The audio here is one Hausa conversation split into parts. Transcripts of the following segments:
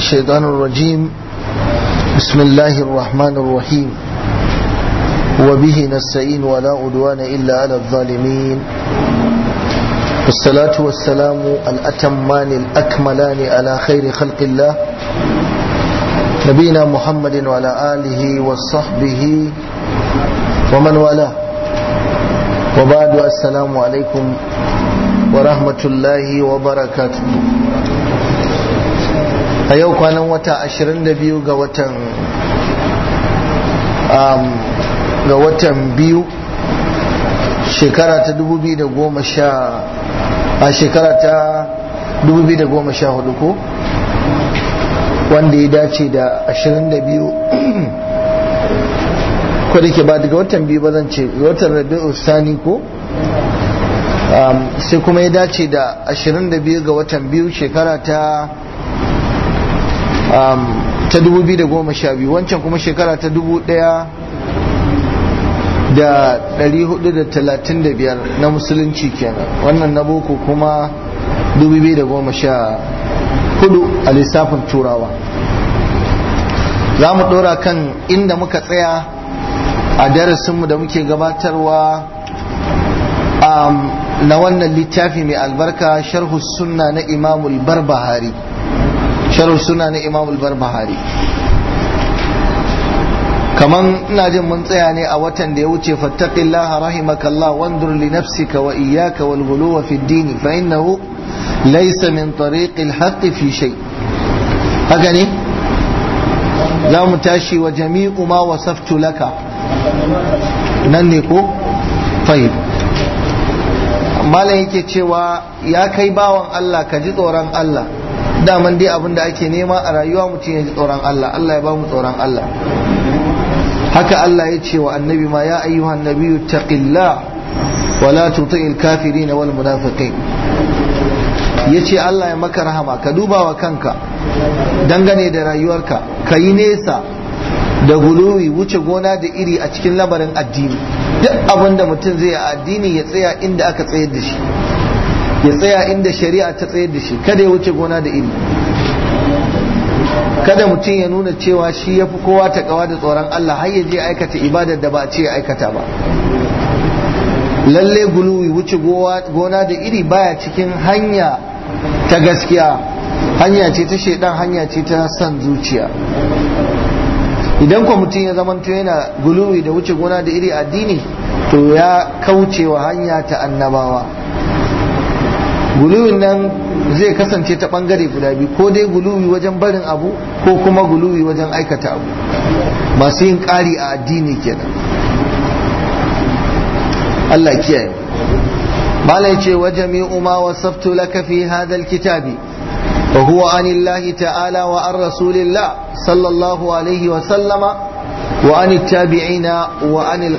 الشيطان الرجيم بسم الله الرحمن الرحيم وبه نستعين ولا عدوان إلا على الظالمين والصلاة والسلام الأتمان الأكملان على خير خلق الله نبينا محمد وعلى آله وصحبه ومن والاه وبعد السلام عليكم ورحمة الله وبركاته a yau kwanan wata 22 ga watan um, ga watan biyu shekara ta 2010 a shekara ta 2014 ko wanda ya dace da 22 kwada ke ba daga watan biyu ba zan ce watan rabi'u sani ko um, sai kuma ya dace da 22 ga watan biyu shekara ta Um, ta 2012 wancan kuma shekara ta 1435 na musulunci kenan wannan na boko kuma 2014 a lissafin turawa za mu dora kan inda muka tsaya a darasinmu da muke gabatarwa um, na wannan littafi mai albarka sharhu sunna na imamul barbahari sharh suna na imam al-barbahari kaman ina jin mun tsaya ne a watan da ya wuce fattaqillaha rahimakallah wandur li nafsika wa iyyaka wal ghuluwa fi ad-din fa innahu laysa min fi shay haka ne za mu tashi wa jami'u ma wasaftu laka nan ne ko tayyib malam yake cewa ya kai bawan Allah ka ji tsoron Allah daman dai abin da ake nema a rayuwa mutum ya ji tsoron Allah Allah ya ba mu tsoron Allah haka Allah ya ce wa annabi ma ya ayyuha annabiyyu taqilla wa la tuti'il kafirin wal munafiqin yace Allah ya maka rahama ka duba wa kanka dangane da rayuwarka ka yi nesa da guluwi wuce gona da iri a cikin lamarin addini duk abin da mutum zai a addini ya tsaya inda aka tsayar da shi ya tsaya inda shari'a ta tsayar da shi kada ya wuce gona da iri kada mutum ya nuna cewa shi ya fi kowa ta kawa da tsoron Allah har ya je aikata ibadar da ba a ce aikata ba lalle guluwi wuce gona da iri baya cikin hanya ta gaskiya hanya ce ta shaidan hanya ce ta san zuciya idan kwa mutum ya zamanto yana guluwi da wuce gona da iri addini to ya kaucewa hanya ta annabawa guluwin nan zai kasance ta bangare guda biyu ko dai guluwi wajen barin abu ko kuma guluwi wajen aikata abu masu yin ƙari a addini kenan Allah kiyaye malai ce wa jami'u ma wasaftu laka fi hadal kitabi wa huwa anillahi ta'ala wa an rasulillah sallallahu alaihi wa sallama wa an tabi'ina wa an al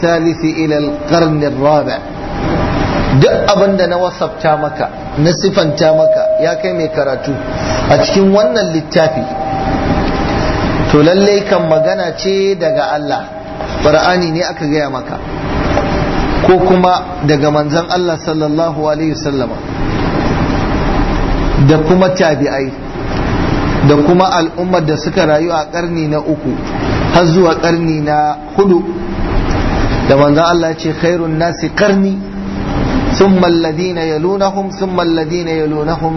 thalith ila al-qarni rabi' duk abin da na wasafta maka na sifanta maka ya kai mai karatu a cikin wannan littafi to lallai kan magana ce daga Allah ƙur'ani ne aka gaya maka ko kuma daga manzan Allah sallallahu alaihi sallama da kuma tabi'ai da kuma al'ummar da suka rayu a ƙarni na uku har zuwa ƙarni na hudu da manzan Allah ce khairun nasi karni. ثم الذين يلونهم ثم الذين يلونهم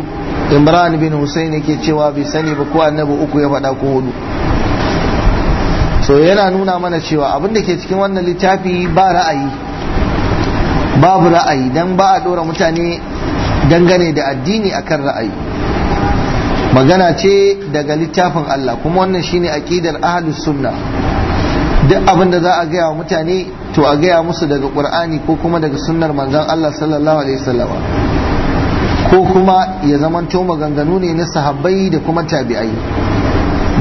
imran bin husayn yake cewa bai sani ba ko annabi uku ya faɗa ko hudu so yana nuna mana cewa abin da ke cikin wannan littafi ba ra'ayi babu ra'ayi dan ba a ɗora mutane dangane da addini akan ra'ayi magana ce daga littafin Allah kuma wannan shine aqidar ahlus sunna duk abin da za a gaya wa mutane to a gaya musu daga ƙur'ani ko kuma daga sunnar manzon Allah sallallahu alaihi wasallam ko kuma ya zamanto maganganu ne na sahabbai da kuma tabi'ai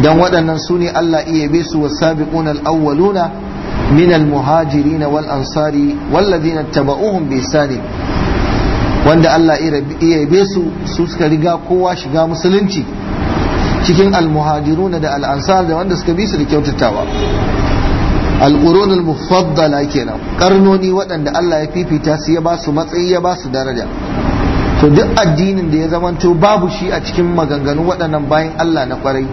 Don waɗannan su ne Allah iya be su wasabiquna al-awwaluna min al-muhajirin wal ansari walladhina tabauhum bi sani. wanda Allah iya be su su suka riga kowa shiga musulunci cikin al-muhajiruna da al-ansar da wanda suka bi su da kyautatawa al-qurun kenan karnoni waɗanda Allah ya fifita su ya ba su matsayi ya ba su daraja to duk addinin da ya zamanto babu shi a cikin maganganu waɗannan bayan Allah na kwarai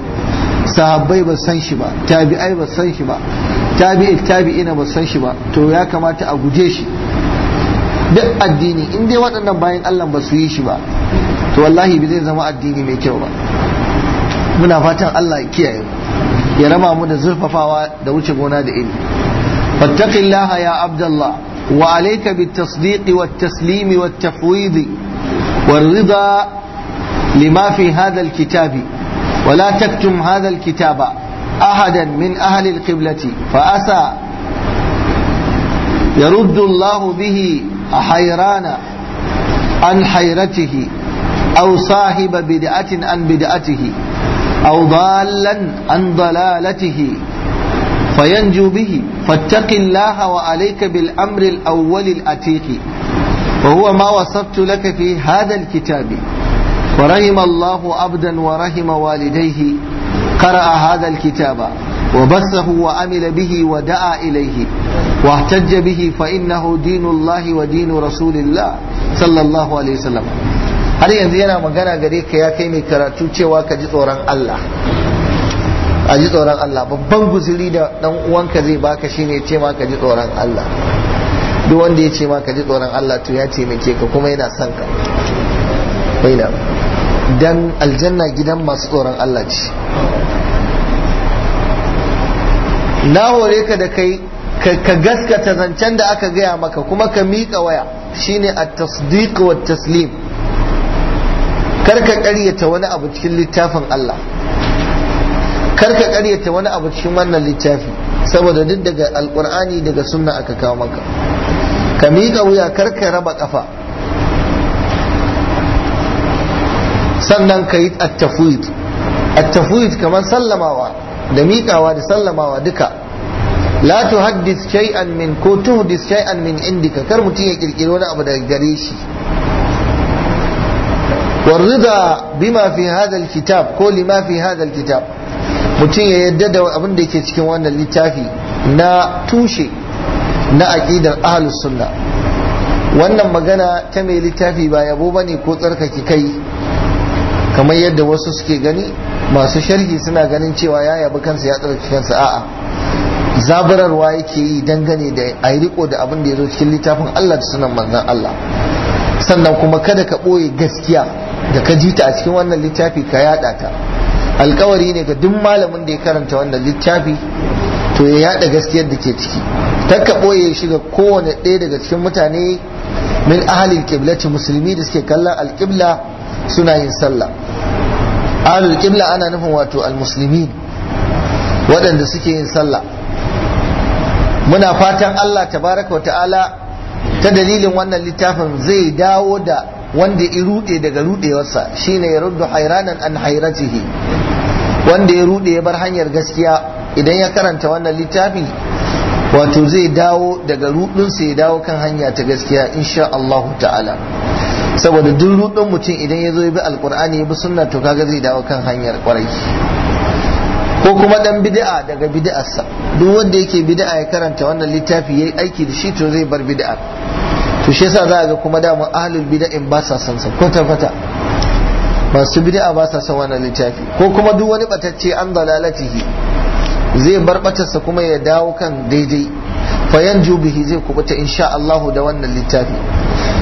sahabbai ba san shi ba tabi'ai ba san shi ba tabi'i tabi'ina ba san shi ba to ya kamata a guje shi duk addini in dai waɗannan bayan Allah ba su yi shi ba to wallahi bai zai zama addini mai kyau ba muna fatan Allah ya kiyaye mu ya raba mu da zurfafawa da wuce gona da iri fattaqillaha ya abdullah wa alayka bitasdiqi wat taslimi wat tafwidi war rida lima fi hadha al kitabi wa la taktum hadha al kitaba ahadan min ahli al qiblati fa asa يرد الله به حيرانا عن حيرته أو صاحب بدعة عن بدعته أو ضالا عن ضلالته فينجو به فاتق الله وعليك بالأمر الأول الأتيق وهو ما وصفت لك في هذا الكتاب ورحم الله عبدا ورحم والديه قرأ هذا الكتاب وبثه وعمل به ودعا إليه واحتج به فإنه دين الله ودين رسول الله صلى الله عليه وسلم har yanzu yana magana gare ka ya kai mai karatu cewa ka ji tsoron Allah a ji tsoron Allah babban guziri da dan uwanka zai baka shine ce ma ka ji tsoron Allah duk wanda ya ce ma ka ji tsoron Allah to ya ce ka kuma yana son ka baina dan aljanna gidan masu tsoron Allah ce na hore ka da kai ka gaskata zancen da aka gaya maka kuma ka miƙa waya shine at-tasdiq wa taslim karka karyata wani abu cikin littafin Allah karka karyata wani abu cikin wannan littafi saboda duk daga alkur'ani daga sunna aka kawo maka ka miƙa wuya karka raba kafa sannan ka yi attafwid attafwid kamar sallamawa da miƙawa da sallamawa duka la tuhaddis shay'an min ko tuhdis shay'an min indika kar mutum ya kirkiri wani abu daga gare shi warrida bima fi hadha alkitab ko lima fi hadha alkitab mutum ya yadda da abin da yake cikin wannan littafi na tushe na aƙidar ahlus sunna wannan magana ta mai littafi ba yabo ne ko tsarkake kai kamar yadda wasu suke gani masu sharhi suna ganin cewa ya yabi kansa ya tsarkake kansa a'a zaburarwa yake yi dangane da a riko da abin da ya zo cikin littafin Allah da sunan manzon Allah sannan kuma kada ka ɓoye gaskiya da ka ji ta a cikin wannan littafi ka yada ta alkawari ne ga duk malamin da ya karanta wannan littafi to ya yada gaskiyar da ke ciki takka boye shi ga kowane ɗaya daga cikin mutane min ahalin kiblati musulmi da suke kallon alƙibla suna yin sallah Ahalin kibla ana nufin wato almusulmi waɗanda suke yin sallah muna fatan Allah tabaraka wa ta'ala ta dalilin wannan littafin zai dawo da wanda ya rude daga rudewarsa shine ya ruddu hairanan an hairatihi wanda ya rude ya bar hanyar gaskiya idan ya karanta wannan littafi wato zai dawo daga rudinsa ya dawo kan hanya ta gaskiya insha Allahu ta'ala saboda duk rudin mutum idan ya ya bi alkur'ani ya bi sunna to kaga zai dawo kan hanyar kwarai ko kuma dan bid'a daga bid'arsa duk wanda yake bid'a ya karanta wannan littafi yayi aiki da shi to zai bar bid'a to shi yasa za a ga kuma dama ahlul bida'in ba sa san sa kwata kwata masu bid'a ba sa san wannan littafi ko kuma duk wani batacce an dalalatihi zai bar batarsa kuma ya dawo kan daidai fayan jubihi zai kubuta insha Allah da wannan littafi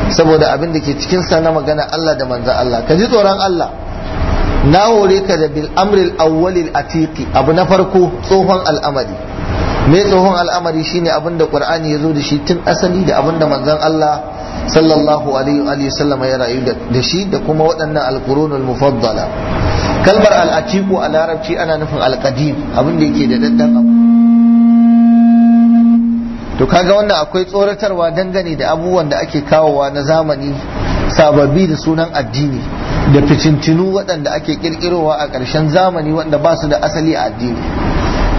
saboda abin da ke cikin sa na magana Allah da manzan Allah ka ji tsoron Allah na hore ka da bil amril awwalil atiqi abu na farko tsohon al'amari mai tsohon al'amari shine abin da qur'ani ya zo da shi tun asali da abin da manzon Allah sallallahu alaihi wa ya rayu da shi da kuma waɗannan alqurunul mufaddala kalmar al'atiku a larabci ana nufin alqadim abin da yake da daddan abu to kaga wannan akwai tsoratarwa dangane da abubuwan da ake kawowa na zamani sababi da sunan addini da fitintinu waɗanda ake kirkirowa a ƙarshen zamani wanda ba su da asali a addini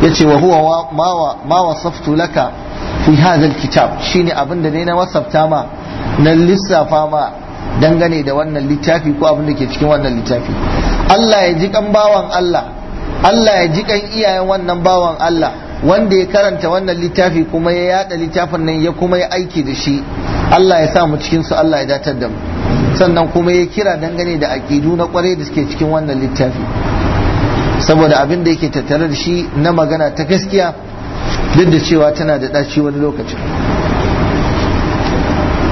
yace wa huwa ma saftu laka fi hadha alkitab shine abin da na wasafta ma na lissafa ma dangane da wannan littafi ko abin da ke cikin wannan littafi Allah ya ji kan bawan Allah Allah ya ji kan iyayen wannan bawan Allah wanda ya karanta wannan littafi kuma ya yada littafin nan ya kuma ya aiki da shi Allah ya sa mu cikin su Allah ya datar da mu sannan kuma ya kira dangane da aqidu na kware da suke cikin wannan littafi saboda abin da yake tattare da shi na magana ta gaskiya duk da cewa tana da ɗaci wani lokacin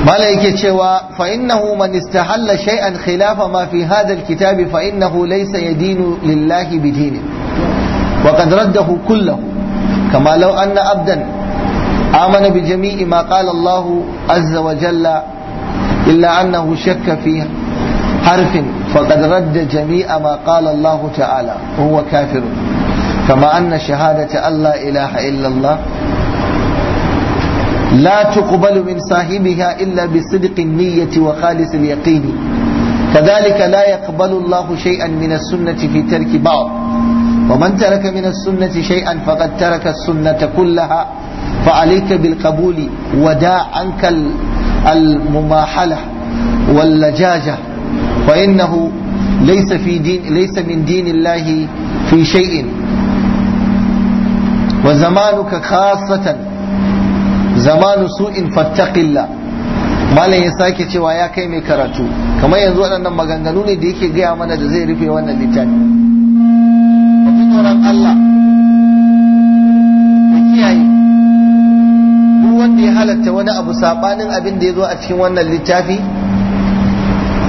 mala yake cewa fa innahu man istahalla shay'an khilafa ma fi hadha alkitab fa innahu laysa yadinu lillahi bidini wa qad raddahu kullahu kama law anna abdan amana bi jami'i ma qala Allah azza wa jalla illa annahu shakka fi harfin فقد رد جميع ما قال الله تعالى وهو كافر كما أن شهادة أن لا إله إلا الله لا تقبل من صاحبها إلا بصدق النية وخالص اليقين كذلك لا يقبل الله شيئا من السنة في ترك بعض ومن ترك من السنة شيئا فقد ترك السنة كلها فعليك بالقبول وداع عنك المماحلة واللجاجة وإنه ليس في دين ليس من دين الله في شيء وزمانك خاصة زمان سوء فاتق الله malam ya sake cewa ya kai mai karatu kamar yanzu waɗannan maganganu ne da yake gaya mana da zai rufe wannan littafi mafi tsoron Allah da kiyaye duk wanda ya halatta wani abu saɓanin abin da ya zo a cikin wannan littafi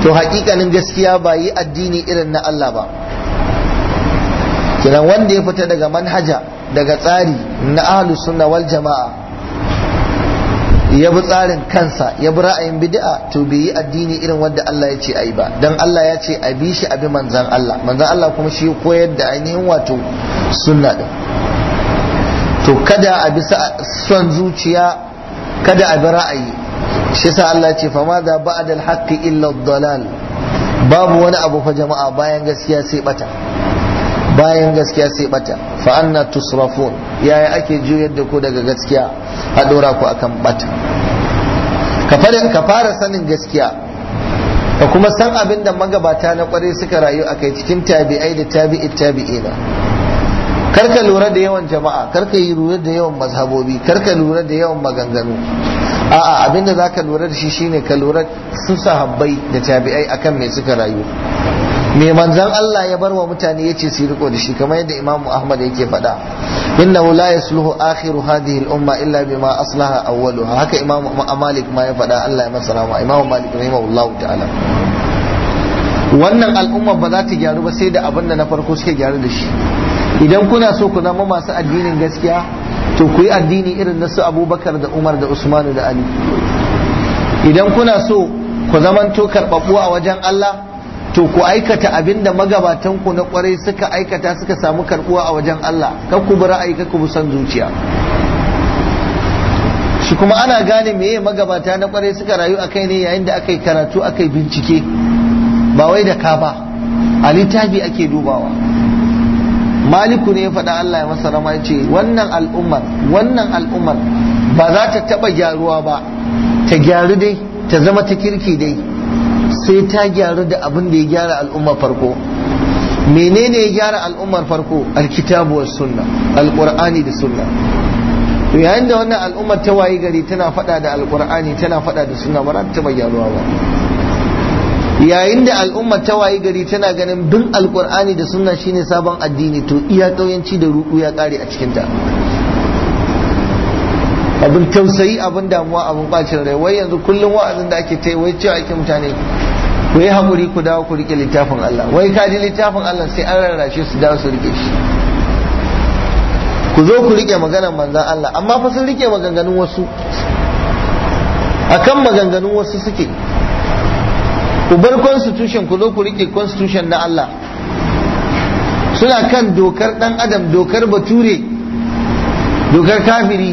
to hakikanin gaskiya ba yi addini irin na Allah ba kiran wanda ya fita daga manhaja daga tsari na ahlus sunna wal jama'a ya bi tsarin kansa ya bi ra'ayin bid'a to bai yi addini irin wanda Allah ya ce ayi ba dan Allah ya ce a bi shi a bi manzan Allah manzan Allah kuma shi koyar da ainihin wato sunna din to kada a bi son zuciya kada a bi ra'ayi shi sa Allah ce fa ma da ba'dal haqqi illa dalal babu wani abu fa jama'a bayan gaskiya sai bata bayan gaskiya sai bata fa anna tusrafun yaya ake juyar da ku daga gaskiya a dora ku akan bata ka fara sanin gaskiya ka kuma san abin da magabata na kwarai suka rayu a kai cikin tabi'ai da tabi'i tabi'ina karka lura da yawan jama'a karka yi lura da yawan mazhabobi karka lura da yawan maganganu a'a abinda zaka lura da shi shine ka lura su sahabbai da tabi'ai akan me suka rayu me manzon Allah ya bar wa mutane yace su riko da shi kamar yadda Imam Ahmad yake faɗa innahu la yasluhu akhiru hadhihi al-umma illa bima aslaha awwaluha haka Imam Malik ma ya faɗa Allah ya masa rahama Imam Malik rahimahullahu ta'ala wannan al'umma ba za ta gyaru ba sai da abin da na farko suke gyaru da shi idan kuna so ku zama masu addinin gaskiya to ku yi addini irin na su abubakar da umar da usmanu da ali idan kuna so ku zamanto karɓaɓɓu a wajen allah to ku aikata abin da magabatanku na kwarai suka aikata suka samu karɓuwa a wajen allah kan ku bi ra'ayi kan ku bi son zuciya shi kuma ana gane meye magabata na kwarai suka rayu a kai ne yayin da aka yi karatu aka yi bincike ba wai da ka ba a littafi ake dubawa maliku ne ya faɗa Allah ya masa rama ce wannan al'ummar wannan al'ummar ba za ta taɓa gyaruwa ba ta gyaru dai ta zama ta kirki dai sai ta gyaru da abin da ya gyara al'ummar farko menene ya gyara al'ummar farko alkitabu sunna alqur'ani da sunna to yayin da wannan al'ummar ta wayi gari tana faɗa da alqur'ani tana faɗa da sunna ba za ta taɓa gyaruwa ba yayin da al'ummar ta wayi gari tana ganin bin alkur'ani da sunna shine sabon addini to iya kauyanci da ruɗu ya kare a cikinta abin tausayi abin damuwa abin bacin rai wai yanzu kullum wa'azin da ake tai wai cewa ake mutane ku yi haƙuri ku dawo ku rike littafin Allah wai ka ji littafin Allah sai an rarrashe su dawo su rike shi ku zo ku rike maganar manzan Allah amma fa sun rike maganganun wasu akan maganganun wasu suke ku bar constitution ku zo ku rike constitution na Allah suna kan dokar dan adam dokar bature dokar kafiri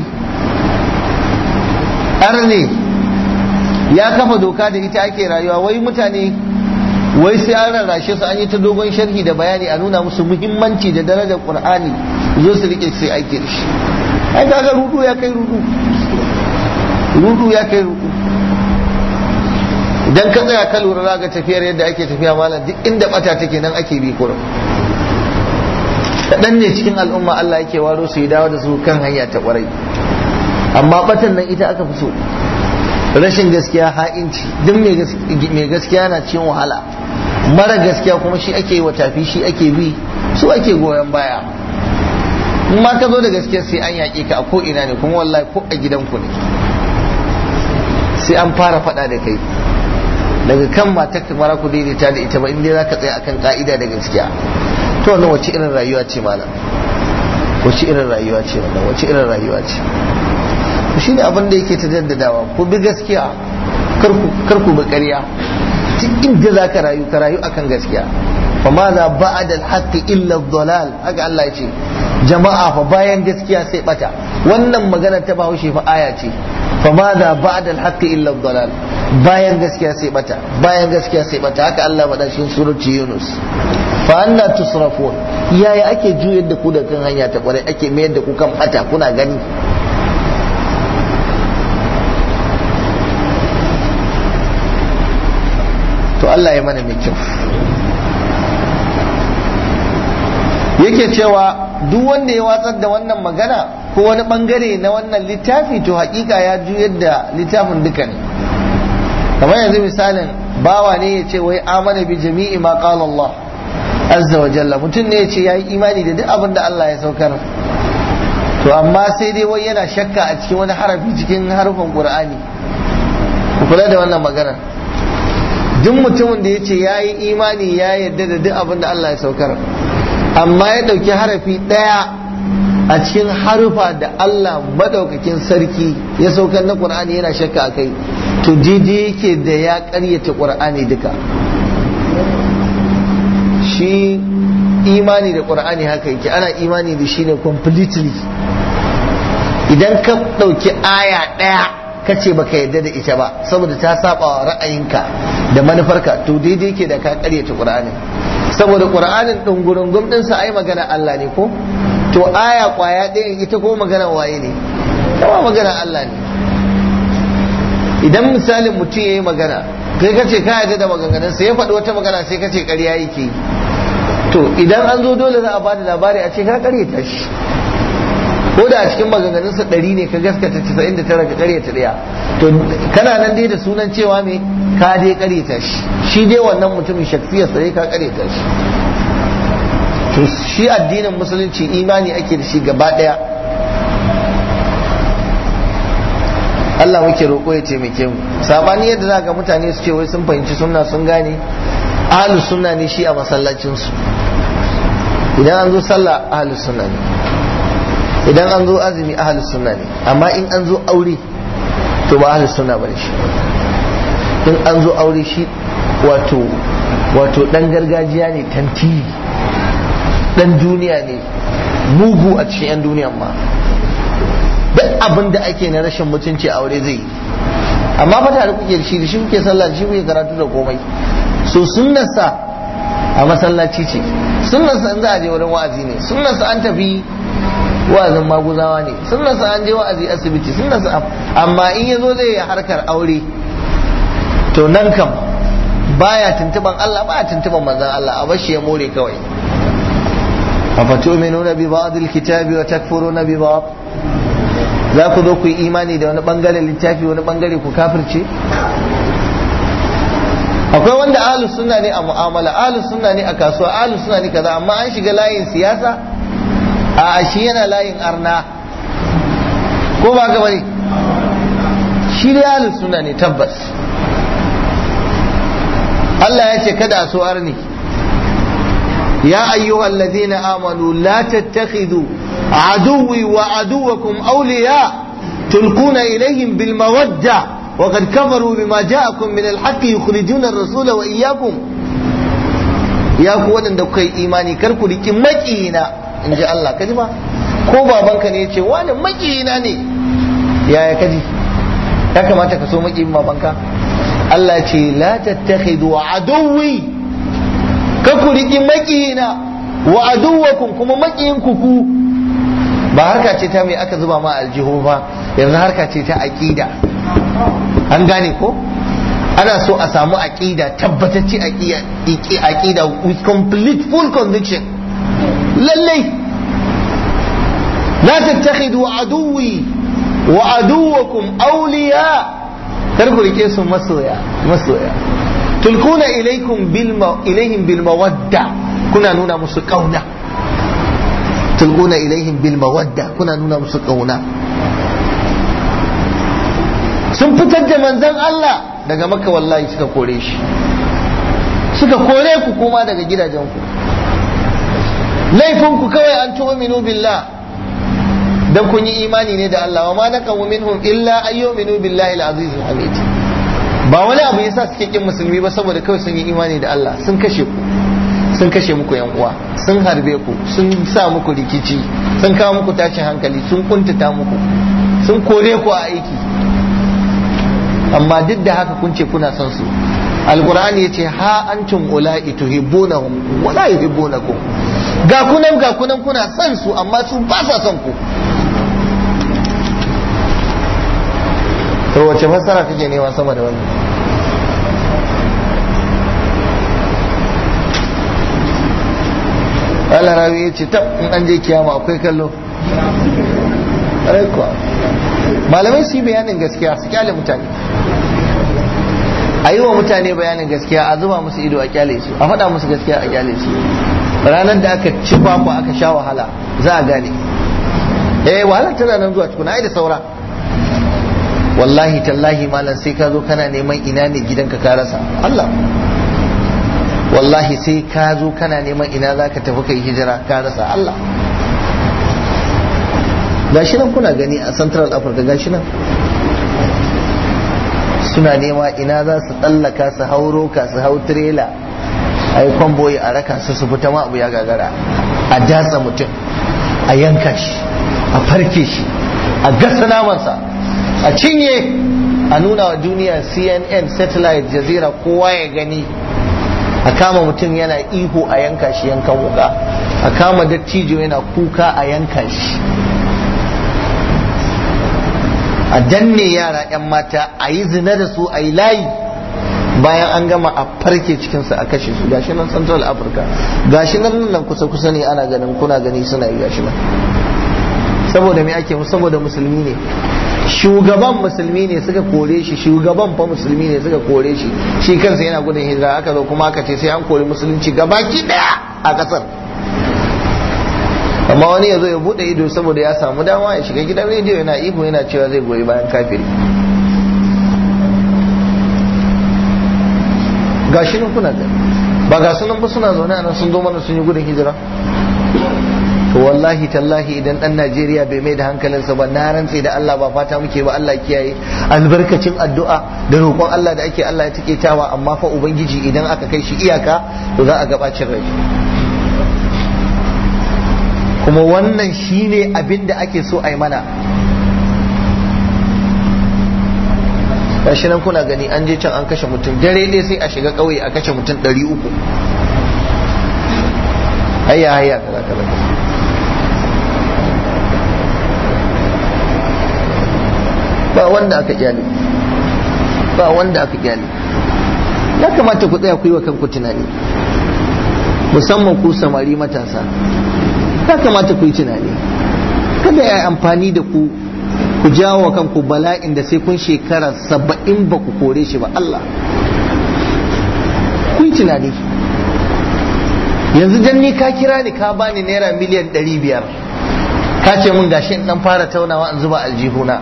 arne ya kafa doka da ita ake rayuwa wai mutane wai sai an rarrashe su an yi ta dogon sharhi da bayani a nuna musu muhimmanci da darajar qur'ani zo su rike sai ake da shi ai kaga rudu ya kai rudu rudu ya kai rudu dan ka tsaya ka lura za ga tafiyar yadda ake tafiya malam duk inda bata take nan ake bi kurum kaɗan ne cikin al'umma Allah yake waro su yi dawo da su kan hanya ta ƙwarai amma batan nan ita aka fi so rashin gaskiya ha'inci duk mai gaskiya na cikin wahala mara gaskiya kuma shi ake yi wa tafi shi ake bi su ake goyon baya ma ka zo da gaskiya sai an yaƙe ka a ko ina ne kuma wallahi ko a gidanku ne sai an fara faɗa da kai daga kan matar ka mara ku daidaita da ita ba inda za ka tsaye akan ka'ida da gaskiya to wannan wace irin rayuwa ce malam wace irin rayuwa ce wannan wace irin rayuwa ce shi ne abin da yake ta jaddadawa ku bi gaskiya kar ku bi ƙarya duk inda za ka rayu ka rayu akan gaskiya fa ma za ba'ad al-haqqi illa ad haka Allah ya ce jama'a fa bayan gaskiya sai bata wannan magana ta bahaushe fa aya ce fa ma da ba'da al-haqqi illa dalal bayan gaskiya sai bata bayan gaskiya sai bata haka Allah faɗa shi surati Yunus fa anna tusrafun yaya ake juyar da ku da kan hanya ta kwarai ake mayar da ku kan bata kuna gani to Allah ya mana mai kyau yake cewa duk wanda ya watsar da wannan magana ko wani bangare na wannan littafi to hakika ya juyar da littafin duka ne kamar yanzu misalin bawa ne ya ce wai amana bi jami'i ma qala Allah azza wa jalla mutum ne ya ce yayi imani da duk abin da Allah ya saukar to amma sai dai wai yana shakka a cikin wani harafi cikin harufan Qur'ani ku kula da wannan magana duk mutumin da ya ce yayi imani ya yarda da duk abin da Allah ya saukar amma ya ɗauki harafi ɗaya a cikin harufa da Allah maɗaukakin sarki ya saukar na ƙur'ani yana shakka a kai to daidai yake da ya ƙaryata ƙur'ani duka shi imani da ƙur'ani haka yake ana imani da shi ne completely idan ka ɗauki aya ɗaya kace baka yarda da ita ba saboda ta saba ra'ayinka da manufarka to daidai ke da ka ƙaryata ƙur'ani saboda ɗin gurin din sa ai magana Allah ne ko to aya kwaya ɗaya ita ko magana waye ne kuma magana Allah ne idan misalin mutum ya yi magana kai kace ka yarda da maganganun sa ya faɗi wata magana sai kace ƙarya yake to idan an zo dole za a bada labari a ce ka ta shi ko da a cikin maganganun sa ɗari ne ka gaskata casa'in da tara ka karyata ɗaya to kana nan dai da sunan cewa me ka dai karyata shi shi dai wannan mutumin shakfiya sai ka karyata shi to shi addinin musulunci imani ake da shi gaba ɗaya Allah muke roƙo ya taimake mu sabani yadda za ga mutane su ce wai sun fahimci sunna sun gane ahlus sunna ne shi a masallacin su idan an zo sallah ahlus sunna ne idan an zo azumi ahlus sunna ne amma in an zo aure to ba ahlus sunna bane shi in an zo aure shi wato wato dan gargajiya ne tantiri dan duniya ne mugu a cikin yan duniyan ma duk abin da ake na rashin mutunci aure zai yi amma fa tare kuke shi da shi kuke sallah shi kuke karatu da komai so sunnarsa a masallaci ce sunnarsa in za a je wurin wa'azi ne sunnarsa an tafi wa'azin maguzawa ne sun nasu an je wa'azi asibiti sun nasu amma in ya zo zai harkar aure to nan kam baya tuntuban Allah baya tuntuban manzon Allah a bashi ya more kawai afatu'minuna bi ba'd alkitabi wa takfuruna bi ba'd za ku zo ku yi imani da wani bangare littafi wani bangare ku kafirce akwai wanda ahlus sunna ne a mu'amala ahlus sunna ne a kasuwa ahlus sunna ne kaza amma an shiga layin siyasa A'a shi yana layin arna ko ba gaba ne shi dai ahlus sunna ne tabbas Allah ya ce kada a so arni ya ayyuhal ladina amanu la tattakhidhu aduwwi wa aduwwakum awliya tulquna ilayhim bil mawadda wa qad kafaru bima ja'akum min al haqqi yukhrijuna ar-rasula wa iyyakum ya ku waɗanda kuka yi imani kar ku riki maƙina in ji Allah kaji ba ko babanka ne ya ce wani makiyina ne yaya kadi ya kamata ka so makiyin babanka Allah ce la tattakhidu aduwwi ka ku riki makiyina wa kuma makiyin ku ku ba harka ce ta mai aka zuba ma aljihu ba yanzu harka ce ta aqida an gane ko ana so a samu aƙida tabbatacci aqida with complete full conviction lallai la tattakhidu aduwi wa aduwakum awliya kar ku rike su masoya masoya tulkuna ilaykum bil ilayhim bil mawadda kuna nuna musu kauna tulkuna ilayhim bil mawadda kuna nuna musu kauna sun fitar da manzon Allah daga maka wallahi suka kore shi suka kore ku kuma daga gidajen ku laifinku kawai an tu'minu billah dan kun yi imani ne da Allah wa ma nakamu minhum illa ayyuminu billahi al-aziz al-hamid ba wani abu yasa suke kin musulmi ba saboda kawai sun yi imani da Allah sun kashe ku sun kashe muku yan uwa sun harbe ku sun sa muku rikici sun kawo muku tashin hankali sun kuntata muku sun kore ku a aiki amma duk da haka kun ce kuna son su alqur'ani ce ha antum ula'i tuhibbunahum wa la yuhibbunakum ga kunan ga kunan kuna son su amma su ba sa son ku to wace fassara kake nema sama da wannan Allah rawi ya ce tab in an je kiyama akwai kallo malamai su yi bayanin gaskiya su kyale mutane a yi wa mutane bayanin gaskiya a zuba musu ido a kyale su a faɗa musu gaskiya a kyale su ranar da aka ci kwakwa aka sha wahala za a gane eh wahalar tana nan zuwa cikin ai da saura wallahi tallahi malam sai ka zo kana neman ina ne gidanka ka rasa Allah wallahi sai ka zo kana neman ina za ka tafi kai hijira ka rasa Allah gashi nan kuna gani a central africa gashi nan suna nema ina za su tsallaka su hauro ka su hau tirela a yi kwamboyi a raka su su fita ma abu ya gagara a dasa mutum a yanka shi a farke shi a gasa namansa a cinye a nuna wa duniya cnn satellite jazira kowa ya gani a kama mutum yana ihu a yanka shi yankan wuka a kama dattijo yana kuka a yanka shi a danne yara 'yan mata a yi zina da su a yi layi bayan an gama a farke cikinsu a kashe su gashi nan central africa gashi nan nan kusa kusa ne ana ganin kuna gani suna yi gashi nan saboda me ake saboda musulmi ne shugaban musulmi ne suka kore shi shugaban fa musulmi ne suka kore shi shi kansa yana gudun hijira aka zo kuma aka ce sai an kori musulunci gabaki daya a kasar amma wani ya zo ya bude ido saboda ya samu dama ya shiga gidan rediyo yana ihu yana cewa zai goyi bayan kafiri ga shi nan kuna ba ga sunan ba suna zaune a nan sun zo mana sun yi gudun hijira to wallahi tallahi idan dan Najeriya bai mai da hankalinsa ba na rantse da Allah ba fata muke ba Allah kiyaye albarkacin addu'a da roƙon Allah da ake Allah ya take tawa amma fa ubangiji idan aka kai shi iyaka to za a gabacin rai kuma wannan shine abin da ake so a yi mana gashi nan kuna gani an je can an kashe mutum dare dai sai a shiga ƙauye a kashe mutum 300 hayya hayya kaza kaza ba wanda aka kyale ba wanda aka kyale ya kamata ku tsaya ku yi wa kanku tunani musamman ku samari matasa ya kamata ku yi tunani kada ya amfani da ku ku jawo kanku bala'in da sai kun shekara saba'in ba ku kore shi ba Allah ku yi tunani yanzu dan ni ka kira ni ka bani naira miliyan ɗari biyar ka ce mun gashi in dan fara taunawa in zuba aljihuna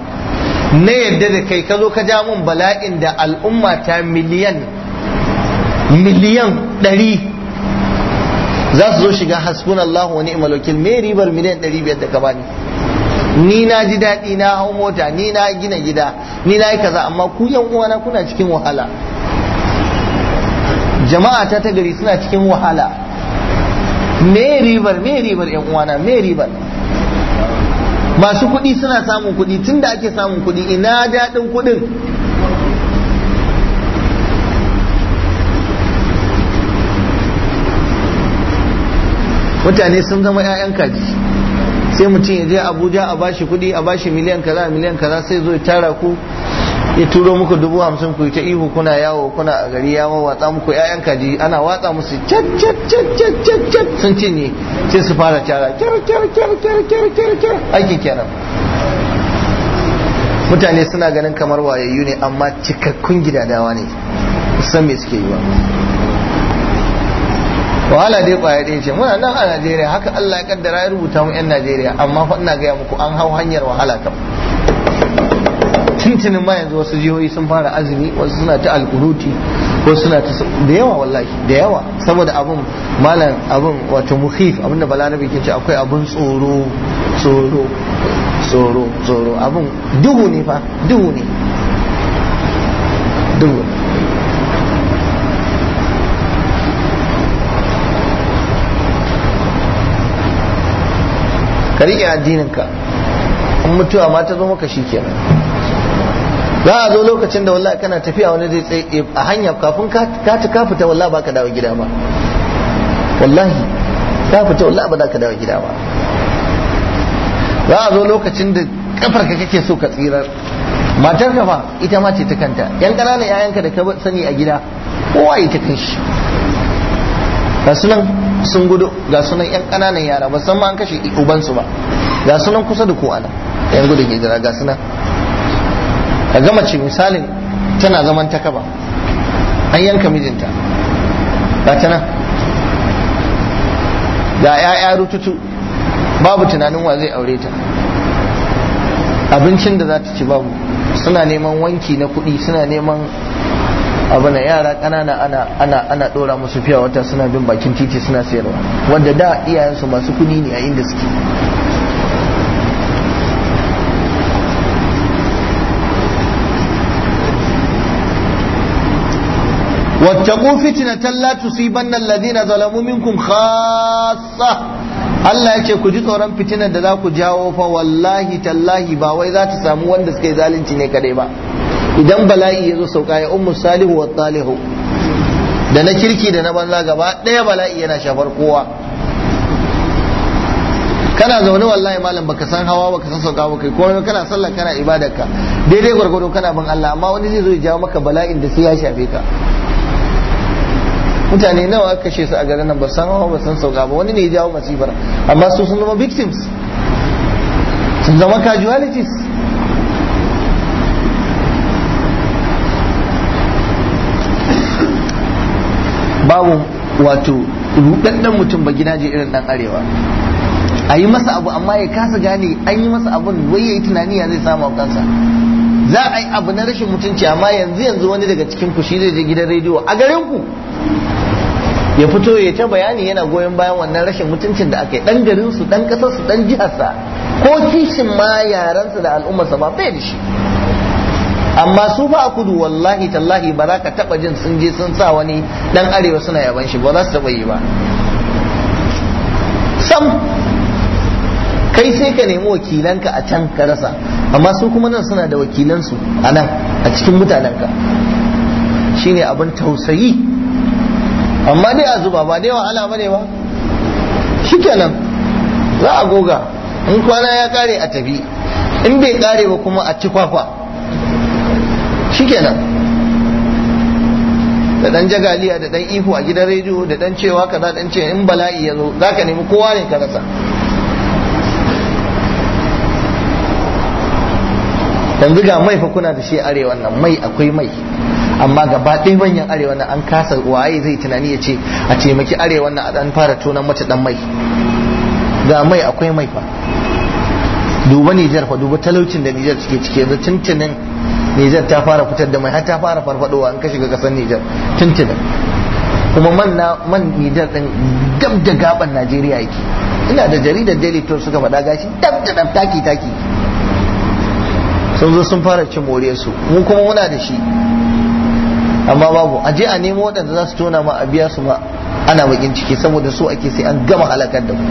na yadda da kai ka zo ka ja mun bala'in da al'umma ta miliyan miliyan ɗari za su zo shiga hasbun Allah wa ni'mal wakil me ribar miliyan 500 da ka bani ni na ji daɗi na hau mota ni na gina gida ni na yi kaza amma ku yan uwana kuna cikin wahala jama'a ta ta gari suna cikin wahala me ribar me ribar yan uwana me ribar masu kuɗi suna samun kuɗi tunda ake samun kuɗi ina daɗin kuɗin mutane sun zama 'ya'yan kaji sai mutum ya je abuja a bashi kuɗi a bashi miliyan kaza miliyan kaza sai zo ya tara ku ya turo muku dubu hamsin ku ta ihu kuna yawo kuna a gari ya watsa muku 'ya'yan kaji ana watsa musu cat cat cat sun cinye sai su fara tara kyar mutane suna ganin kamar wayayyu ne amma cikakkun gidadawa ne san me suke yi ba wahala dai kwaya ɗaya ce muna nan a najeriya haka allah ya kaddara ya rubuta mu 'yan najeriya amma fa ina gaya muku an hau hanyar wahala kam tuntunin ma yanzu wasu jihohi sun fara azumi wasu suna ta alkuruti wasu suna ta da yawa wallahi da yawa saboda abun malam abun wato muhif abinda na ke ce akwai abun tsoro tsoro tsoro tsoro abun duhu ne fa duhu ne duhu ne ka riƙe addinin ka in mutuwa ma ta zo maka nan za a zo lokacin da wallahi kana tafiya wani zai tsaye eh, a hanya kafin ka ta ka fita wallahi ka dawo gida ba wallahi ka fita wallahi ba za ka dawo gida ba za a zo lokacin da kafar ka kake so ka tsirar matar ka fa ita ma ce ta kanta yan kananan 'ya'yanka da ka sani a gida kowa ya ta kai shi sun gudu ga sunan yan ƙananan yara ba san ma an kashe ubansu ba ga sunan kusa da ko ana yan gudun hijira ga sunan a gama ce misalin tana zaman ta kaba an yanka mijinta ga tana ga ya'ya rututu babu tunanin wa zai aure ta abincin da za ta ci babu suna neman wanki na kuɗi suna neman abu na yara kanana ana ana ana dora musu fiya wata suna bin bakin titi suna sayarwa wanda da iyayensu masu kuni ne a inda suke wattaqu fitnatan la tusibanna alladhina zalamu minkum khassa Allah ya ce ku ji tsoron fitinar da za ku jawo fa wallahi tallahi ba wai za ta samu wanda suka yi zalunci ne kadai ba idan bala'i ya zo sauka ya ummu salihu wa talihu da na kirki da na banza gaba ɗaya bala'i yana shafar kowa kana zaune wallahi malam baka san hawa baka san sauka baka ko kana sallah kana ibadarka daidai gwargwado kana bin Allah amma wani zai zo ya jawo maka bala'in da sai ya shafe ka mutane nawa aka kashe su a garin nan ba san hawa ba san sauka ba wani ne ya jawo masifar amma su sun zama victims sun zama casualties babu wato rudaddan mutum ba gina je irin dan arewa a yi masa abu amma ya kasa gane an yi masa abun wai ya yi tunani ya zai samu kansa za a yi abu na rashin mutunci amma yanzu yanzu wani daga cikin ku shi zai je gidan rediyo a garin ku ya fito ya ta bayani yana goyon bayan wannan rashin mutuncin da aka yi dan garin su dan kasar su dan jihar sa ko kishin ma yaran su da al'ummar sa ba bai da shi amma su fa a kudu wallahi tallahi ba za ka taba jin sun je sun sa wani dan arewa suna yaban shi ba za su taba yi ba sam kai sai ka nemi wakilanka a can ka rasa amma su kuma nan suna da wakilansu a nan a cikin mutanenka shine abin tausayi amma dai a zuba ba dai wahala bane ba shikenan za a goga in kwana ya kare a tafi in bai kare ba kuma a cikwakwa. shikenan da dan jagaliya da dan ihu a gidan rediyo da dan cewa ka kaza dan ce in bala'i ya zo za ka nemi kowa ne ka rasa yanzu ga mai fa kuna da shi arewa nan mai akwai mai amma gaba ɗaya manyan arewa nan an kasa waye zai tunani ya ce a taimaki arewa nan a ɗan fara tonan mace ɗan mai ga mai akwai mai fa duba Nijar fa duba talaucin da Nijar cike ciki yanzu tuntunin Nijar ta fara fitar da mai har ta fara farfadowa in ka shiga kasar Nijar tuntuna kuma man na man Nijar din gab da gaban Najeriya yake ina da jaridar Daily Tour suka faɗa gashi dab da dab taki taki sun zo sun fara cin moriyar su mu kuma muna da shi amma babu a je a nemo waɗanda za su tona ma a biya su ma ana bakin ciki saboda su ake sai an gama halakar da mu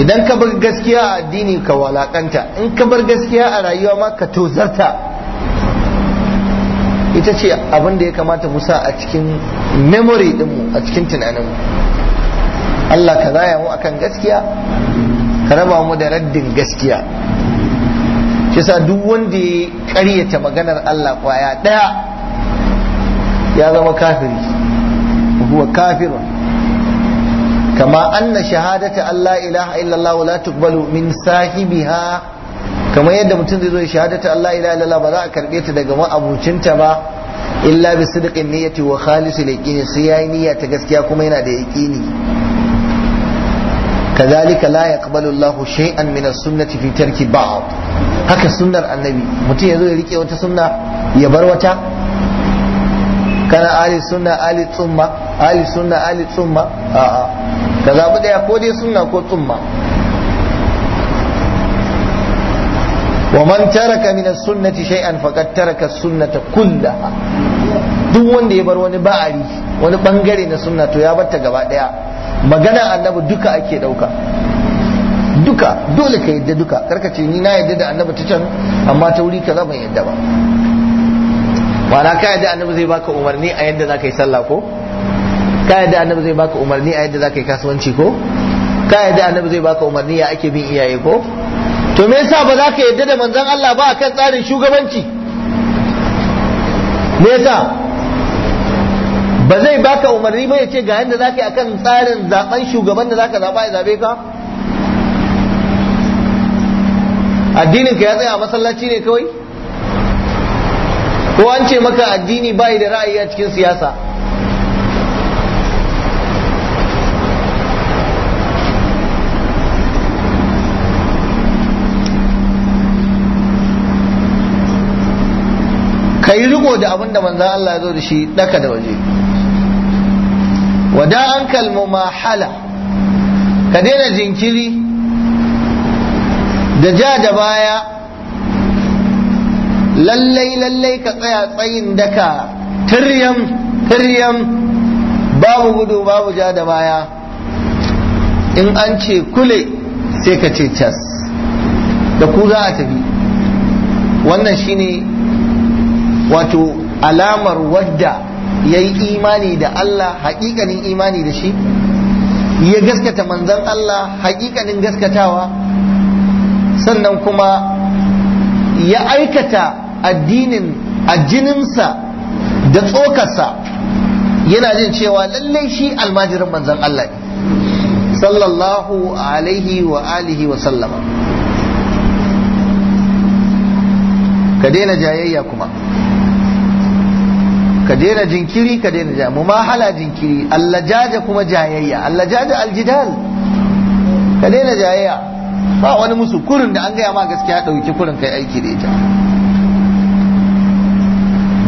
idan ka bar gaskiya a addini ka walakanta in ka bar gaskiya a rayuwa ma ka tozarta ita ce abin da ya kamata mu sa a cikin memory dinmu a cikin tunaninmu Allah ka zaya mu akan gaskiya ka raba mu da raddin gaskiya shi sa duk wanda ya karyata maganar Allah kwaya daya ya zama kafiri huwa kafirun kama anna shahadata Allah ilaha illallah la tuqbalu min sahibiha kamar yadda mutum zai zo shahadata Allah ba za a karbe ta daga ma'abucinta ba illa bi sidqin niyyati wa khalisul yaqini sai yayi niyata ta gaskiya kuma yana da yaqini كذلك لا يقبل الله شيئا من السنة في ترك بعض haka sunnar annabi mutum ya zo ya wata sunna ya bar wata kana ali sunna ali tsumma ali sunna ali tsumma a'a ka zaɓi ɗaya ko dai sunna ko tsumma wa man taraka min as-sunnati shay'an faqad taraka as-sunnata kullaha duk wanda ya bar wani ba'ari wani bangare na sunna to ya barta gaba daya magana annabi duka ake dauka duka dole ka yadda duka karka ce ni na yadda da annabi ta can amma ta wuri kaza zama yadda ba na ka yadda annabi zai baka umarni a yadda za yi sallah ko ka yadda annabi zai baka umarni a yadda za ka yi kasuwanci ko ka yadda annabi zai baka umarni ya ake bin iyaye ko to me yasa ba za ka yadda da manzon Allah ba akan tsarin shugabanci me yasa ba zai baka umarni ba ya ce ga yadda za ka yi akan tsarin zaben shugaban da za ka zaba ya zabe ka addinin ka ya tsaya a masallaci ne kawai ko an ce maka addini bai da ra'ayi a cikin siyasa riko da abin da manzan Allah ya zo da shi daka da waje wada an kalmu mahala ka daina jinkiri da ja da baya lallai lallai ka tsaya tsayin daka tiryam tiryam babu gudu babu ja da baya in an ce kule sai ka ce cas da ku za a tafi wannan shine wato alamar wadda ya yi imani da Allah haƙiƙanin imani da shi ya gaskata manzan Allah haƙiƙanin gaskatawa sannan kuma ya aikata addinin jininsa da tsokarsa yana jin cewa lallai shi almajirin manzan Allah ne sallallahu alaihi wa alihi wa sallama ka daina jayayya kuma ka daina jinkiri ka daina ja mu mahala jinkiri Allah jaja kuma jayayya Allah jaja aljidal ka daina jayayya ba wani musu kurin da an gaya ma gaskiya dauki kurin kai aiki da ita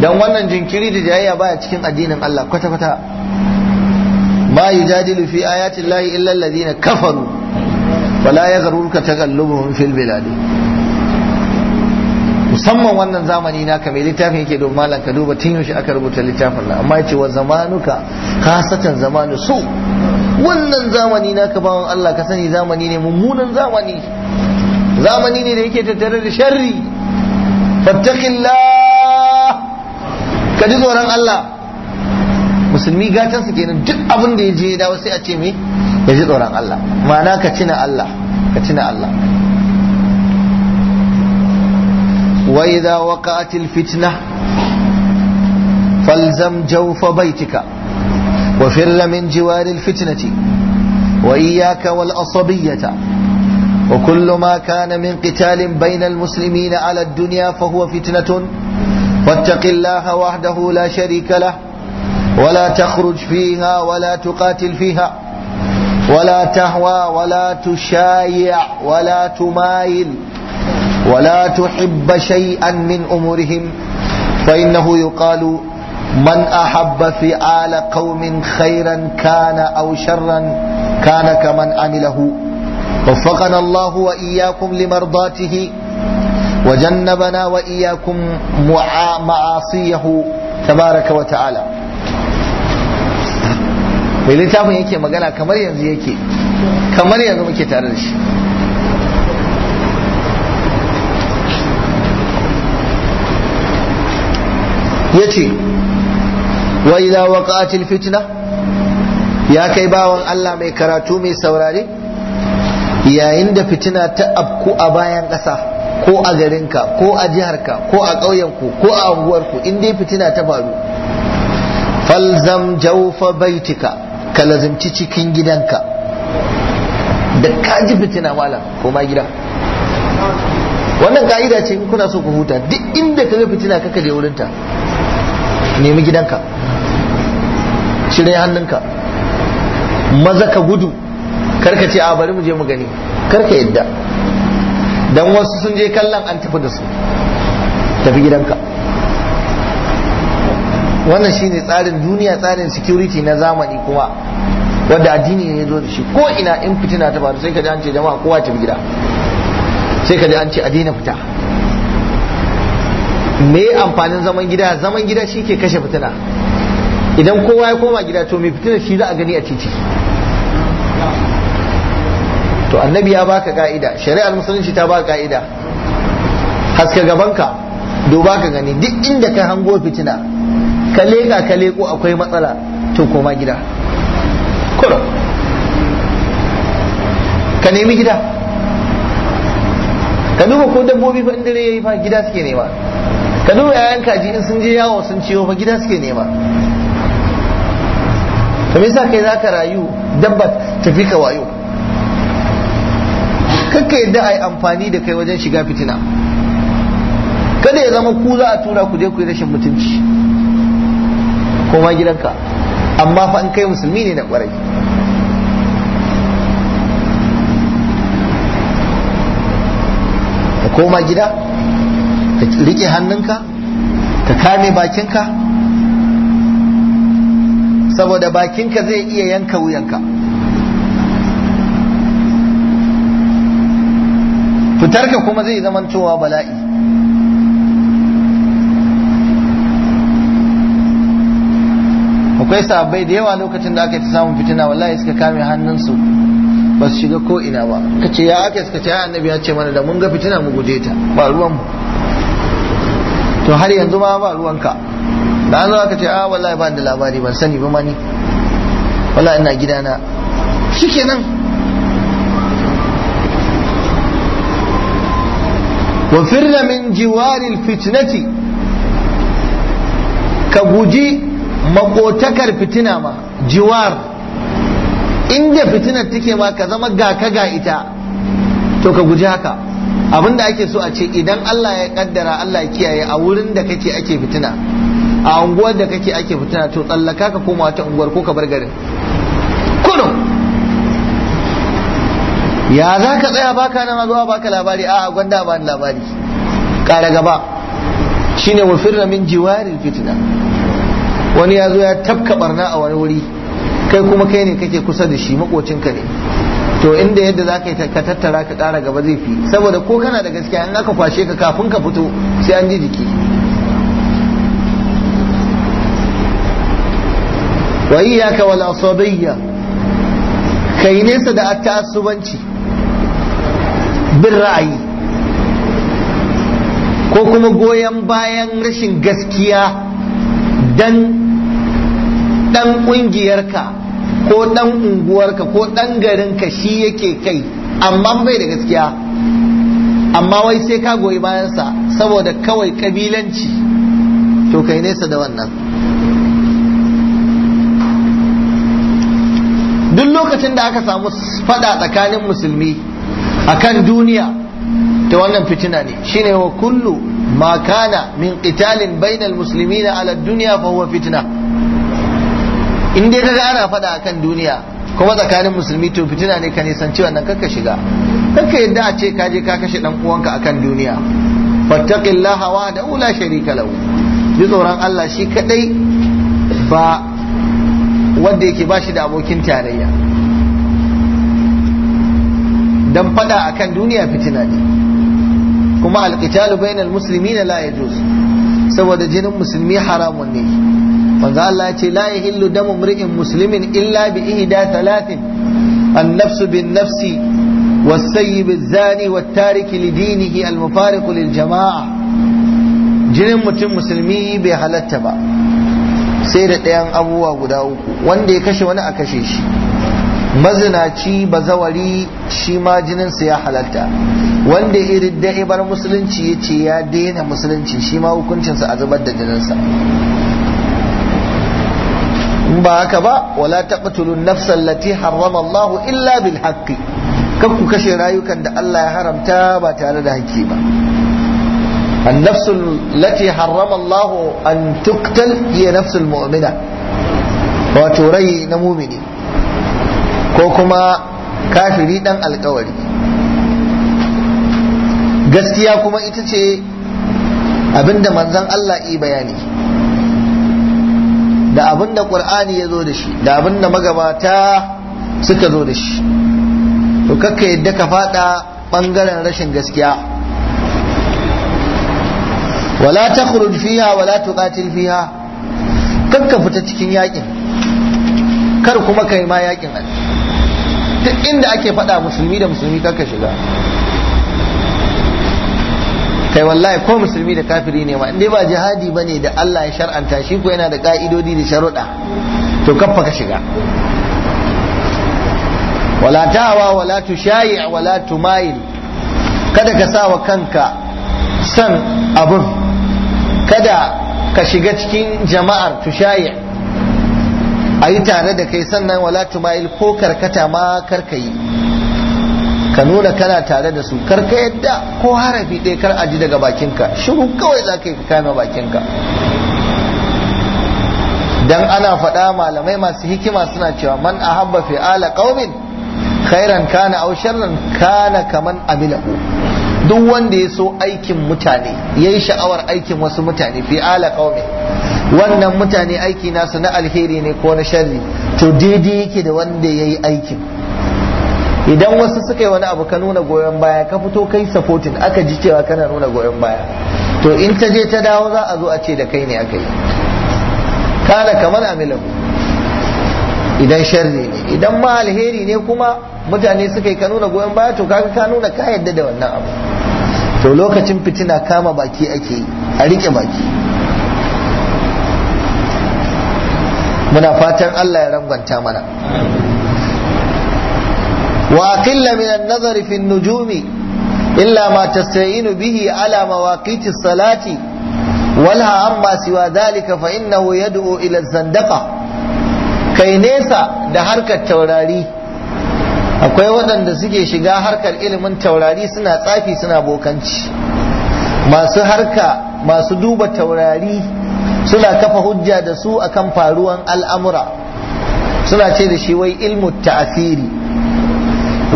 dan wannan jinkiri da jayayya baya cikin addinin Allah kwata kwata ma yujadilu fi ayati llahi illa alladhina kafaru fala yaghrurka taqallubuhum fil biladi musamman wannan zamani na mai littafin yake don malam ka duba tun yaushe aka rubuta littafin nan amma yace wa zamanuka kasatan zamanu su wannan zamani naka bawon Allah ka sani zamani ne mummunan zamani zamani ne da yake tattare da sharri fattaqillah ka ji tsoron Allah musulmi su kenan duk abin da ya je ya dawo sai a ce me ya ji tsoron Allah ma'ana ka cina Allah ka cina Allah وإذا وقعت الفتنة فالزم جوف بيتك وفر من جوار الفتنة وإياك والأصبية وكل ما كان من قتال بين المسلمين على الدنيا فهو فتنة فاتق الله وحده لا شريك له ولا تخرج فيها ولا تقاتل فيها ولا تهوى ولا تشايع ولا تمايل ولا تحب شيئا من أمورهم فإنه يقال من أحب فعال قوم خيرا كان أو شرا كان كمن عمله وفقنا الله وإياكم لمرضاته وجنبنا وإياكم معاصيه تبارك وتعالى mai littafin yake magana kamar yanzu yake kamar yanzu muke tare da shi ya ce wa ila waqa'atil fitna ya kai bawan Allah mai karatu mai saurare yayin da fitina ta afku a bayan ƙasa ko a garinka ko a jiharka ko a ƙauyenku ko a unguwarku in dai fitina ta faru falzam jawfa baitika ka lazimci cikin gidanka da kaji fitina malam ma gida wannan ka'ida ce in kuna so ku huta duk inda ka ga fitina kaka je wurinta nemi gidanka cire hannunka maza ka gudu karka ce a bari mu je mu gani karka yadda don wasu sun je kallon an tafi da su tafi gidanka wannan shine tsarin duniya tsarin security na zamani kuma wanda addini ne zo da shi ko ina in fitina ta faru sai ka ji an ce jama'a kowa tafi gida sai ka ji an ce a daina fita me amfanin zaman gida zaman gida shi ke kashe fitina idan kowa ya koma gida to mai fitina shi za a gani a titi to annabi ya baka ka'ida shari'ar musulunci ta baka ka'ida haska gabanka duba ka gani duk inda ka hango fitina ka leka ka leko akwai matsala to koma gida kuro ka nemi gida ka duba ko dabbobi fa dare yi fa gida suke nema ka duba yayan kaji in sun je yawo sun ciwo fa gida suke nema to me yasa kai zaka rayu dabba tafi ka wayo kakka yadda ai amfani da kai wajen shiga fitina kada ya zama ku za a tura ku je ku yi rashin mutunci ko ma gidanka amma fa an kai musulmi ne na kwarai ko ma gida ka rike hannunka ka kame bakinka saboda bakinka zai iya yanka wuyanka fitarka kuma zai zama zamantowa bala'i akwai sabai da yawa lokacin da aka ta samun fitina wallahi suka kame hannunsu ba su shiga ko ina ba kace ya aka suka ce annabi ya ce mana da mun ga fitina mu guje ta ba ruwan to har yanzu ma ba ruwanka da an zo ce a ah, wallahi ba da labari ban sani ba mani wallahi ina gidana shikenan wa firna min jiwari fitnati ka guji makotakar fitina ma jiwar inda fitinar take ma ka zama ga ka ga ita to ka guji haka abin da ake so a ce idan Allah ya kaddara Allah ya kiyaye a wurin da kake ake fitina a unguwar da kake ake fitina to tsallaka ka koma wata unguwar ko ka bar garin Kuno ya za ka tsaya baka na zuwa baka labari a gwanda ba ni labari Kare gaba shine wa min jiwaril fitina wani ya zo ya tafka barna a wani wuri kai kuma kai ne kake kusa da shi makocinka ne to inda yadda za ka yi ka tattara ka ƙara gaba zai fi saboda ko kana da gaskiya in aka kwashe ka kafin ka fito sai an ji jiki wa iyaka wal asabiyya kai nesa da attasubanci bin ra'ayi ko kuma goyon bayan rashin gaskiya dan dan kungiyarka ko dan unguwarka ko dan garinka shi yake kai amma bai da gaskiya amma wai sai ka goyi bayansa saboda kawai kabilanci to kai nesa da wannan duk lokacin da aka samu fada tsakanin musulmi akan duniya ta wannan fitina ne shine wa kullu ma min qitalin bainal muslimina ala dunya fa huwa fitna in dai kaga ana faɗa akan duniya kuma tsakanin musulmi to fitina ne ka nisanci nan kanka shiga kanka yadda a ce ka je ka kashe dan uwanka akan duniya fattaqillaha wa da ula sharika lahu ji tsoron Allah shi kadai ba wanda yake ba shi da abokin tarayya dan fada akan duniya fitina ne kuma alqitalu bainal muslimina la yajuz saboda jinin musulmi haramun ne manzo Allah ya ce la yahillu damu mri'in muslimin illa bi ihda thalathin an-nafsu bin nafsi was-sayyib az-zani wat-tariki li al-mufariq lil jama'a jinin mutum musulmi bai halatta ba sai da ɗayan abubuwa guda uku wanda ya kashe wani a kashe shi mazinaci bazawari shi ma jininsa ya halatta wanda irin da'ibar musulunci ya ce ya daina musulunci shi ma hukuncinsa a zubar da jininsa in ba haka ba wala taqtulun nafsal lati harrama Allah illa bil haqqi kan ku kashe rayukan da Allah ya haramta ba tare da haƙƙi ba An lati Allah an tuqtal iya nafsul mu'mina هي turai na mu'mini Ko kuma kafiri dan alƙawari gaskiya kuma ita ce abinda manzon Allah yi bayani da abin da qur'ani ya zo da shi da abin da magabata suka zo da shi to kakka yadda ka fada bangaren rashin gaskiya wala takhruj fiha wala tuqatil fiha kakka fita cikin yakin kar kuma kai ma yakin duk inda ake fada musulmi da musulmi kakka shiga kai wallahi ko musulmi da kafiri ne ma indai ba jihadi bane da Allah ya shar'anta shi ko yana da ka'idodi da sharuɗa to kaffa ka shiga wala tawa wala tushayi wala tumayil kada ka sa kanka san abun kada ka shiga cikin jama'ar tushayi a yi tare da kai sannan wala tumayil ko karkata ma karkayi ka nuna kana tare da su kar ka yadda ko harafi ɗaya kar a ji daga bakinka shiru kawai za ka yi ka kame bakinka dan ana faɗa malamai masu hikima suna cewa man a fi fi'ala ƙaumin khairan kana aw sharran kana kaman amilahu duk wanda ya so aikin mutane ya yi sha'awar aikin wasu mutane fi'ala ƙaumin wannan mutane aiki nasu na alheri ne ko na sharri to daidai yake da wanda ya yi aikin idan wasu suka yi wani abu ka nuna goyon baya ka fito kai supporting aka ji cewa kana nuna goyon baya to in ta je ta dawo za a zo a ce da kai ne aka yi kana kamar amilan idan sharri ne idan ma alheri ne kuma mutane suka yi ka nuna goyon baya to kaga ka nuna ka yadda da wannan abu to lokacin fitina kama baki ake a rike baki muna fatan Allah ya rangwanta mana وأقل من النظر في النجوم إلا ما تستعين به على مواقيت الصلاة والها عما سوى ذلك فإنه يدعو إلى الزندقة kai nesa da harkar taurari akwai waɗanda suke shiga harkar ilimin taurari suna tsafi suna bokanci masu harka masu duba taurari suna kafa hujja da su akan faruwan al'amura suna ce da shi wai ilmu ta'asiri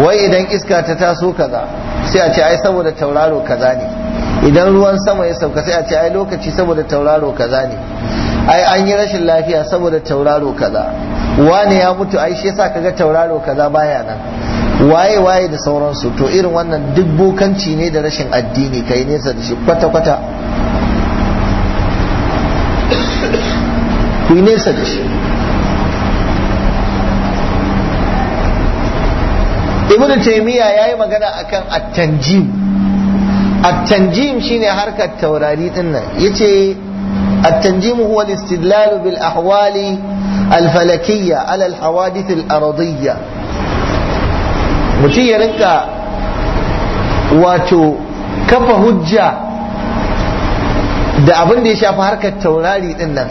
wai idan iska ta taso kaza sai a ce ai saboda tauraro kaza ne idan ruwan sama ya sauka sai a ce ai lokaci saboda tauraro kaza ne ai an yi rashin lafiya saboda tauraro kaza wane ya mutu ai shi yasa kaga tauraro kaza baya nan waye waye da sauransu to irin wannan duk bokanci ne da rashin addini kai nesa da shi kwata kwata ku nesa da shi ibn taymiya yayi magana akan at-tanjim at-tanjim shine harkar taurari din nan yace at-tanjim huwa al-istidlal bil ahwali al-falakiyya ala al-hawadith al-ardiyya mutum ya rinka wato kafa hujja da abin da ya shafi harkar taurari din nan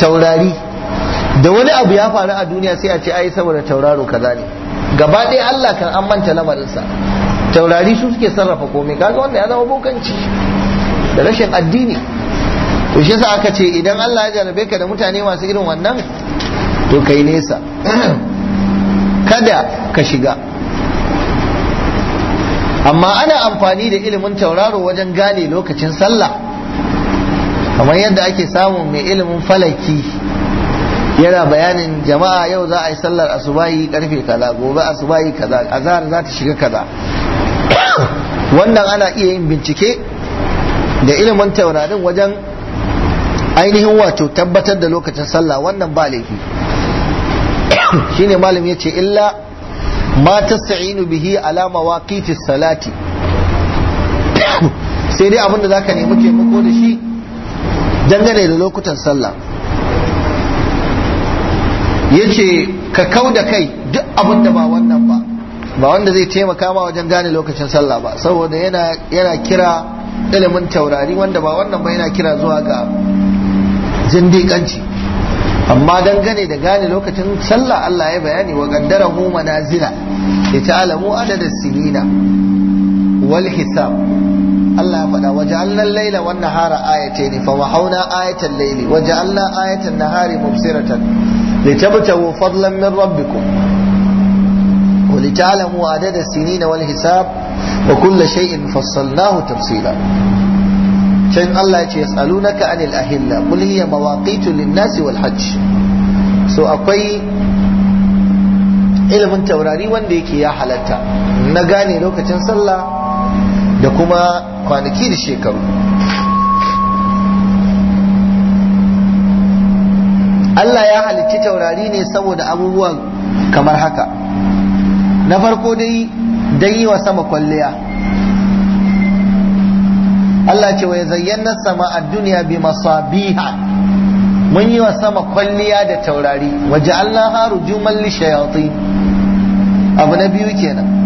taurari da wani abu ya faru a duniya sai a ce ai saboda tauraro kaza ne gaba ɗaya Allah kan an manta lamarinsa taurari su suke sarrafa komai kaga wanda ya zama bokanci da rashin addini to shi yasa aka ce idan Allah ya jarabe ka da mutane masu irin wannan to kai nesa kada ka shiga amma ana amfani da ilimin tauraro wajen gane lokacin sallah kamar yadda ake samu mai ilimin falaki yana bayanin jama'a yau za a yi sallar asubahi karfe kaza gobe asubahi kaza azhar za ta shiga kaza wannan ana iya yin bincike da ilimin taurarin wajen ainihin wato tabbatar da lokacin sallah wannan ba laifi shine malam yace illa ma tasta'inu bihi ala mawaqiti salati sai dai abinda zaka nemi taimako da shi dangane da lokutan sallah yace ka kau da kai duk abin da ba wannan ba ba wanda zai taimaka ma wajen gane lokacin sallah ba saboda yana kira ilimin taurari wanda ba wannan ba yana kira zuwa ga zindiƙanci amma dangane da gane lokacin sallah Allah ya bayani wa qaddarahu manazila ya alamu adada sinina wal hisab Allah ya faɗa waja'alna al-laila wan nahara ayatayn fa wahawna ayatal layli waja'alna ayatan nahari mubsiratan litabtahu fadlan min rabbikum wa lita'lamu adada as-sinina wal hisab wa kull shay'in fassalnahu tafsila can Allah ya ce yas'alunaka anil ahilla qul hiya mawaqitu lin-nasi wal hajj so akwai ilimin taurari wanda yake ya halatta na gane lokacin sallah da kuma kwanaki da shekaru Allah ya halicci taurari ne saboda abubuwan kamar haka na farko dai don yi wa sama kwalliya Allah ce wa zayyana sama a duniya bi masabiha mun yi wa sama kwalliya da taurari waje Allah haru juman lishayati abu na biyu kenan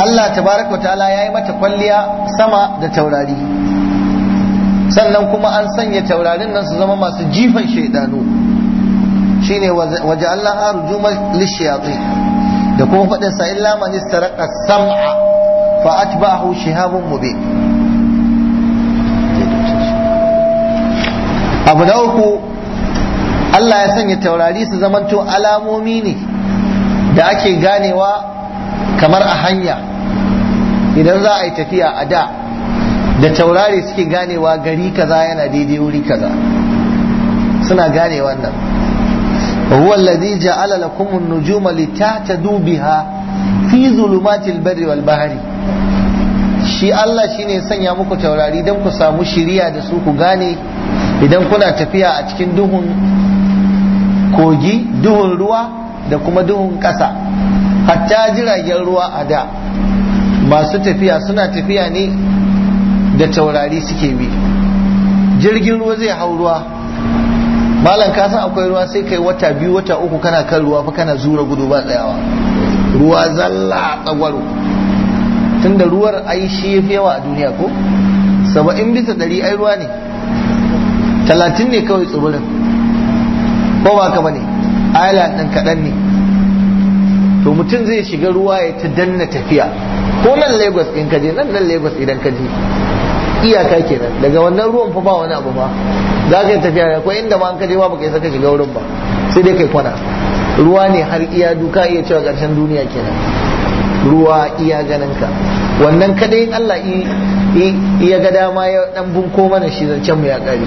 Allah tabaraka wa ta'ala ya yi mata kwalliya sama da taurari sannan kuma an sanya taurarin nan su zama masu jifan shaidanu shine waje Allah har rujuma lishiyati da kuma fadin sa illa man istaraqa sam'a fa atba'ahu shihabun mubin abu da uku Allah ya sanya taurari su zamanto alamomi ne da ake ganewa kamar a hanya idan za a yi tafiya a da da taurari suke ganewa gari kaza yana daidai wuri kaza suna gane wannan huwa alladhi ja'ala lakum an-nujuma litahtadu biha fi zulumatil barri wal bahri shi Allah shine sanya muku taurari dan ku samu shiriya da su ku gane idan kuna tafiya a cikin duhun kogi duhun ruwa da kuma duhun kasa. hatta jiragen ruwa a da masu tafiya suna tafiya ne da taurari suke bi jirgin ruwa zai hau ruwa malam ka san akwai ruwa sai kai wata biyu wata uku kana kan ruwa fa kana zura gudu ba tsayawa ruwa zalla tsagwaro tunda ruwar ai shi yafi yawa a duniya ko saba'in bisa ɗari ai ruwa ne talatin ne kawai tsibirin ko ba ka bane island ɗin kaɗan ne to mutum zai shiga ruwa ya ta danna tafiya ko nan lagos in ka je nan nan lagos idan ka je iyaka kenan daga wannan ruwan fa ba wani abu ba za ka yi tafiya ko inda ma an kaje ba baka isa saka shiga wurin ba sai dai kai kwana ruwa ne har iya duka iya cewa ƙarshen duniya kenan ruwa iya ganin ka wannan kadai Allah iya ga dama ya dan bunko mana shi zancen mu ya kare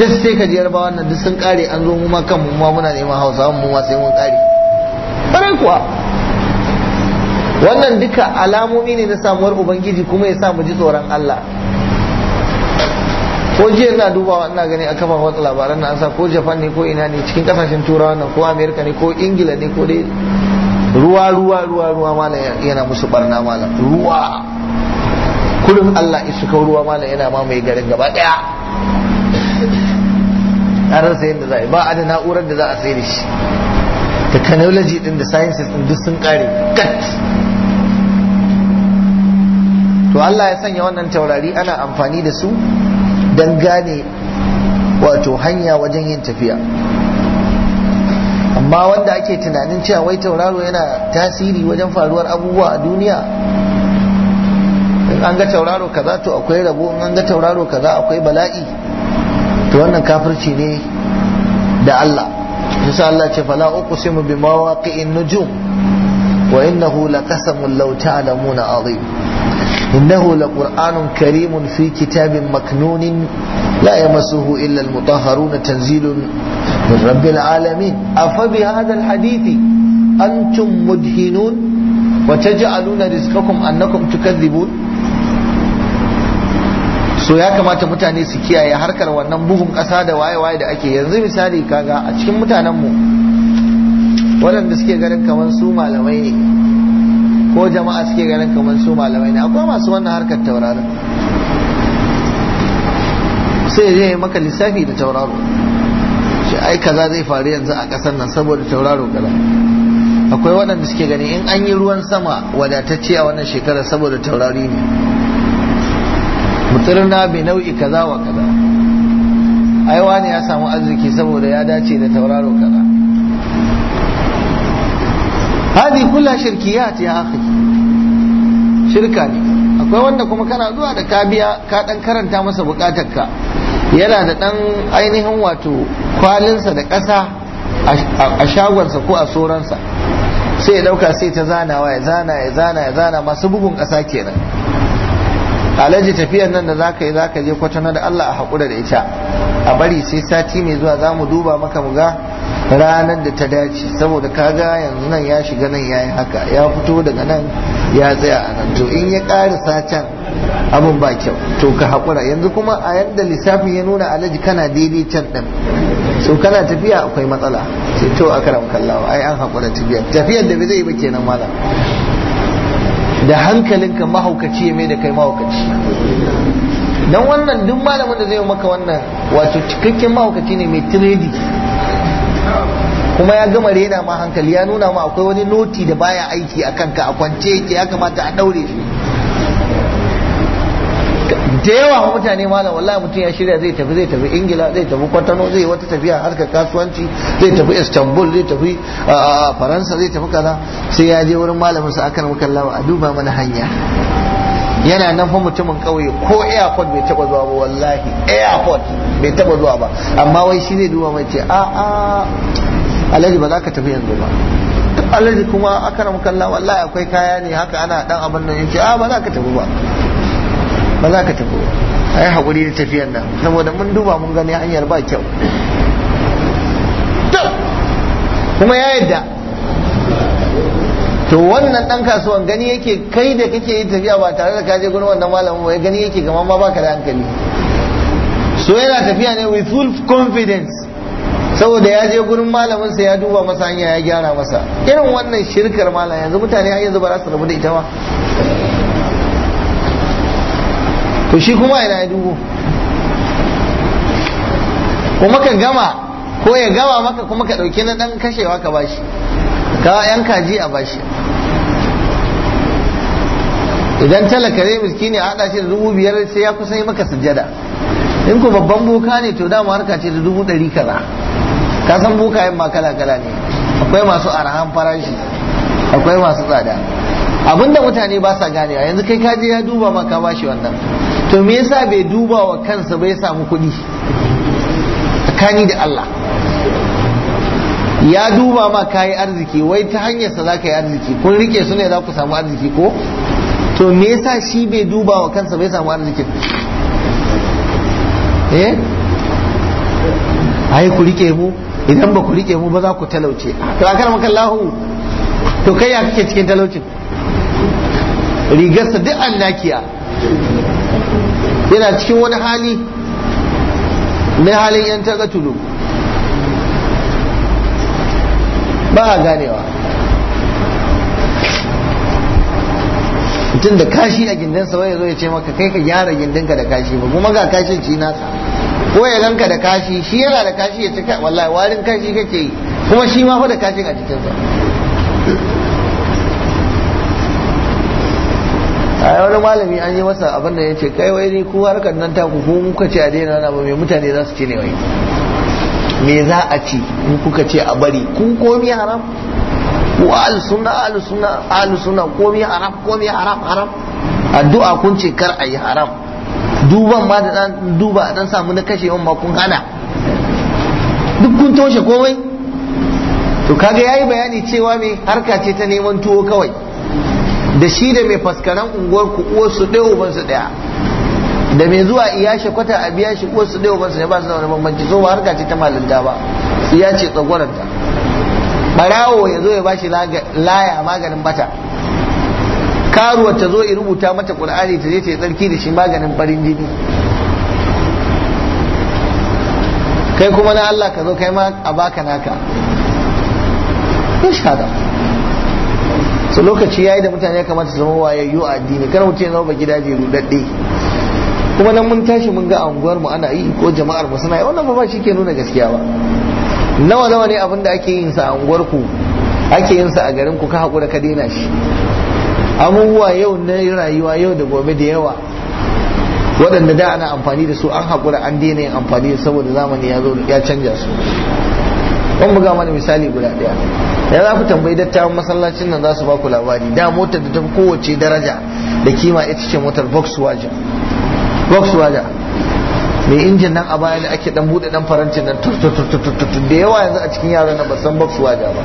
duk sai ka ji yarbawa nan duk sun kare an zo mu ma kanmu ma muna neman Hausa mu ma sai mun kare kuwa wannan duka alamomi ne na samuwar ubangiji kuma ya sa mu ji tsoron Allah ko jiya ina wa ina gani a kafa watsa labaran na an sa ko japan ne ko ina ne cikin kasashen turawa nan ko amerika ne ko ingila ne ko dai ruwa ruwa ruwa ruwa malam yana musu barna malam ruwa kullum Allah isu kau ruwa malam yana ma mai garin gaba daya an rasa yadda za a ba a da na'urar da za a sayar da shi technology din da sciences din duk sun kare kat to Allah ya sanya wannan taurari ana amfani da su don gane wato hanya wajen yin tafiya amma wanda ake tunanin cewa wai tauraro yana tasiri wajen faruwar abubuwa a duniya in an ga tauraro kaza to akwai rabo in an ga tauraro kaza akwai bala'i to wannan kafirci ne da Allah yasa Allah ce fala uqsimu bi mawaqi'in nujum wa innahu lauta law ta'lamuna azim إنه لقرآن كريم في كتاب مكنون لا يمسه إلا المطهرون تنزيل من رب العالمين أفبهذا الحديث أنتم مدهنون وتجعلون رزقكم أنكم تكذبون so ya kamata mutane su kiyaye harkar wannan bugun ƙasa da waye-waye da ake yanzu misali kaga a cikin mutanenmu waɗanda suke ganin kamar su malamai ne ko jama'a suke ganin kamar su malamai ne akwai masu wannan harkar tauraron sai zai maka lissafi da tauraro shi ai kaza zai faru yanzu a ƙasar nan saboda tauraro kaza akwai waɗanda suke gani in an yi ruwan sama wadatacce a wannan shekarar saboda taurari ne na bai nau'i kaza wa kaza aiwa ne ya samu arziki saboda ya dace da tauraro kaza hadi kula shirkiyat ya akhi shirka ne akwai wanda kuma kana zuwa da ka biya ka dan karanta masa ka. yana da dan ainihin wato kwalinsa da ƙasa a shagonsa ko a soransa sai ya dauka sai ta zanawa ya zana ya zana ya zana masu bugun ƙasa kenan alaji tafiyar nan da zaka yi zaka je kwatano da Allah a haƙura da ita a bari sai sati mai zuwa zamu duba maka mu ga ranar da ta dace saboda kaga yanzu nan ya shiga nan ya yi haka ya fito daga nan ya tsaya a nan to in ya ƙara can abin ba kyau to ka haƙura yanzu kuma a yadda lissafin ya nuna alaji kana daidai can ɗin so kana tafiya akwai matsala sai to a karam kallawa ai an haƙura tafiya tafiyar da bai zai yi ba kenan mala da hankalinka mahaukaci ya mai da kai mahaukaci dan wannan duk malamin da zai maka wannan wato cikakken mahaukaci ne mai tiredi kuma ya gama rena ma hankali ya nuna ma akwai wani noti da baya aiki a kanka a kwance yake ya kamata a daure shi da yawa mutane malam wallahi mutum ya shirya zai tafi zai tafi ingila zai tafi kwatano zai wata tafiya harkar kasuwanci zai tafi istanbul zai tafi faransa zai tafi kaza sai ya je wurin malamin sa akan mukallawa a duba mana hanya yana nan fa mutumin kauye ko airport bai taba zuwa ba wallahi airport bai taba zuwa ba amma wai shi zai duba mai ce a a alhaji ba za ka tafi yanzu ba alhaji kuma aka ramu kalla wallahi akwai kaya ne haka ana dan abin nan yace a ah, ba za ka tafi ba ba za ka tafi ba ai hakuri da tafiyar nan saboda mun duba mun gani hanyar ba kyau kuma ya yadda to wannan dan kasuwan gani yake kai da kake yin tafiya ba tare da ka je gurin wannan malamin ba gani yake kamar ma baka da hankali so yana tafiya ne with full confidence saboda ya je gurin malamin sa ya duba masa hanya ya gyara masa irin wannan shirkar malam yanzu mutane har yanzu ba za su rabu da ita ba to shi kuma ina ya dubo kuma ka gama ko ya gama maka kuma ka dauke na ɗan kashewa ka bashi ka yan kaji a bashi idan talaka ne miskini a hada shi da dubu biyar sai ya kusa yi maka sujjada in ku babban boka ne to dama harka ce da dubu ɗari kaza ka san bukayen ma kala kala ne akwai masu arahan farashi akwai masu tsada abinda mutane ba sa ganewa yanzu kai kaji ya duba ma ka bashi wannan to me yasa bai duba wa kansa bai samu kuɗi kani da Allah ya duba ma kayi arziki wai ta sa za ka yi arziki kun rike su ne za ku samu arziki ko to me yasa shi bai duba wa kansa bai samu arzikin eh ai ku rike mu idan ba ku rike mu ba za ku talauce to akar maka Allahu to kai ya kake cikin talaucin rigarsa duk annakiya yana cikin wani hali na halin yan tudu ba a ganewa mutum da kashi a gindinsa wai ya zo ya ce maka kai ka gyara gindinka da kashi ba kuma ga kashin ci nasa ko ya ganka da kashi shi yana da kashi ya cika wallahi warin kashi kake yi kuma shi ma fa da kashin a sa a wani malami an yi masa abin da ya ce kai wai ni ku harkar nan taku ko kuka ce a daina na ba mai mutane za su ci ne wai me za a ci in kuka ce a bari ku komi haram ku ahlu sunna ahlu sunna ahlu sunna komi haram komi haram haram addu'a kun ce kar a yi haram duban ma da dan duba dan samu na kashe ma kun hana duk kun toshe komai to kaga yayi bayani cewa me harka ce ta neman tuwo kawai da shi da mai faskaran unguwar ku uwar su ɗaya uban su ɗaya da mai zuwa iya shi kwata a biya shi uwar su ɗaya uban su ɗaya ba su da wani bambanci so ba harka ce ta malinta ba Iyace ce tsagwaranta barawo ya zo ya bashi laya maganin bata karuwar ta zo in rubuta mata qur'ani ta je ta yi tsarki da shi maganin farin jini kai kuma na Allah ka zo kai ma a baka naka insha so lokaci yayi da mutane ya kamata su zama wayayyu a addini kar mutum ya zama ba gidaje rudadde kuma nan mun tashi mun ga anguwar mu ana yi ko jama'ar mu suna yi wannan ba shi ke nuna gaskiya ba nawa nawa ne abin da ake yin sa a anguwar ku ake yin sa a garin ku ka hakura ka daina shi abubuwa yau na rayuwa yau da gobe da yawa waɗanda da ana amfani da su an haƙura an daina yin amfani da saboda zamani ya zo ya canja su ban buga mana misali guda daya ya za ku tambayi dattawan masallacin nan za su ba ku labari da motar da ta fi kowace daraja da kima ita ce motar volkswagen waja mai injin nan a baya da ake dan buɗe dan farancin nan tututututu da yawa yanzu a cikin yaran na ba san waja ba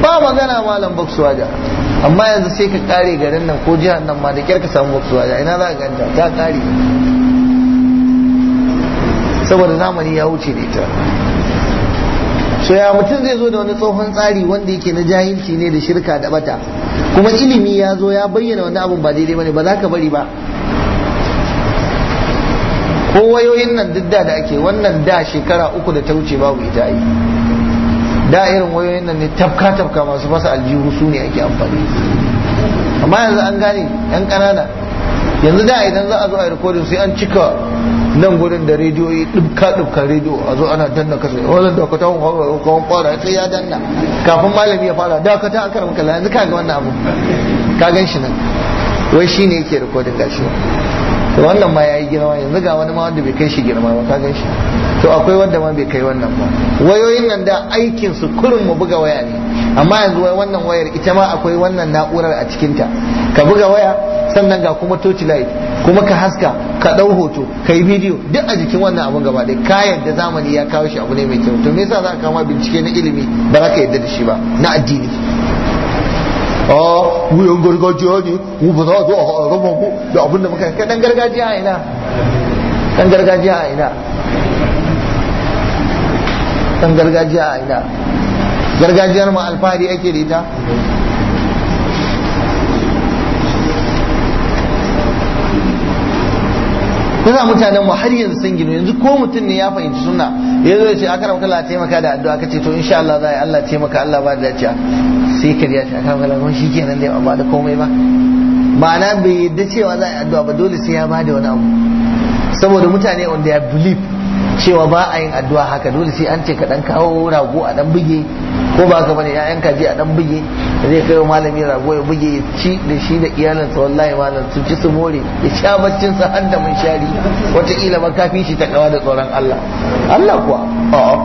ba magana malam waja. amma yanzu sai ka kare garin nan ko jihar nan ma da kyar ka samu waja. ina za ka ganta ta kare saboda zamani ya wuce ne ta. so ya mutum zai zo da wani tsohon tsari wanda yake na jahilci ne da shirka da bata kuma ilimi ya zo ya bayyana wani abun ba daidai bane ba za ka bari ba ko wayoyin nan duk da da ake wannan da shekara uku da ta wuce babu ita yi da irin wayoyin nan ne tafka tafka masu fasa aljihu su ne ake amfani amma yanzu an gane yan ƙanana yanzu da idan za a zo a yi rikodin sai an cika nan gudun da rediyo yi dubka dubka rediyo a zo ana danna kasa wannan dakata hun hawa kawon kwara sai ya danna kafin malami ya fara dakata an karamka yanzu kaga wannan abu ka gan shi nan wai shi ne yake rikodin gashi to wannan ma yayi girma yanzu ga wani ma wanda bai kai shi girma ba ka gan shi to akwai wanda ma bai kai wannan ba wayoyin nan da aikin su kurin mu buga waya ne amma yanzu wai wannan wayar ita ma akwai wannan na'urar a cikin ta ka buga waya sannan ga kuma torch light kuma ka haska ka dau hoto ka yi bidiyo duk a jikin wannan abun gaba dai ka yadda zamani ya kawo shi abu ne mai kyau to me yasa za ka kama bincike na ilimi ba za ka yadda da shi ba na addini a wuyan gargajiya ne mu ba za a zo a rama mu da abin da muka kai dan gargajiya a ina dan gargajiya a ina dan gargajiya a ina gargajiyar mu alfahari ake da ita yasa mutanen mu har yanzu sun gino yanzu ko mutum ne ya fahimci sunna ya zo ya ce akaram kala taimaka da addu'a kace to insha Allah za a yi Allah taimaka Allah ba da dace sai ka ta shi a shi kenan dai ba da komai ba ma'ana bai yadda cewa za a yi addu'a ba dole sai ya ba da wani abu saboda mutane on ya belief cewa ba a yin addu'a haka dole sai an ce ka dan kawo rago a dan buge ko ba ka bane ya'yan kaji a dan buge zai kai wa malami rago ya buge ya ci da shi da iyalinsa wallahi malam su ci su more ya sha baccin sa har da mun shari wataƙila ma kafi shi ta kawa da tsoron Allah Allah kuwa a'a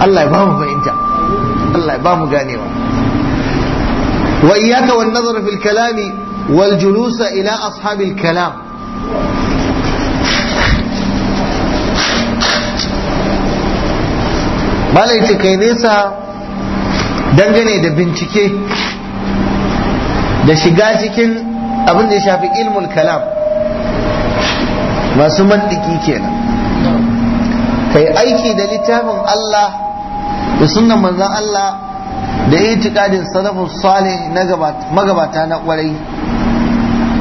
Allah ya ba mu fahimta Allah ya ba mu ganewa wa iyyaka wan nazar fil kalami wal julusa ila ashabil kalam malai ce kai nesa dangane da bincike da shiga cikin abin da ya shafi ilmul kalam masu mantiki kenan kai aiki da littafin Allah da sunan manzan Allah da itikadin salafus salih na magabata na kwarai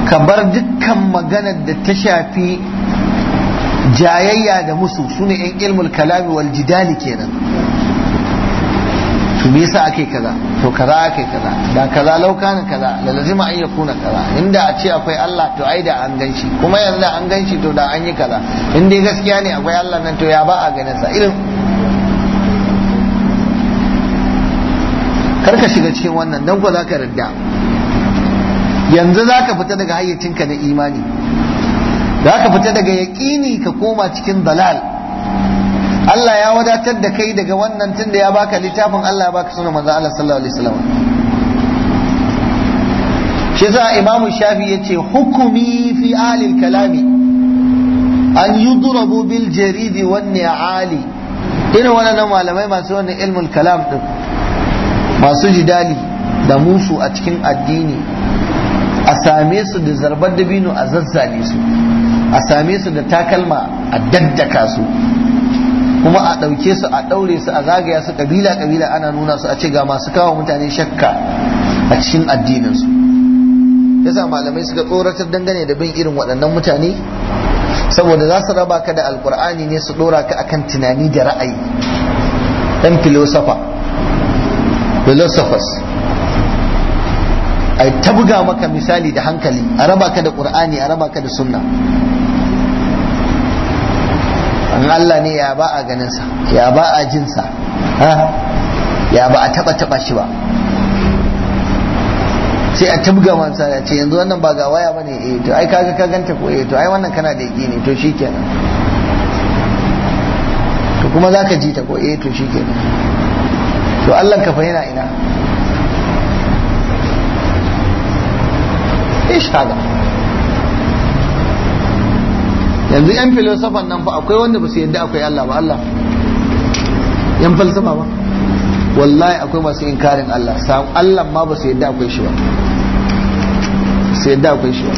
ka bar dukkan maganar da ta shafi jayayya da musu ne yan ilmul kalami wal jidali kenan to me yasa akai kaza to kaza akai kaza da kaza laukanin kaza da lazima an yakuna kaza inda a ce akwai Allah to ai da an ganshi kuma yanzu an ganshi to da an yi kaza inda gaskiya ne akwai Allah nan to ya ba a ganin sa irin kar ka shiga cikin wannan dan ko zaka yarda yanzu zaka fita daga hayyacinka na imani zaka fita daga yaƙini ka koma cikin dalal Allah ya wadatar da kai daga wannan tunda ya baka littafin Allah ya baka suna manzo Allah sallallahu alaihi wasallam shi yasa imamu shafi yace hukumi fi alil kalami an yudrabu bil jaridi wan ni'ali irin wannan malamai masu wannan ilmul kalam din masu jidali da musu a cikin addini a same su da zarbar dabino a zazzale su a same su da takalma a daddaka su kuma a ɗauke su a ɗaure su a zagaya su ƙabila ƙabila ana nuna su a ce ga masu kawo mutane shakka a cikin addininsu yasa malamai suka tsoratar dangane da bin irin waɗannan mutane saboda za su raba ka da alkur'ani ne su ɗora ka akan tunani da ra'ayi ɗan filosofa philosophers a ta buga maka misali da hankali a raba ka da qur'ani a raba ka da sunna an Allah ne ya ba a ganinsa ya ba a jinsa ya ba a taba taba shi ba sai a tabga mansa ya ce yanzu wannan ba ga waya bane eh to ai kaga ka ganta ko eh to ai wannan kana da ne to shikenan to kuma zaka ji ta ko eh to shikenan to Allah ka yana ina ish haka yanzu yan filosofan nan fa akwai wanda ba su yadda akwai Allah ba Allah yan falsafa ba wallahi akwai masu inkarin Allah Allah ma ba su yadda akwai shi ba su yadda akwai shi ba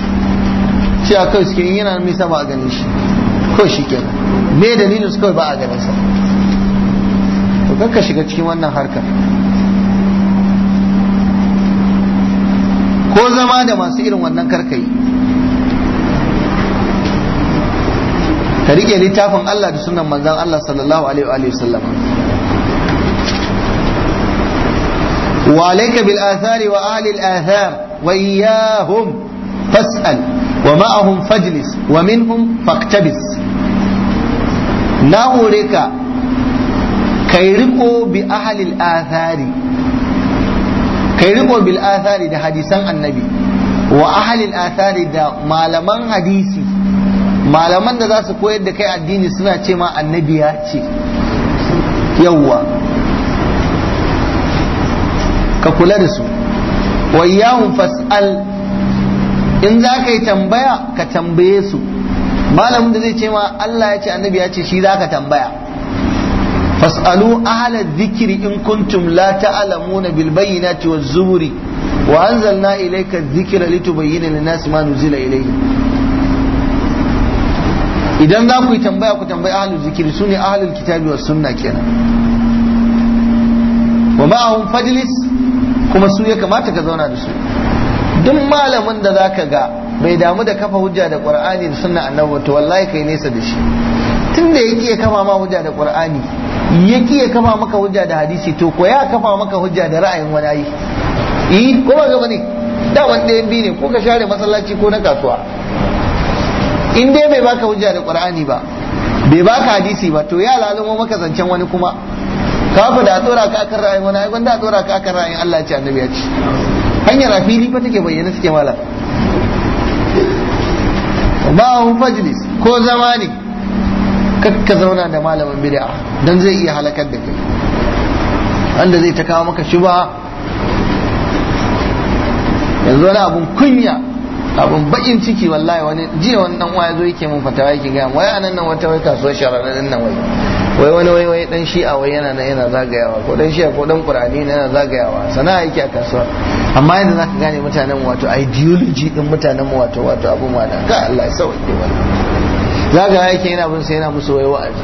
shi a kai suke yana nisa ba a ganin shi ko shi ke me dalilin su kawai ba a ganin sa ka shiga cikin wannan harkar ko zama da masu irin wannan karkai ka rike littafin Allah da sunan manzan Allah sallallahu alaihi wa sallam wa alayka bil athari wa ahli al athar wa iyyahum fas'al wa ma'ahum fajlis wa minhum faqtabis na hore ka kai riko bi ahalil athari kai riko bil athari da hadisan annabi wa ahalil athari da malaman hadisi malaman da za su koyar da kai addini suna ce ma annabi ya ce yawwa ka kula da su wayyahun fas'al in za ka yi tambaya ka tambaye su malamin da zai ce ma Allah ya ce annabi ya ce shi za ka tambaya fasalu ahla zikiri in kuntum la ta'lamuna bil bayyinati waz zuburi wa anzalna ilayka dhikra litubayyana lin nasi ma nuzila ilayhi idan za ku yi tambaya ku tambayi ahlul zikiri sune ahlul kitabi was sunna kenan wa ma'ahum fajlis kuma su ya kamata ka zauna da su duk malamin da zaka ga bai damu da kafa hujja da qur'ani da sunna annabi to wallahi kai nesa da shi tunda yake kafa ma hujja da qur'ani yake ya kafa maka hujja da hadisi to ko ya kafa maka hujja da ra'ayin wani ayi eh ko ba ga bane da wani ɗayan biyu ne ko ka share masallaci ko na kasuwa in dai bai baka hujja da qur'ani ba bai baka hadisi ba to ya lalumo maka zancen wani kuma ka fa da tsora ka akan ra'ayin wani ayi da tsora ka akan ra'ayin Allah ce annabi ya ce hanyar afili fa take bayyana suke mala ba hu fajlis ko zama ne kakka zauna da malamin bid'a don zai iya halakar da kai wanda zai ta kawo maka shuba yanzu wani abun kunya abun bakin ciki wallahi wani jiya wani dan waya zo yake mun fata yake ga wai anan nan wata wai kasuwar shararar nan wai wai wani wai wai dan shi'a wai yana nan yana zagayawa ko dan shi'a ko dan qur'ani yana zagayawa sana'a yake a kasuwa amma yanda zaka gane mutanen wato ideology din mutanen wato wato abun wada ka Allah ya sauke wallahi za ga yake yana bin sai yana musu wai wa'azi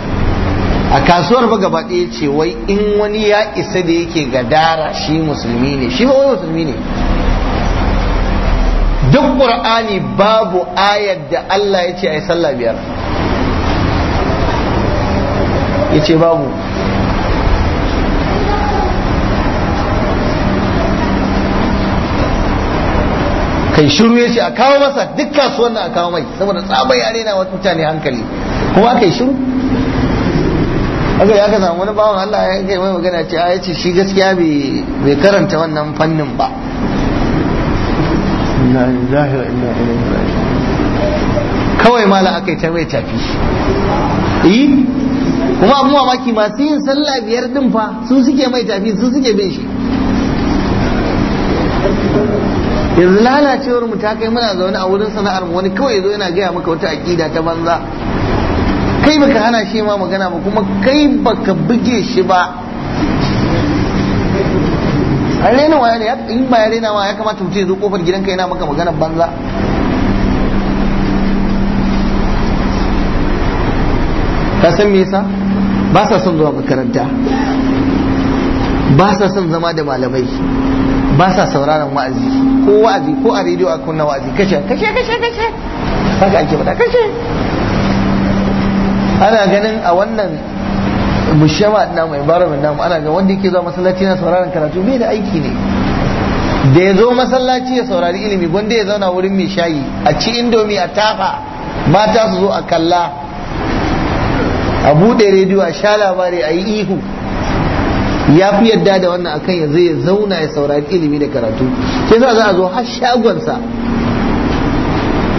a kasuwar ba gaba ɗaya ce wai in wani ya isa da yake gadara shi musulmi ne shi ba wai musulmi ne duk ƙur'ani babu ayar da Allah ya ce yi sallah biyar ya ce babu kai shiru ya ce a kawo masa duk kasuwan na a kawo mai saboda tsabai yare na wata mutane hankali kuma aka yi shiru aka ya ka samu wani bawan Allah ya kai mai magana ce a yace shi gaskiya bai karanta wannan fannin ba kawai la aka yi ta mai tafi eh? kuma abu maki masu yin sallah biyar din fa su suke mai tafi su suke bin shi yanzu lalacewar mu ta kai muna zaune a wurin sana'ar mu wani kawai zo yana gaya maka wata aƙida ta banza kai baka hana shi ma magana ba kuma kai baka buge shi ba a rena waya ne in ba ya rena ya kamata mutum ya zo kofar gidanka yana maka magana banza ka san me yasa ba sa son zuwa makaranta ba sa son zama da malamai ba sa sauraron wa'azi ko wa'azi ko a rediyo a kunna wa'azi kashe kashe kashe kashe haka ake faɗa kashe ana ganin a wannan mushama namu environment namu ana ga wanda yake zuwa masallaci na sauraron karatu bai da aiki ne da ya zo masallaci ya saurari ilimi gwanda ya zauna wurin mai shayi a ci indomi a tafa mata su zo a kalla a buɗe rediyo a sha labari a yi ihu ya fi yadda da wannan akan ya ya zauna ya saurari ilimi da karatu sai za a zo har shagonsa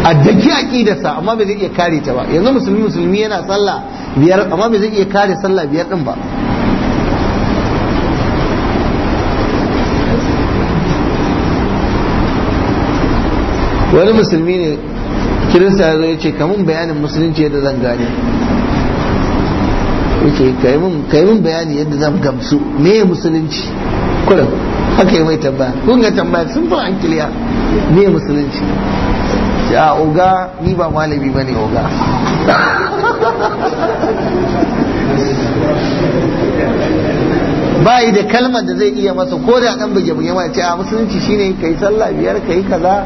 a daki aqidarsa amma bai zai iya kare ta ba yanzu musulmi musulmi yana sallah biyar amma bai zai iya kare sallah biyar din ba wani musulmi ne kirista ya zo ya ce kamun bayanin musulunci yadda zan gane yace kai mun kai mun bayani yadda za mu gamsu me musulunci kula haka yi mai tambaya kun ga tambaya sun fa an kiliya me musulunci ya oga ni ba malami bane oga yi da kalmar da zai iya masa ko da dan buge buge ma ce a musulunci shine kai sallah biyar kai kaza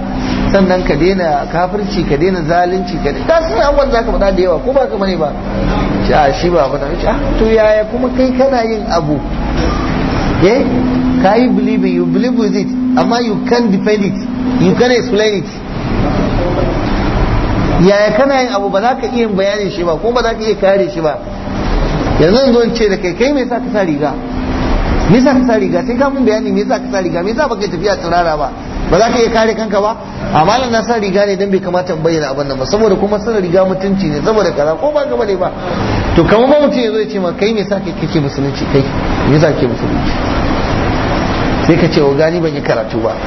sannan ka daina kafirci ka daina zalunci ka ka san abubuwan zaka faɗa da yawa ko ba ka bane ba ce a ah, shi ba bana ce ah, to yaya kuma kai kana yin abu eh ka yi believe you believe with it amma you can defend it you can explain it yaya kana yin abu ba za ka iya bayanin shi ba ko ba za ka iya kare shi ba yanzu zo ce da kai kai me yasa ka sa riga me sa ka sa riga sai ka mun bayani me sa ka sa riga me yasa baka tafiya tsirara ba ba za ka iya kare kanka ba a malam na sa riga ne don bai kamata bayyana abin nan ba saboda kuma sa riga mutunci ne saboda kaza ko ba gaba ne ba to kamar ba mutum ya zo ya ce ma kai me sa kake musulunci kai me sa kake musulunci sai ka ce wa gani ban yi karatu ba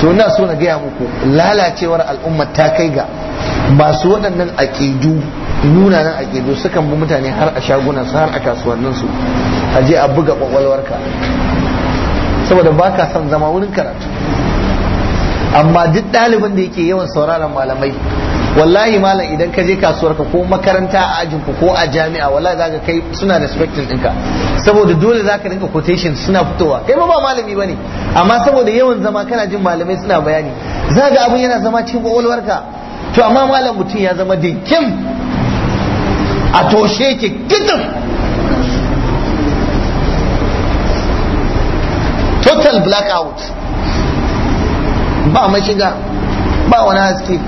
to ina so na gaya muku lalacewar al'umma ta kai ga masu waɗannan aƙidu nunanan aƙidu sukan bi mutane har a su har a su a je a buga ƙwaƙwalwarka saboda baka son zama wurin karatu amma duk ɗalibin da yake yawan sauraron malamai wallahi malam idan ka je kasuwar ka ko makaranta a ajinku ko a jami'a wallahi zaka kai suna respecting ɗinka saboda dole zaka rinka quotation suna fitowa kai ba malami bane amma saboda yawan zama kana jin malamai suna bayani za zaka abun yana zama cikin ka to amma malam mutum ya zama dinkim a toshe ke gidan total blackout ba mashiga ba wani haske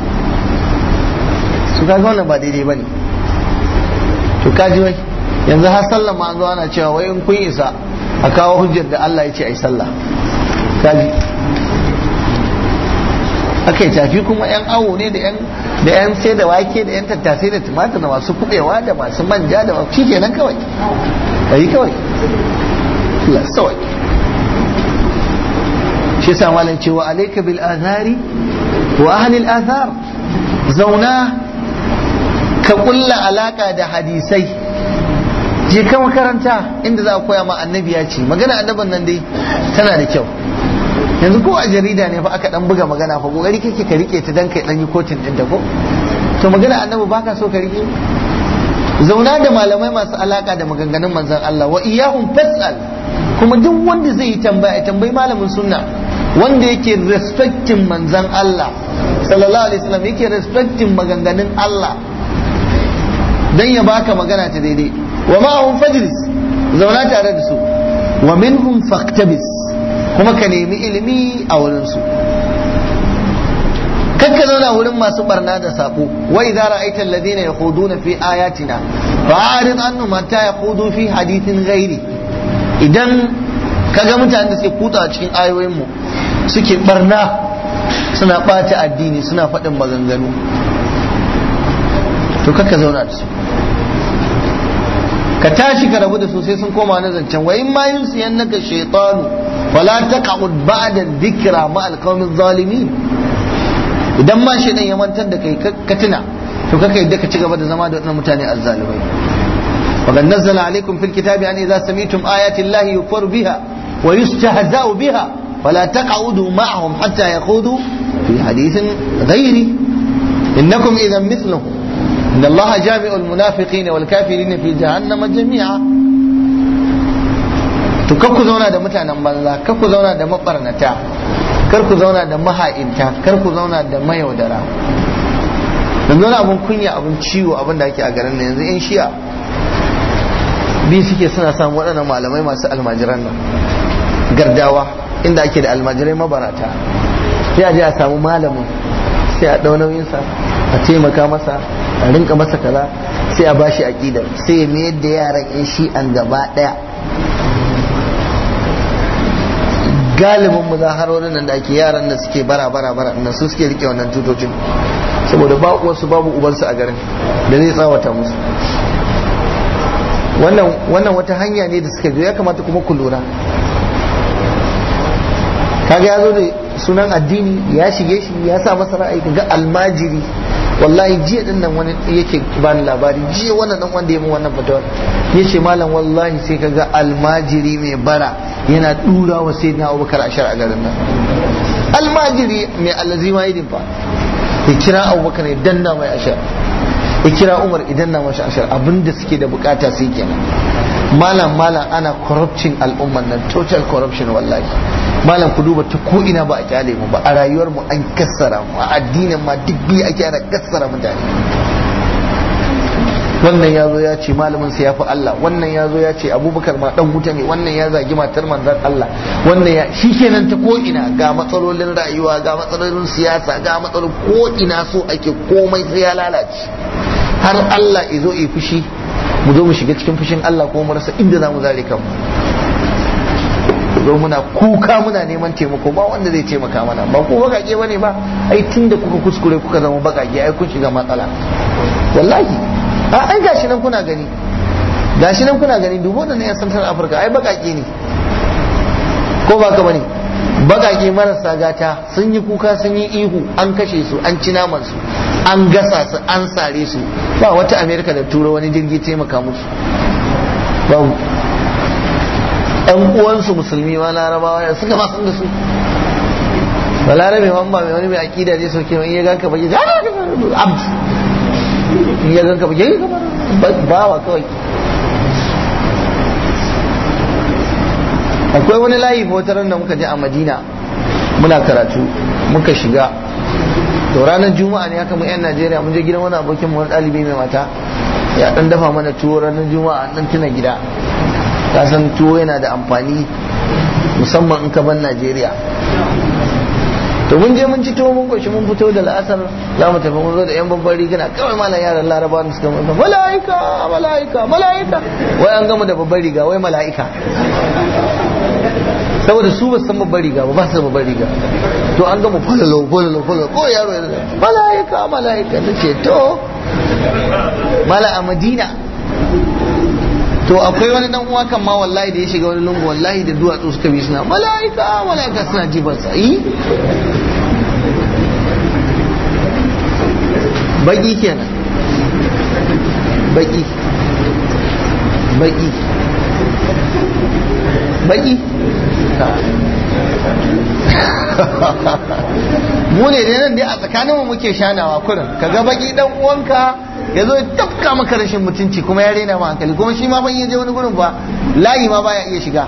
su ga wannan ba daidai ba ne to kaji wai yanzu har sallan ma zuwa ana cewa wai in kun isa a kawo hujjar da Allah ya ce ai sallah kaji aka yi tafi kuma yan awo ne da yan da yan sai da wake da yan tattasai da tumatir da masu kubewa da masu manja da shi kenan kawai ayi kawai la sawai shi yasa malam cewa alayka bil azari wa ahli al azar zauna ka kulla alaka da hadisai je ka makaranta inda za a koya ma annabi ya ce magana annaban nan dai tana da kyau yanzu ko a jarida ne fa aka dan buga magana fa kokari kake ka rike ta dan kai dan yi kotin din da ko to magana annabi baka so ka rike zauna da malamai masu alaka da maganganun manzon Allah wa iyyahum fas'al kuma duk wanda zai yi tambaya tambayi malamin sunna wanda yake respectin manzan Allah sallallahu alaihi wasallam yake respectin maganganun Allah dan ya baka magana ta daidai wa ma hum fajlis zauna tare da su wa minhum faktabis kuma ka nemi ilimi a wurin su kakka zauna wurin masu barna da sako wa idza ra'aita alladhina yakhuduna fi ayatina fa'arid annum hatta yakhudu fi hadithin ghairi idan kaga mutanen da suke kuta cikin ayoyin mu suke barna suna ɓata addini suna faɗin maganganu to kakka zauna da su ka tashi ka rabu da su sai sun koma na zancen wa in ma siyan naka shaitanu fala taqud ba'da dhikra ma alqawmi zalimin idan ma shaitan ya mantar da kai ka tuna to kaka yadda ka ci gaba da zama da waɗannan mutane azzalimai وقد نزل عليكم في الكتاب أن إذا سمعتم آيات الله يكفر بها ويستهزأ بها ولا تقعدوا معهم حتى يخوضوا في حديث غيري إنكم إذا مثلهم إن الله جامع المنافقين والكافرين في جهنم جميعا to kar ku zauna da mutanen banza kar ku zauna da mabarnata kar ku zauna da maha'inta kar ku zauna da mayaudara yanzu wani abin kunya abin ciwo abin da ake a garin nan yanzu yan shi'a biyu suke suna samun waɗannan malamai masu almajiran gardawa inda ake da almajirai mabarata sai a je a samu malamin sai a ɗau nauyinsa a taimaka masa a rinka masa kaza sai a bashi aƙidar sai ya mayar da yaran shi an gaba ɗaya galibin muzaharorin nan da ake yaran da suke bara bara bara nan su suke rike wannan tutocin saboda ba wasu babu ubansu a garin da zai tsawata musu wannan wata hanya ne da suka biyo ya kamata kuma ku lura kaga ya zo da sunan addini ya shige shi ya sa masa ra'ayi ga almajiri wallahi jiya din nan wani yake bani labari jiya wannan dan wanda ya mu wannan fatawar yace malam wallahi sai kaga almajiri mai bara yana dura wa sayyidina Abubakar ashar a garin nan almajiri mai alazima idin fa ya kira Abubakar ya danna mai ashar ya kira umar idan na mashi ashar abinda suke da bukata sai kenan malam malam ana corruption al'umman nan total corruption wallahi malam ku duba ta ko'ina ba a kyale mu ba a rayuwar mu an kassara mu a addinin ma duk biyu ake ana kassara mutane wannan ya zo ya ce malamin sa ya fi Allah wannan ya zo ya ce abubakar ma dan wuta ne wannan ya zagi matar manzan Allah wannan ya shi kenan ta ko'ina ga matsalolin rayuwa ga matsalolin siyasa ga matsalolin ko'ina so ake komai sai ya lalace har Allah ya zo yi fushi mu zo mu shiga cikin fushin Allah ko mu rasa inda za mu zare kanmu zo muna kuka muna neman taimako ba wanda zai taimaka mana ba ku bagage bane ba ai tunda kuka kuskure kuka zama bagage ai kun shiga matsala wallahi a ai gashi nan kuna gani gashi nan kuna gani dubo da yan santar afirka ai bagage ne ko ba ka bane bagage marasa gata sun yi kuka sun yi ihu an kashe su an ci naman su an gasa su an sare su ba wata amerika da turo wani jirgi taimaka musu babu ɗan uwansu musulmi ma larabawa suka masu da su ba larabe ma ba mai wani mai akida zai sauke wani ya ganka baki abd ah, in ya ganka eh, ba wa kawai akwai wani layi wata ran da muka je a madina muna karatu muka shiga to ranar juma'a ne haka mu yan najeriya mun je gidan wani abokin mu wani ɗalibi mai mata ya dan dafa mana tuwo ranar juma'a dan tuna gida ka san tuwo yana da amfani musamman in ka ban najeriya to mun je mun ci tuwo mun koshi mun fito da la'asar za mu tafi mun zo da yan babban rigina kawai malam yaran laraba da suka mutu mala'ika mala'ika mala'ika wai an gama da babban riga wai mala'ika saboda su ba san babban riga ba ba su babban riga to an gama falalo falalo falalo ko yaro ya mala'ika mala'ika na ce to mala a madina to akwai wani dan uwa kan ma wallahi da ya shiga wani lungu wallahi da duwatsu suka bi suna mala'ika mala'ika suna jibarsa yi baki kenan baki baki baki mu ne dai nan dai a tsakaninmu muke shanawa kurin ka ga baki dan uwanka ya zo tafka maka rashin mutunci kuma ya rena ma hankali kuma shi ma ban yi je wani gurin ba layi ma baya iya shiga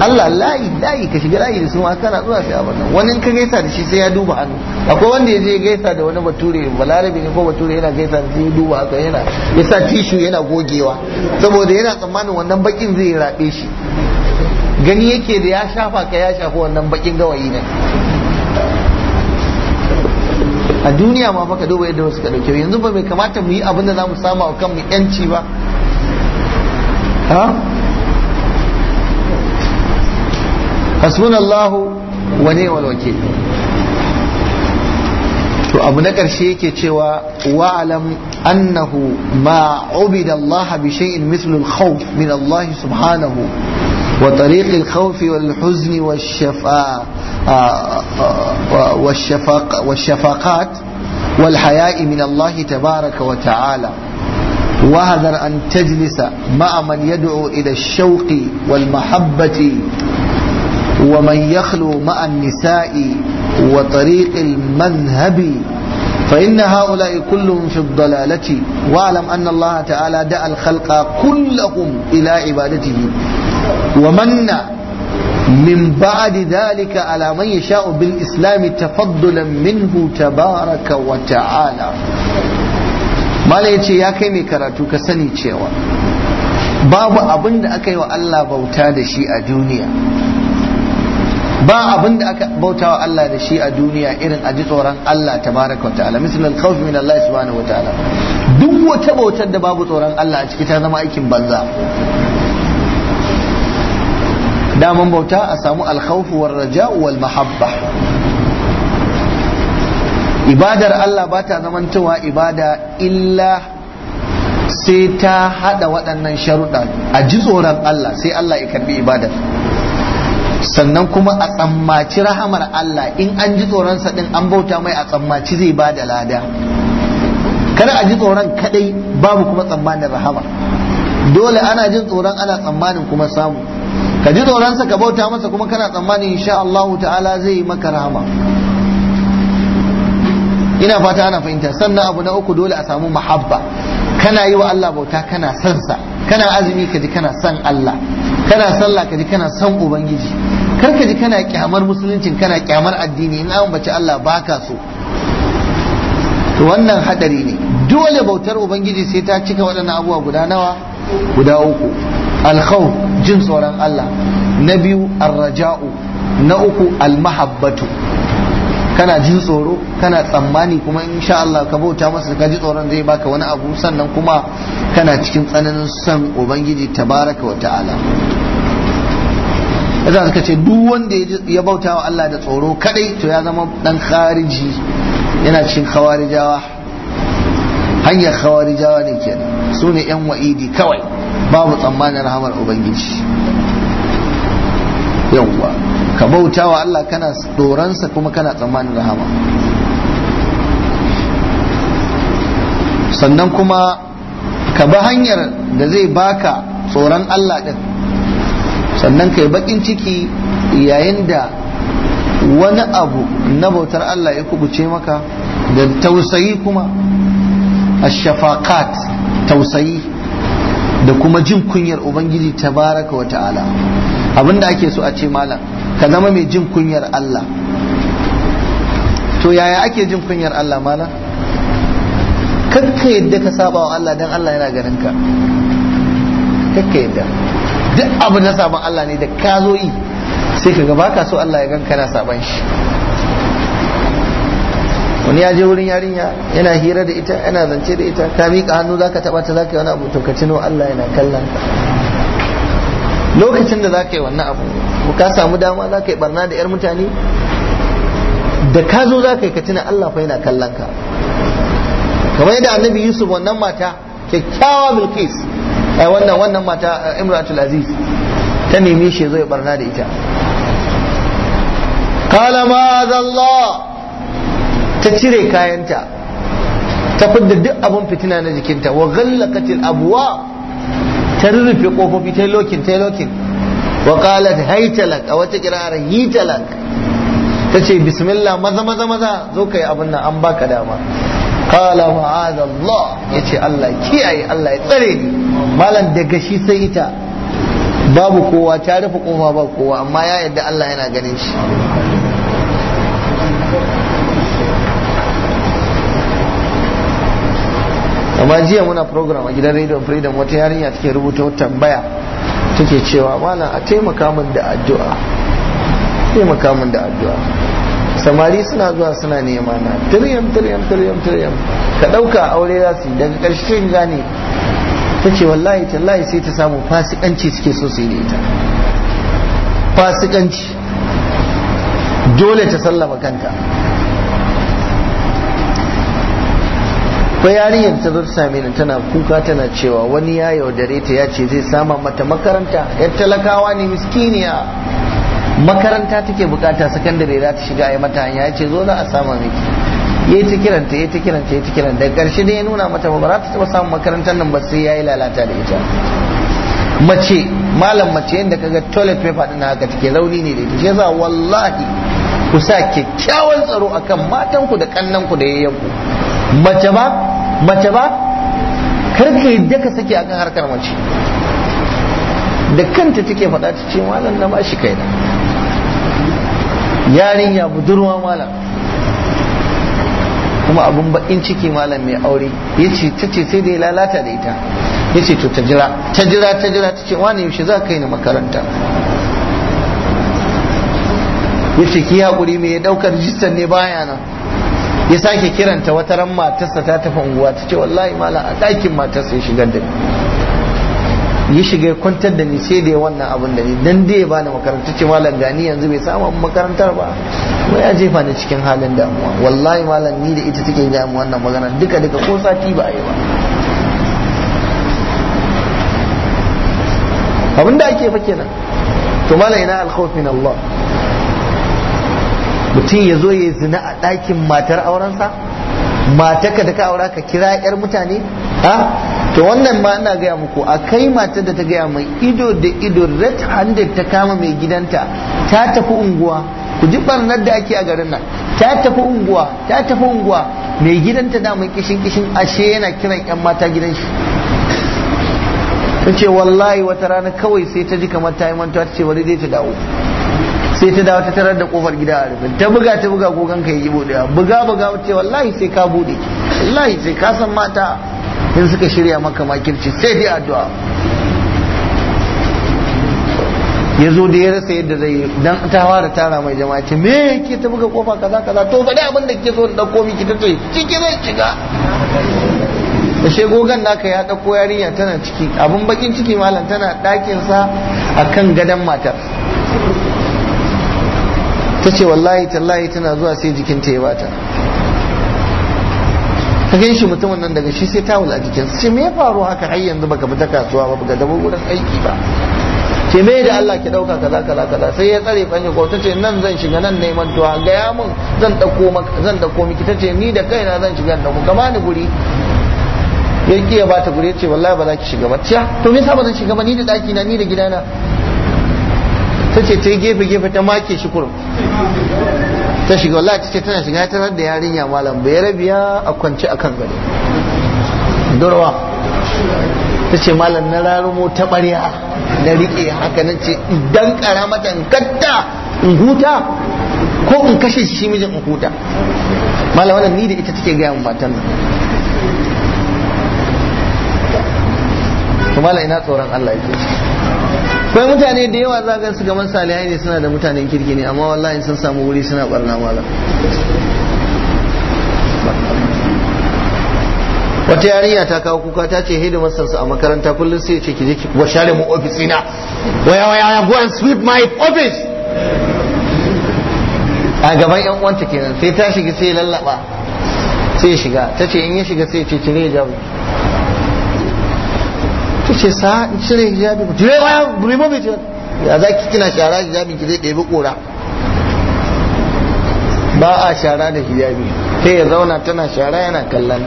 Allah layi layi ka shiga layi da su ma kana zuwa sai abin wani ka gaisa da shi sai ya duba hannu akwai wanda ya je gaisa da wani bature balarabi ne ko bature yana gaisa da shi ya duba haka yana ya sa tishu yana gogewa saboda yana tsammanin wannan bakin zai rabe shi gani yake da ya shafa ka ya shafi wannan bakin gawayi ne a duniya ma baka duba yadda wasu ka dauke yanzu ba mai kamata mu yi abin da zamu samu a kanmu yanci ba ha hasbunallahu wa ni'mal wakil to abu na karshe yake cewa wa'alam annahu ma ubida Allah bi shay'in mithlul khawf min Allah subhanahu وطريق الخوف والحزن والشفا آه، آه، آه، والشفاق والشفاقات والحياء من الله تبارك وتعالى واهذر أن تجلس مع من يدعو إلى الشوق والمحبة ومن يخلو مع النساء وطريق المذهب فإن هؤلاء كلهم في الضلالة واعلم أن الله تعالى دعا الخلق كلهم إلى عبادته wa manna min ba'di dhalika ala man yasha'u bil islam tafaddulan minhu tabaraka wa ta'ala mala yace ya kai mai karatu ka sani cewa babu abin da aka yi wa Allah bauta da shi a duniya aka bauta wa Allah da shi a duniya irin a tsoron Allah tabaraka wa ta'ala misal al-khawf min Allah subhanahu wa ta'ala duk wata bautar da babu tsoron Allah a ciki ta zama aikin banza naman bauta a samu alkhawfu war raja wal mahabba ibadar Allah ba ta zamantowa ibada illa sai ta hada waɗannan sharuɗa a ji tsoron Allah sai Allah ya karbi ibadar sannan kuma a tsammaci rahamar Allah in an ji tsoronsa ɗin an bauta mai a tsammaci zai ba da lada kada a ji tsoron kadai babu kuma tsammanin rahama dole ana jin tsoron ana tsammanin kuma samu ka ji tsoronsa ka bauta masa kuma kana tsammanin insha Allahu ta'ala zai yi maka rahama ina fata ana fahimta sannan abu na uku dole a samu mahabba kana yi wa Allah bauta kana son sa kana azumi ka ji kana son Allah kana sallah ka ji kana son ubangiji kar ka ji kana kyamar musuluncin kana kyamar addini in an bace Allah baka so wannan hadari ne dole bautar ubangiji sai ta cika waɗannan abubuwa guda nawa guda uku alkhawf jin tsoron Allah na biyu arraja'u na uku almahabbatu kana jin tsoro kana tsammani kuma insha Allah ka bauta masa ka ji tsoron zai baka wani abu sannan kuma kana cikin tsananin son ubangiji tabaraka wa ta'ala yasa suka ce duk wanda ya bauta wa Allah da tsoro kadai to ya zama dan khariji yana cikin khawarijawa hanyar khawarijawa ne kenan su ne yan wa'idi kawai babu tsammanin rahamar ubangiji yawwa ka bauta wa Allah kana tsoronsa kuma kana tsammanin rahama sannan kuma ka bi hanyar da zai baka tsoron Allah din sannan ka yi baƙin ciki yayin da wani abu na bautar Allah ya kubuce maka da tausayi kuma a ashafaqat tausayi da kuma jin kunyar ubangiji tabaraka wa ta'ala abinda ake so a ce malam ka zama mai jin kunyar Allah to yaya ake jin kunyar Allah malam kakka yadda ka saba wa Allah dan Allah yana ganin ka kakka yadda duk abu na saban Allah ne da ka zo yi sai ka ga baka so Allah ya gan kana saban shi wani ya je wurin yarinya yana hira da ita yana zance da ita ta miƙa hannu za ka taɓa ta za ka yi wani abu to ka tuno Allah yana kallon lokacin da za ka yi wannan abu ka samu dama za ka yi barna da yar mutane da ka zo ka yi ka tuna Allah fa yana kallon ka kamar yadda annabi Yusuf wannan mata kyakkyawa Bilkis wannan wannan mata eh, Imratul Aziz ta neme shi zai barna da ita qala ma'azallah ta cire kayanta ta fidda duk abin fitina na jikinta wa ghallaqatil abwa ta rurrufe kofofi ta lokin ta lokin wa qalat haytalak a wata kira'ar hitalak ta ce bismillah maza maza maza zo kai abin nan an baka dama qala ma'ada Allah yace Allah kiyaye Allah ya tsare ni malam daga shi sai ita babu kowa ta rufe kofa ba kowa amma ya yarda Allah yana ganin shi amma jiya muna program a gidan radio freedom wata yarinya take rubuta tambaya take cewa mana a taimaka min da addu'a taimaka min da addu'a samari suna zuwa suna nema na tiryam tiryam tiryam tiryam ka ɗauka aure za su daga karshen gane ta ce wallahi tallahi sai ta samu fasikanci suke so su yi da ita fasikanci dole ta sallama kanta kwai yarinyar ta zo same ni tana kuka tana cewa wani ya yaudare ta ya ce zai sama mata makaranta yar talakawa ne miskiniya makaranta take bukata sakandare za ta shiga a yi mata hanya ya ce zo za a sama miki yayi ta kiranta yayi ta kiranta yayi ta kiranta daga karshe dai ya nuna mata ba za ta taba samun makarantar nan ba sai yayi lalata da ita mace malam mace yadda kaga toilet paper din haka take rauni ne da ita shi yasa wallahi ku sa kyakkyawan tsaro akan matanku da kannan da yayyan mace ba mace ba kar ka yadda ka sake akan harkar mace da kanta take faɗa ta ce malam na ba shi kai yarin yarinya budurwa malam kuma abun bakin ciki malam mai aure ya ce ta ce sai da ya lalata da ita ya ce to ta jira ta jira ta jira ta ce wani yaushe za ka yi na makaranta ya ce ki haƙuri mai ya ɗaukar jistan ne baya nan ya sake kiranta wata ran matarsa ta tafi unguwa ta ce wallahi mala a ɗakin matarsa ya shigar da ni ya shiga kwantar da ni sai da wannan abin da ni dan da ya bani makaranta ce malam gani yanzu bai samu makarantar ba mai ya jefa ni cikin halin damuwa wallahi malam ni da ita take gaya mu wannan magana duka duka ko sati ba a yi ba abin da ake fa kenan to malam ina alkhawf min Allah mutum ya zo ya zina a ɗakin matar aurensa ka da ka aura ka kira 'yar mutane ha to wannan ma ina gaya muku a kai matar da ta gaya mai ido da ido red handed ta kama mai gidanta ta tafi unguwa ku ji barnar da ake a garin nan ta tafi unguwa ta tafi unguwa mai gidanta da mai kishin kishin ashe yana kiran 'yan mata gidan shi ta ce wallahi wata rana kawai sai ta ji kamar ta yi mantuwa ta ce bari dai ta dawo sai ta dawo ta tarar da kofar gida a rufin ta buga ta buga gogon ka yi budewa buga buga wace wallahi sai ka bude wallahi sai ka san mata in suka shirya maka makirci sai dai addu'a ya zo da ya rasa yadda zai yi dan ta fara tara mai jama'a ce me ke ta buga kofa kaza kaza to faɗi abin da ke so da dauko miki ta ce ciki zai shiga ashe gogon naka ya dauko yarinya tana ciki abin bakin ciki malam tana ɗakinsa akan gadon matar ta ce wallahi tallahi tana zuwa sai jikinta ya bata ka gan shi mutumin nan daga shi sai tawul a jikin ce me ya faru haka har yanzu baka fita kasuwa ba ga dabo wurin aiki ba ce me da Allah ke dauka kaza kaza kaza sai ya tsare fanyi ko tace nan zan shiga nan neman tuwa ga ya mun zan dauko maka zan dauko miki tace ni da kaina zan shiga nan ku kama ni guri yake ya bata guri yace wallahi ba za ki shiga ba tiya to me yasa ba zan shiga ba ni da daki na ni da gidana ta ce ta yi gefe gefe ta make shi kurum ta shiga wallahi ta ce tana shiga ta da yarinya malam bai rabiya a kwance a kan gari durwa ta ce malam na rarumo ta ɓarya na riƙe haka nan ce idan ƙara mata in katta in huta ko in kashe shi mijin in huta malam wannan ni da ita take gaya min matan nan kuma la ina tsoron Allah yake kai mutane da yawa za ga su gaman salihai ne suna da mutanen kirki ne amma wallahi sun samu wuri suna barna mala wata yarinya ta kawo kuka ta ce hidimar sansu a makaranta kullum sai ce ki je ki share mu ofisina waya waya go and sweep my office a gaban yan uwanta kenan sai ta shiga sai lallaba sai shiga ta ce in ya shiga sai ce cire hijabi ce sa in cire hijabi ku cire waya remove it ya zaki kina shara hijabi ki zai ɗebi kora ba a shara da hijabi sai ya zauna tana shara yana kallon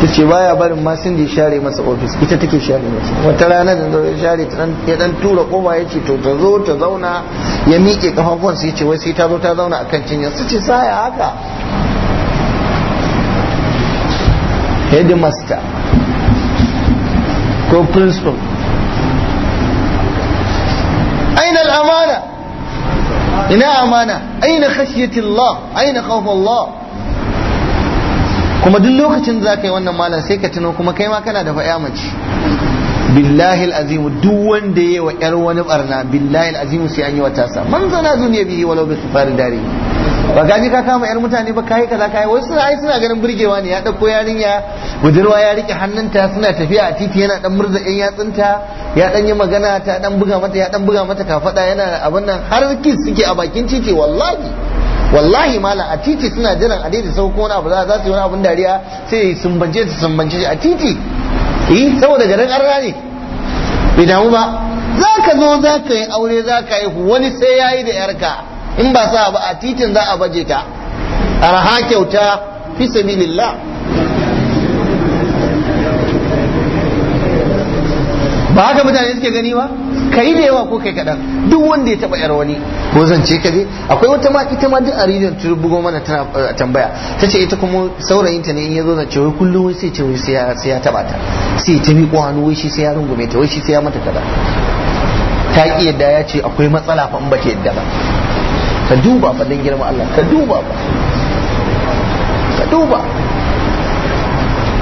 ta ce baya barin ma sun da share masa ofis ita take share masa wata rana da zai share ya dan tura koma ya ce to ta zo ta zauna ya miƙe kafafuwan su ya ce wai sai ta zo ta zauna kan cinya su ce ya haka headmaster ko principal aina al'amana ina amana aina Allah aina Allah kuma duk lokacin za ka yi wannan malam sai ka tuno kuma kai ma kana da faɗa mace billahi al'azimu duk wanda ya yi wa ƴar wani barna billahi al'azimu sai an yi wa tasa man zana zuniya bihi walau bi su dare ba gaji ka kama yar mutane ba kai kaza kai wasu ai suna ganin burgewa ne ya dauko yarinya budurwa ya rike hannunta suna tafiya a titi yana dan murza yan yatsunta ya dan yi magana ta dan buga mata ya dan buga mata kafada yana abin nan har kis suke a bakin titi wallahi wallahi mala a titi suna jiran a daidai sau ko wani abu za su yi wani abun dariya sai sumbance su sumbance a titi eh saboda garin arra ne bai damu ba za ka zo za ka yi aure za ka yi wani sai ya yi da yarka in ba sa ba a titin za a baje ta arha kyauta fi sabilillah ba haka mutane suke gani ba kai da yawa ko kai kaɗan duk wanda ya taba yar wani ko zance ka je akwai wata ma ita ma duk a rediyon mana tana eh, tambaya ta ce ita kuma saurayinta ne in ya zo zance wai kullum wai sai ce wai sai ya taɓa ta sai ta miƙo hannu wai shi sai ya rungume ta wai shi sai ya mata kaza ta ƙi yadda ya ce akwai matsala fa in ba ki yadda ba ka duba fa dan girma Allah ka duba ba ka duba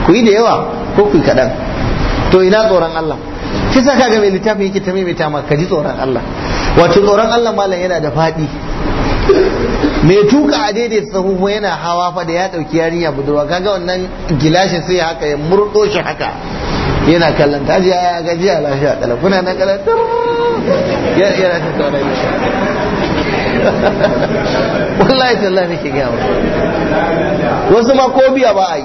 ku yi da yawa ko ku yi kaɗan to ina tsoron Allah shi saka ga mai littafin yake ta maimaita ma ka ji tsoron Allah wato tsoron Allah malam yana da faɗi mai tuka a daidai sahu yana hawa fa da ya ɗauki yarinya budurwa kaga wannan gilashin sai haka ya murɗo shi haka yana kallon ta ji ya gajiya lafiya ɗala. kuna na kala yana ta tsoron wallahi tallahi nake ga wasu ma ko biya ba a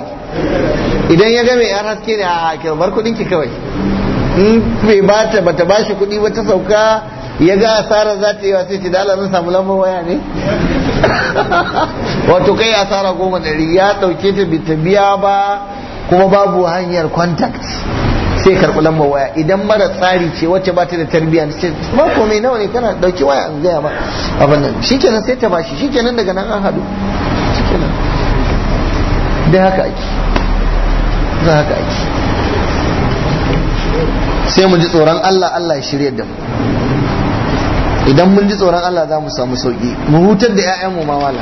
idan ya ga mai yar haske ne a ke bar kudin ki kawai in bai ba ta bata bashi kudi ba ta sauka ya ga asara za ta yi wa sai ce da samu lambar waya ne wato kai asara goma ɗari ya ɗauke ta ta biya ba kuma babu hanyar contact sai karɓi lambar waya idan mara tsari ce wacce ba ta da tarbiyya sai ba komai nawa ne kana dauki waya an gaya ma abin nan shikenan sai ta bashi shikenan daga nan an haɗu shikenan da haka ake da haka ake sai mu ji tsoron Allah Allah ya shirya da mu idan mun ji tsoron Allah za mu samu sauki mu hutar da 'ya'yanmu ma wala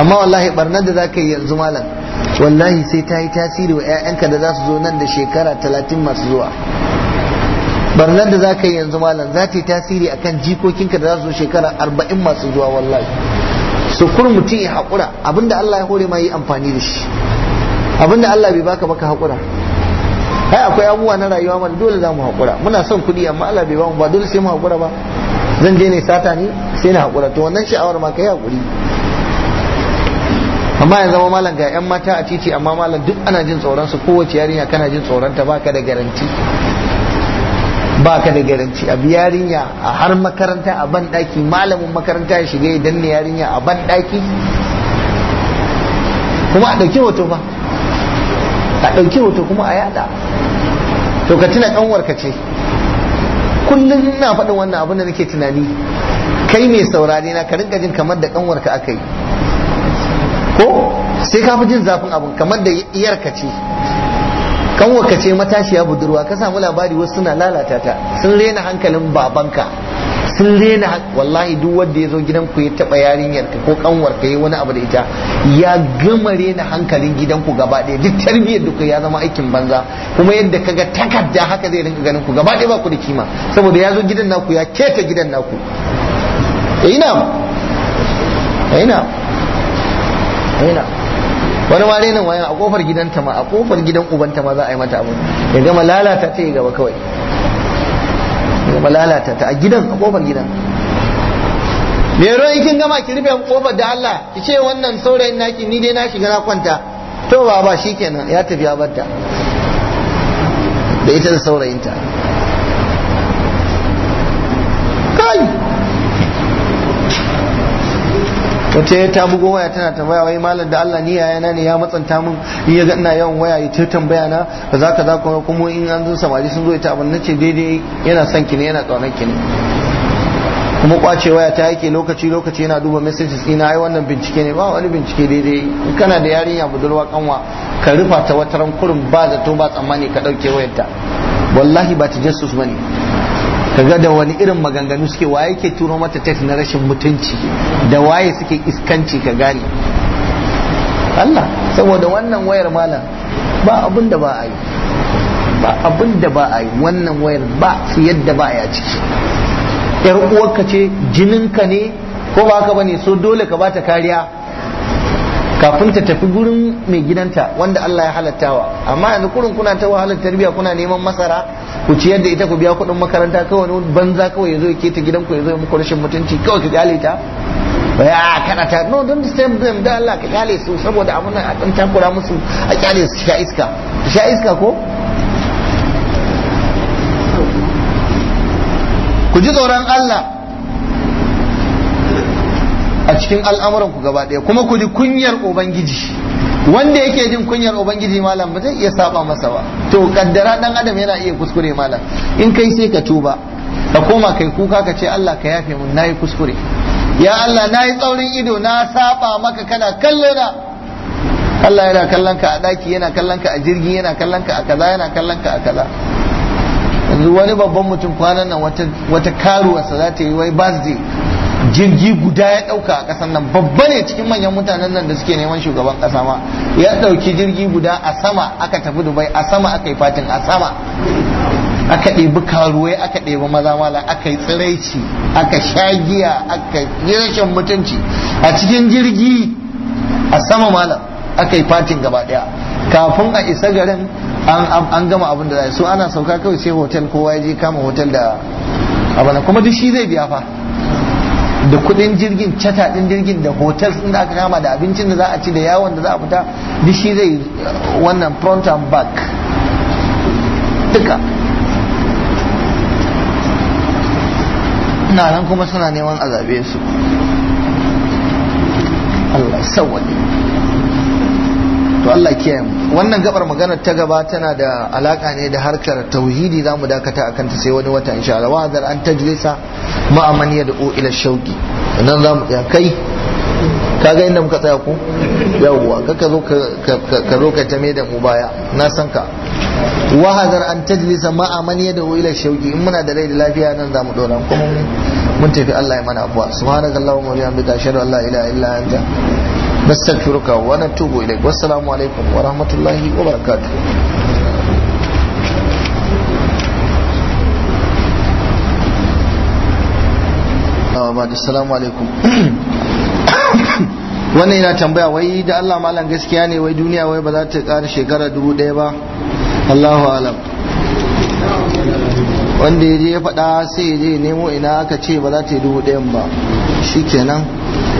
amma wallahi barnar da za ka yi yanzu malam wallahi sai ta yi tasiri wa 'ya'yanka da za su zo nan da shekara talatin masu zuwa barnar da za ka yi yanzu malam za ta yi tasiri akan jikokinka da za su zo shekara arba'in masu zuwa wallahi Su kuri mutum ya haƙura abinda Allah ya hore ma yi amfani da shi abinda Allah bai baka maka haƙura ai akwai abubuwa na rayuwa ma dole za mu haƙura muna son kuɗi amma Allah bai ba mu ba dole sai mu haƙura ba zan je ne sata ne sai na haƙura to wannan sha'awar ma kai haƙuri amma ya zama malam ga yan mata a titi amma malam duk ana jin tsoron su kowace yarinya kana jin tsoron ta baka da garanti baka da garanti a bi yarinya a har makaranta a ban daki malamin makaranta ya shiga ya danne yarinya a ban daki kuma a dauki hoto ba a dauki hoto kuma a yada to ka tuna ka ce kullum ina faɗin wannan abin da nake tunani kai mai saurare na ka rinka jin kamar da ka aka yi ko sai ka fi jin zafin abu kamar da iyarka ce kanwarka ce matashiya budurwa ka samu labari wasu suna lalata ta sun rena hankalin babanka sun rena wallahi duk wanda ya zo gidan ku ya taba yarinyar ka ko kanwarka yi wani abu da ita ya gama rena hankalin gidan ku gaba ɗaya duk tarbiyyar da ya zama aikin banza kuma yadda kaga takarda haka zai rinka ganin ku gaba ɗaya ba ku da kima saboda ya zo gidan naku ya keta gidan naku eh, ina eh, ina raina wani ma renin wayan a kofar gidanta ma a kofar gidan ubanta ma za a yi mata abu ya gama lalata ta ya gaba kawai ya gama lalata ta a gidan a kofar gidan Mero ikin gama ki rufe kofar da Allah ki ce wannan saurayin naki ni dai na shiga na kwanta to ba ba shikenan ya tafi ya barta da ita da saurayinta wata ta bugo waya tana tambaya wai malam da Allah ni yayana ne ya matsanta min in ya ga ina yawan waya ya ta tambaya na ka za ku kuma in an zo samari sun zo ita abin nace daidai yana son ki ne yana kaunar ki ne kuma kwace waya ta yake lokaci lokaci yana duba messages ina ai wannan bincike ne ba wani bincike daidai in kana da yarinya budurwa kanwa ka rufa ta wataran kurin ba zato ba tsammani ka dauke ta wallahi ba ta jassus bane kaga da wani irin maganganu suke waye ke turo mata text na rashin mutunci da waye suke iskanci ka gane Allah saboda wannan wayar mala ba abin da ba a ba abin da ba a wannan wayar ba su yadda ba ya ciki yar uwarka ce jininka ne ko ba ka bane so dole ka bata kariya kafin ta tafi gurin mai gidanta wanda Allah ya halattawa amma yanzu kurin kuna ta wahalar tarbiya kuna neman masara ku ciyar da ita ku biya kuɗin makaranta kawai wani banza kawai ya zo ta keta gidanku ya zo ya muku rashin mutunci kawai ka kyale ta ya ah, kada ta no don the same them da Allah ka kyale su saboda abun nan a dan takura musu a kyale su sha iska sha iska ko ku ji tsoron Allah a cikin al'amuran ku gaba ɗaya kuma ku ji kunyar ubangiji wanda yake jin kunyar ubangiji malam ba zai iya saba masa ba to kaddara dan adam yana iya kuskure malam in kai sai ka tuba ka koma kai kuka ka ce Allah ka yafe mun nayi kuskure ya Allah nayi tsaurin ido na saba maka kana kallona Allah yana kallon ka a daki yana kallon ka a jirgi yana kallon ka a kaza yana kallon ka a kaza yanzu wani babban mutum kwanan nan wata wata karuwarsa za ta yi wai birthday jirgi guda ya dauka a kasar nan babba ne cikin manyan mutanen nan da suke neman shugaban kasa ma ya dauki jirgi guda a sama aka tafi dubai a sama aka yi fatin a sama aka ɗebi karuwai aka ɗebi maza mala aka yi tsiraici aka shagiya aka yi rashin mutunci a cikin jirgi a sama malam aka yi fatin gaba ɗaya kafin a isa garin an gama abin da zai su ana sauka kawai sai hotel kowa ya je kama hotel da abana kuma duk shi zai biya fa da kudin jirgin cata din jirgin da otal ɗin da aka kama da abincin da za a ci da yawon da za a fita duk shi zai uh, wannan front and back duka na nan kuma suna neman a zabe su Allah ne to Allah kiyaye mu wannan gabar magana ta gaba tana da alaka ne da harkar tauhidi zamu dakata akan ta sai wani wata insha Allah wa'azar an tajlisa ma amani man yad'u ila shauki nan zamu ya kai kaga inda muka tsaya ko yawwa kaka zo ka zo ka tame da mu baya na san ka wa'azar an tajlisa ma amani man yad'u ila shauki in muna da rai da lafiya nan zamu dora kuma mun tafi Allah ya mana abuwa subhanallahi wa bihamdihi ashhadu an la ilaha illa anta nastaghfiruka wa natubu wa assalamu alaykum wa rahmatullahi wa barakatuh abadi assalamu alaykum wannan yana tambaya wai da Allah malam gaskiya ne wai duniya wai ba za ta ƙara shekara dubu daya ba Allahu alam wanda ya je ya faɗa sai ya je nemo ina aka ce ba za ta yi dubu ɗayan ba shikenan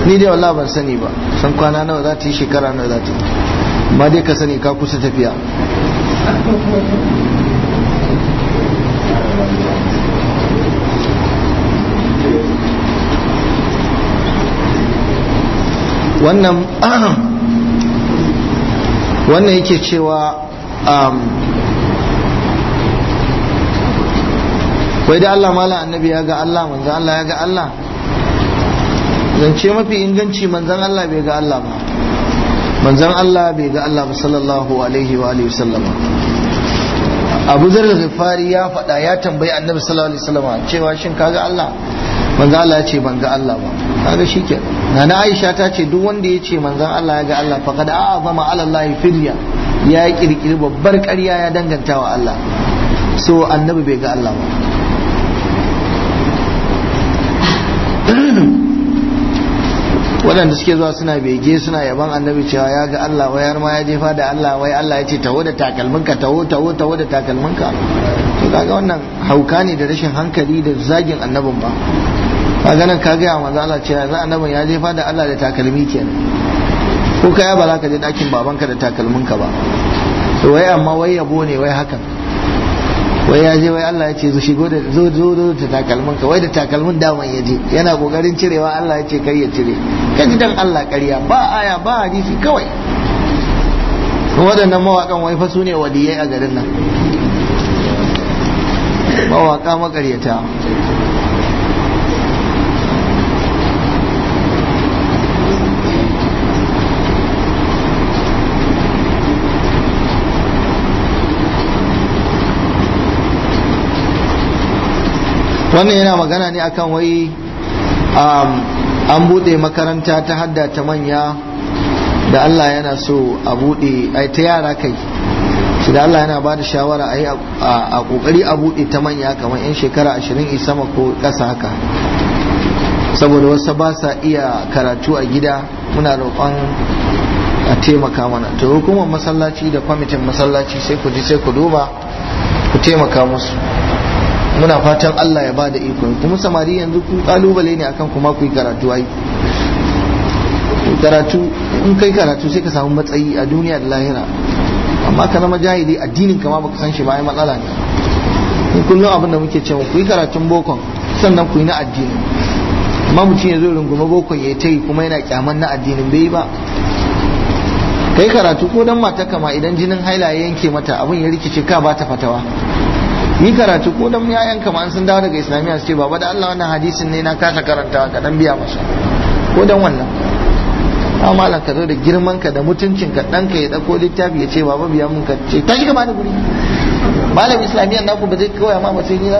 ni dai wallahi ban sani ba san kwana nawa za ta yi shekara nawa za ta yi ma dai ka sani ka kusa tafiya wannan wannan yake cewa um, wai da Allah mala annabi ya ga Allah manzo Allah ya ga Allah zance mafi inganci manzan Allah bai ga Allah ba manzan Allah bai ga Allah ba sallallahu alaihi wa alihi sallama Abu Zar Ghifari ya faɗa ya tambayi Annabi sallallahu alaihi wasallama cewa shin kaga Allah manzan Allah ya ce ban ga Allah ba kaga shikenan nana Aisha ta ce duk wanda ya ce manzan Allah ya ga Allah fa kada a'azama ala Allah filya ya kirkiri babbar ƙarya ya danganta wa Allah so annabi bai ga Allah ba waɗanda suke zuwa suna bege suna yaban annabi cewa ya ga Allah wai har ma ya jefa da Allah wai Allah ya ce taho da takalminka taho taho taho da takalminka to kaga wannan hauka ne da rashin hankali da zagin annabin ba kaga nan ka gaya manzo Allah cewa za annabin ya jefa da Allah da takalmi kenan ko kaya ba za ka je ɗakin babanka da takalminka ba to wai amma wai yabo ne wai hakan wai ya je wai Allah ya ce zo shigo da zo zo zo da takalmin ka wai da takalmin daman ya je yana kokarin cirewa Allah ya ce kar ya cire kaji dan Allah ƙarya ba aya ba hadisi kawai waɗannan mawaƙan wai fa su ne waliyai a garin nan mawaƙa makaryata wannan yana magana ne akan wai um, an buɗe makaranta ta hadda ta manya da Allah yana so a buɗe ai ta yara kai shi da Allah yana ba da shawara a yi a ƙoƙari a buɗe ta manya kamar 'yan shekara ashirin sama ko ƙasa haka saboda wasu ba sa iya karatu a gida muna roƙon a taimaka mana to hukumar masallaci da kwamitin masallaci sai ku ji sai ku duba ku taimaka musu muna fatan Allah ya bada iko kuma samari yanzu ku kalubale ne akan kuma ku karatu ai karatu in kai karatu sai ka samu matsayi a duniya da lahira amma ka zama jahili addinin kama baka san shi ba ai matsala ne kullum abin da muke cewa ku yi karatun bokon sannan ku yi na addini amma mutum ya zo rungume bokon ya ta yi kuma yana kyaman na addinin bai ba kai karatu ko dan mata kama idan jinin haila ya yanke mata abin ya rikice ka ba ta fatawa yi karatu ko dan yayan kama sun dawo daga islamiyya su ce baba da Allah wannan hadisin ne na kasa karanta ka dan biya masa ko dan wannan amma malam ka zo da girman ka da mutuncin ka dan ka ya dauko littafi ya ce baba biya mun ka ce tashi ka bani guri malam islamiyya naku ba zai koya ma ba sai ni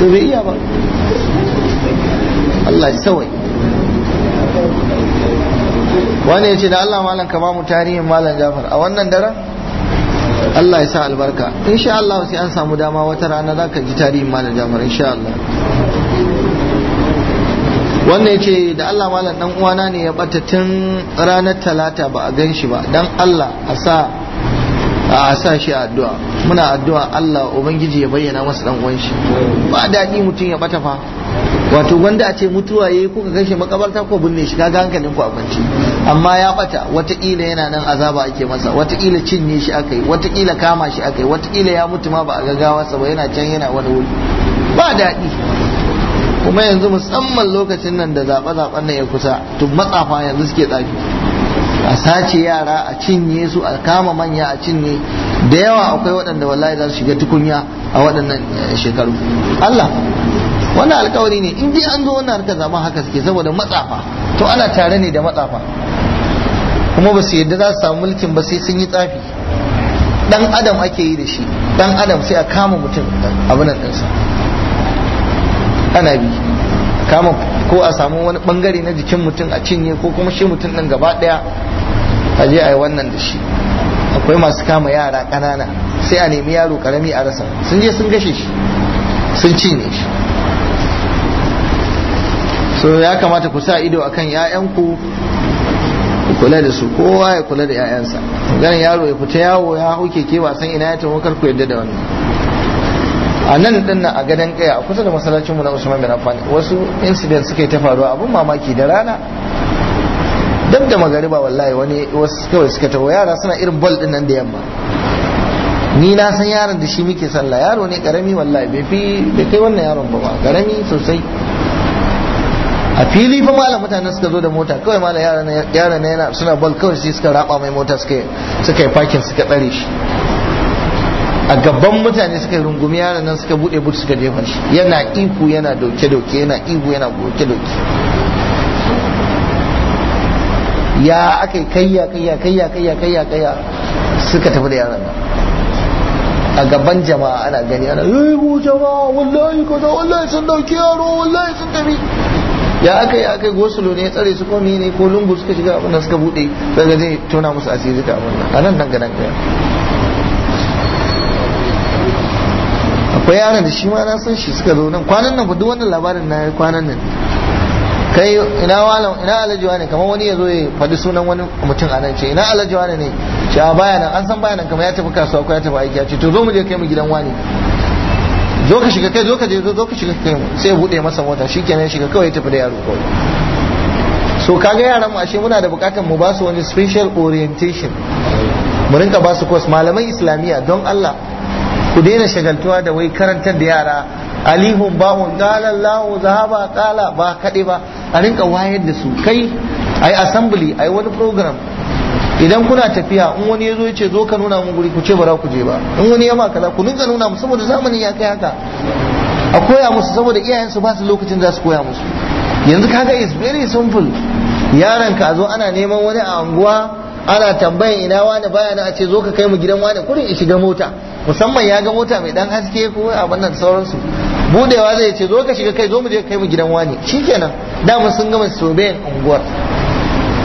to bai iya ba Allah ya sawai wani ya ce da Allah malam ka ba mu tarihin malam Jafar a wannan daren Allah ya sa albarka insha Allah sai an samu dama wata rana za ka ji tarihin malam Jafar insha Allah wannan ce da Allah malam dan uwana ne ya bata tun ranar talata ba a gan shi ba dan Allah a sa a sa shi a addu'a muna addu'a Allah ubangiji ya bayyana masa dan uwan shi ba daɗi mutum ya bata fa wato wanda a ce mutuwa ya yayi kuka kashe makabarta ko binne shi kaga hankalin ku a kwanci amma ya bata watakila yana nan azaba ake masa Wataƙila cinye shi akai Wataƙila kama shi akai Wataƙila ya mutu ma ba a gagawa sa ba yana can yana wani wuri ba daɗi kuma yanzu musamman lokacin nan da zaɓe zaɓen nan ya kusa to matsafa yanzu suke tsafi a sace yara a cinye su a kama manya a cinye da yawa akwai waɗanda wallahi za su shiga tukunya a waɗannan eh, shekaru Allah wannan alkawari ne in dai an zo wannan harkar zama haka suke saboda matsafa to ana tare ne da matsafa kuma ba su yadda za su samu mulkin ba sai sun yi tsafi dan adam ake yi da shi dan adam sai a kama mutum abin ɗansa ana bi kama ko a samu wani bangare na jikin mutum a cinye ko kuma shi mutum ɗin gaba ɗaya a je a yi wannan da shi akwai masu kama yara ƙanana sai a nemi yaro karami a rasa sun je sun gashe shi sun cinye shi so ya kamata ku sa ido akan ƴaƴanku ku kula da su kowa ya kula da ƴaƴansa ganin yaro ya fita yawo ya hauke ke ba ina ya tafi kar ku yadda da wannan a nan din a gadon kaya a kusa da masallacin mu na Usman bin Affan wasu incident suka yi ta faruwa abun mamaki da rana dab da magariba wallahi wani wasu kawai suka taho yara suna irin bol din nan da yamma ni na san yaron da shi muke sallah yaro ne karami wallahi bai fi bai kai wannan yaron ba ba karami sosai a fili fa malam mutanen suka zo da mota kawai malam yaran na yana suna bal kawai sai suka raba mai mota suka yi parking suka tsare shi a gaban mutane suka yi rungumi yaran nan suka bude but suka jefa shi yana iku yana doke doke yana iku yana doke doke ya aka kayya kayya kayya kayya kayya kayya suka tafi da yaran nan a gaban jama'a ana gani ana yi eh, mu jama'a wallahi kaza wallahi sun dauki yaro wallahi sun tafi ya aka yi aka yi gosulo ne ya tsare su komi ne ko lungu suka shiga abin da suka bude daga zai tona musu asiri da abin nan a nan nan ganan gaya akwai yaran da shi ma na san shi suka zo nan kwanan nan duk wannan labarin na kwanan nan kai ina walam ina alajiwa ne kamar wani ya zo ya faɗi sunan wani mutum a nan ce ina alajiwa ne ne ce a baya nan an san baya nan kamar ya tafi kasuwa ko ya tafi aiki ya ce to zo mu je kai mu gidan wani zo ka shiga kai zo ka je zo ka shiga kai sai bude masa mota shikenan shiga kawai tafi da yaro kawai so kaga yaran mu ashe muna da bukatar mu ba su wani special orientation mu rinka ba su course malaman islamiyya don Allah ku daina shagaltuwa da wai karantar da yara alihun ba'un qala Allahu zahaba qala ba kade ba a rinka wayar da su kai ai assembly ai wani program idan kuna tafiya in wani ya zo ya ce zo ka nuna mun guri ku ce ba za ku je ba in wani ya maka la ku dinga nuna mu saboda zamanin ya kai haka a koya musu saboda iyayensu ba su lokacin za su koya musu yanzu kaga is very simple yaron ka zo ana neman wani a anguwa ana tambayan ina wani baya na a ce zo ka kai mu gidan wani kurin ya shiga mota musamman ya ga mota mai dan haske ko a wannan sauransu budewa zai ce zo ka shiga kai zo mu je kai mu gidan wani shikenan da mun sun gama sobe unguwar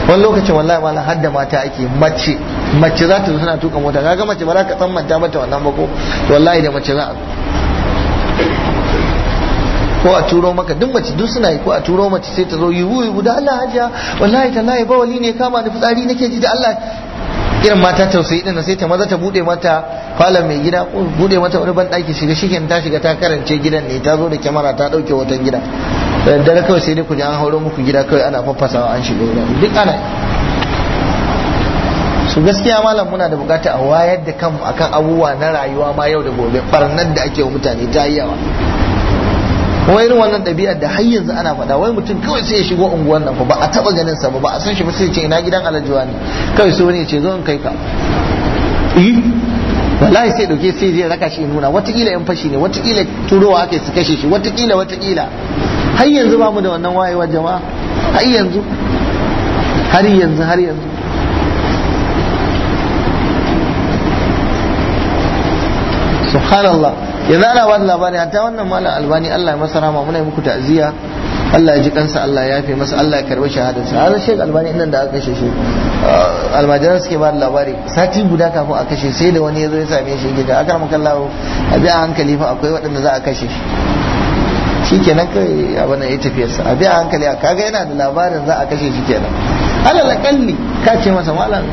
wani lokacin wallahi ma har da mata ake mace mace za ta zo tana tuka mota kaga mace ba za ka tsammanta mata wannan ba ko wallahi da mace za a ko a turo maka duk mace duk suna yi ko a turo mace sai ta zo yi yiwu guda Allah haja wallahi ba wali ne kama da fitsari nake ji da Allah irin mata tausayi din sai ta maza ta bude mata falon mai gida bude mata wani ban daki shiga shigen ta shiga ta karance gidan ne ta zo da kyamara ta dauke hoton gida dare kawai sai dai ku ji an hauro muku gida kawai ana fafasawa an shigo duk ana su gaskiya malam muna da bukata a wayar da kanmu akan abubuwa na rayuwa ma yau da gobe barnar da ake wa mutane ta yi yawa wai irin wannan ɗabi'ar da har yanzu ana faɗa wai mutum kawai sai ya shigo unguwar nan ba a taɓa ganin sa ba ba a san shi ba sai ce ina gidan alajuwa ne kawai so ne ce zo in kai ka eh wallahi sai dauke sai zai raka shi nuna watakila yan fashi ne watakila turowa ake su kashe shi watakila watakila har yanzu ba mu da wannan wayewa jama'a har yanzu har yanzu har yanzu subhanallah yanzu ana ba da labari hatta wannan malam albani Allah ya masa rahama muna muku ta'ziya Allah ya ji kansa Allah ya yafe masa Allah ya karbi shahadarsa A Sheikh Albani inda da aka kashe shi uh, almajiran suke ba da labari sati guda kafin a kashe sai da wani ya zo ya same shi gida akar lawo a bi a hankali fa akwai waɗanda za a kashe shi kenan kai abin da ya tafiyarsa a biya hankali a kaga yana da labarin za a kashe shi kenan alala kalli ka ce masa malam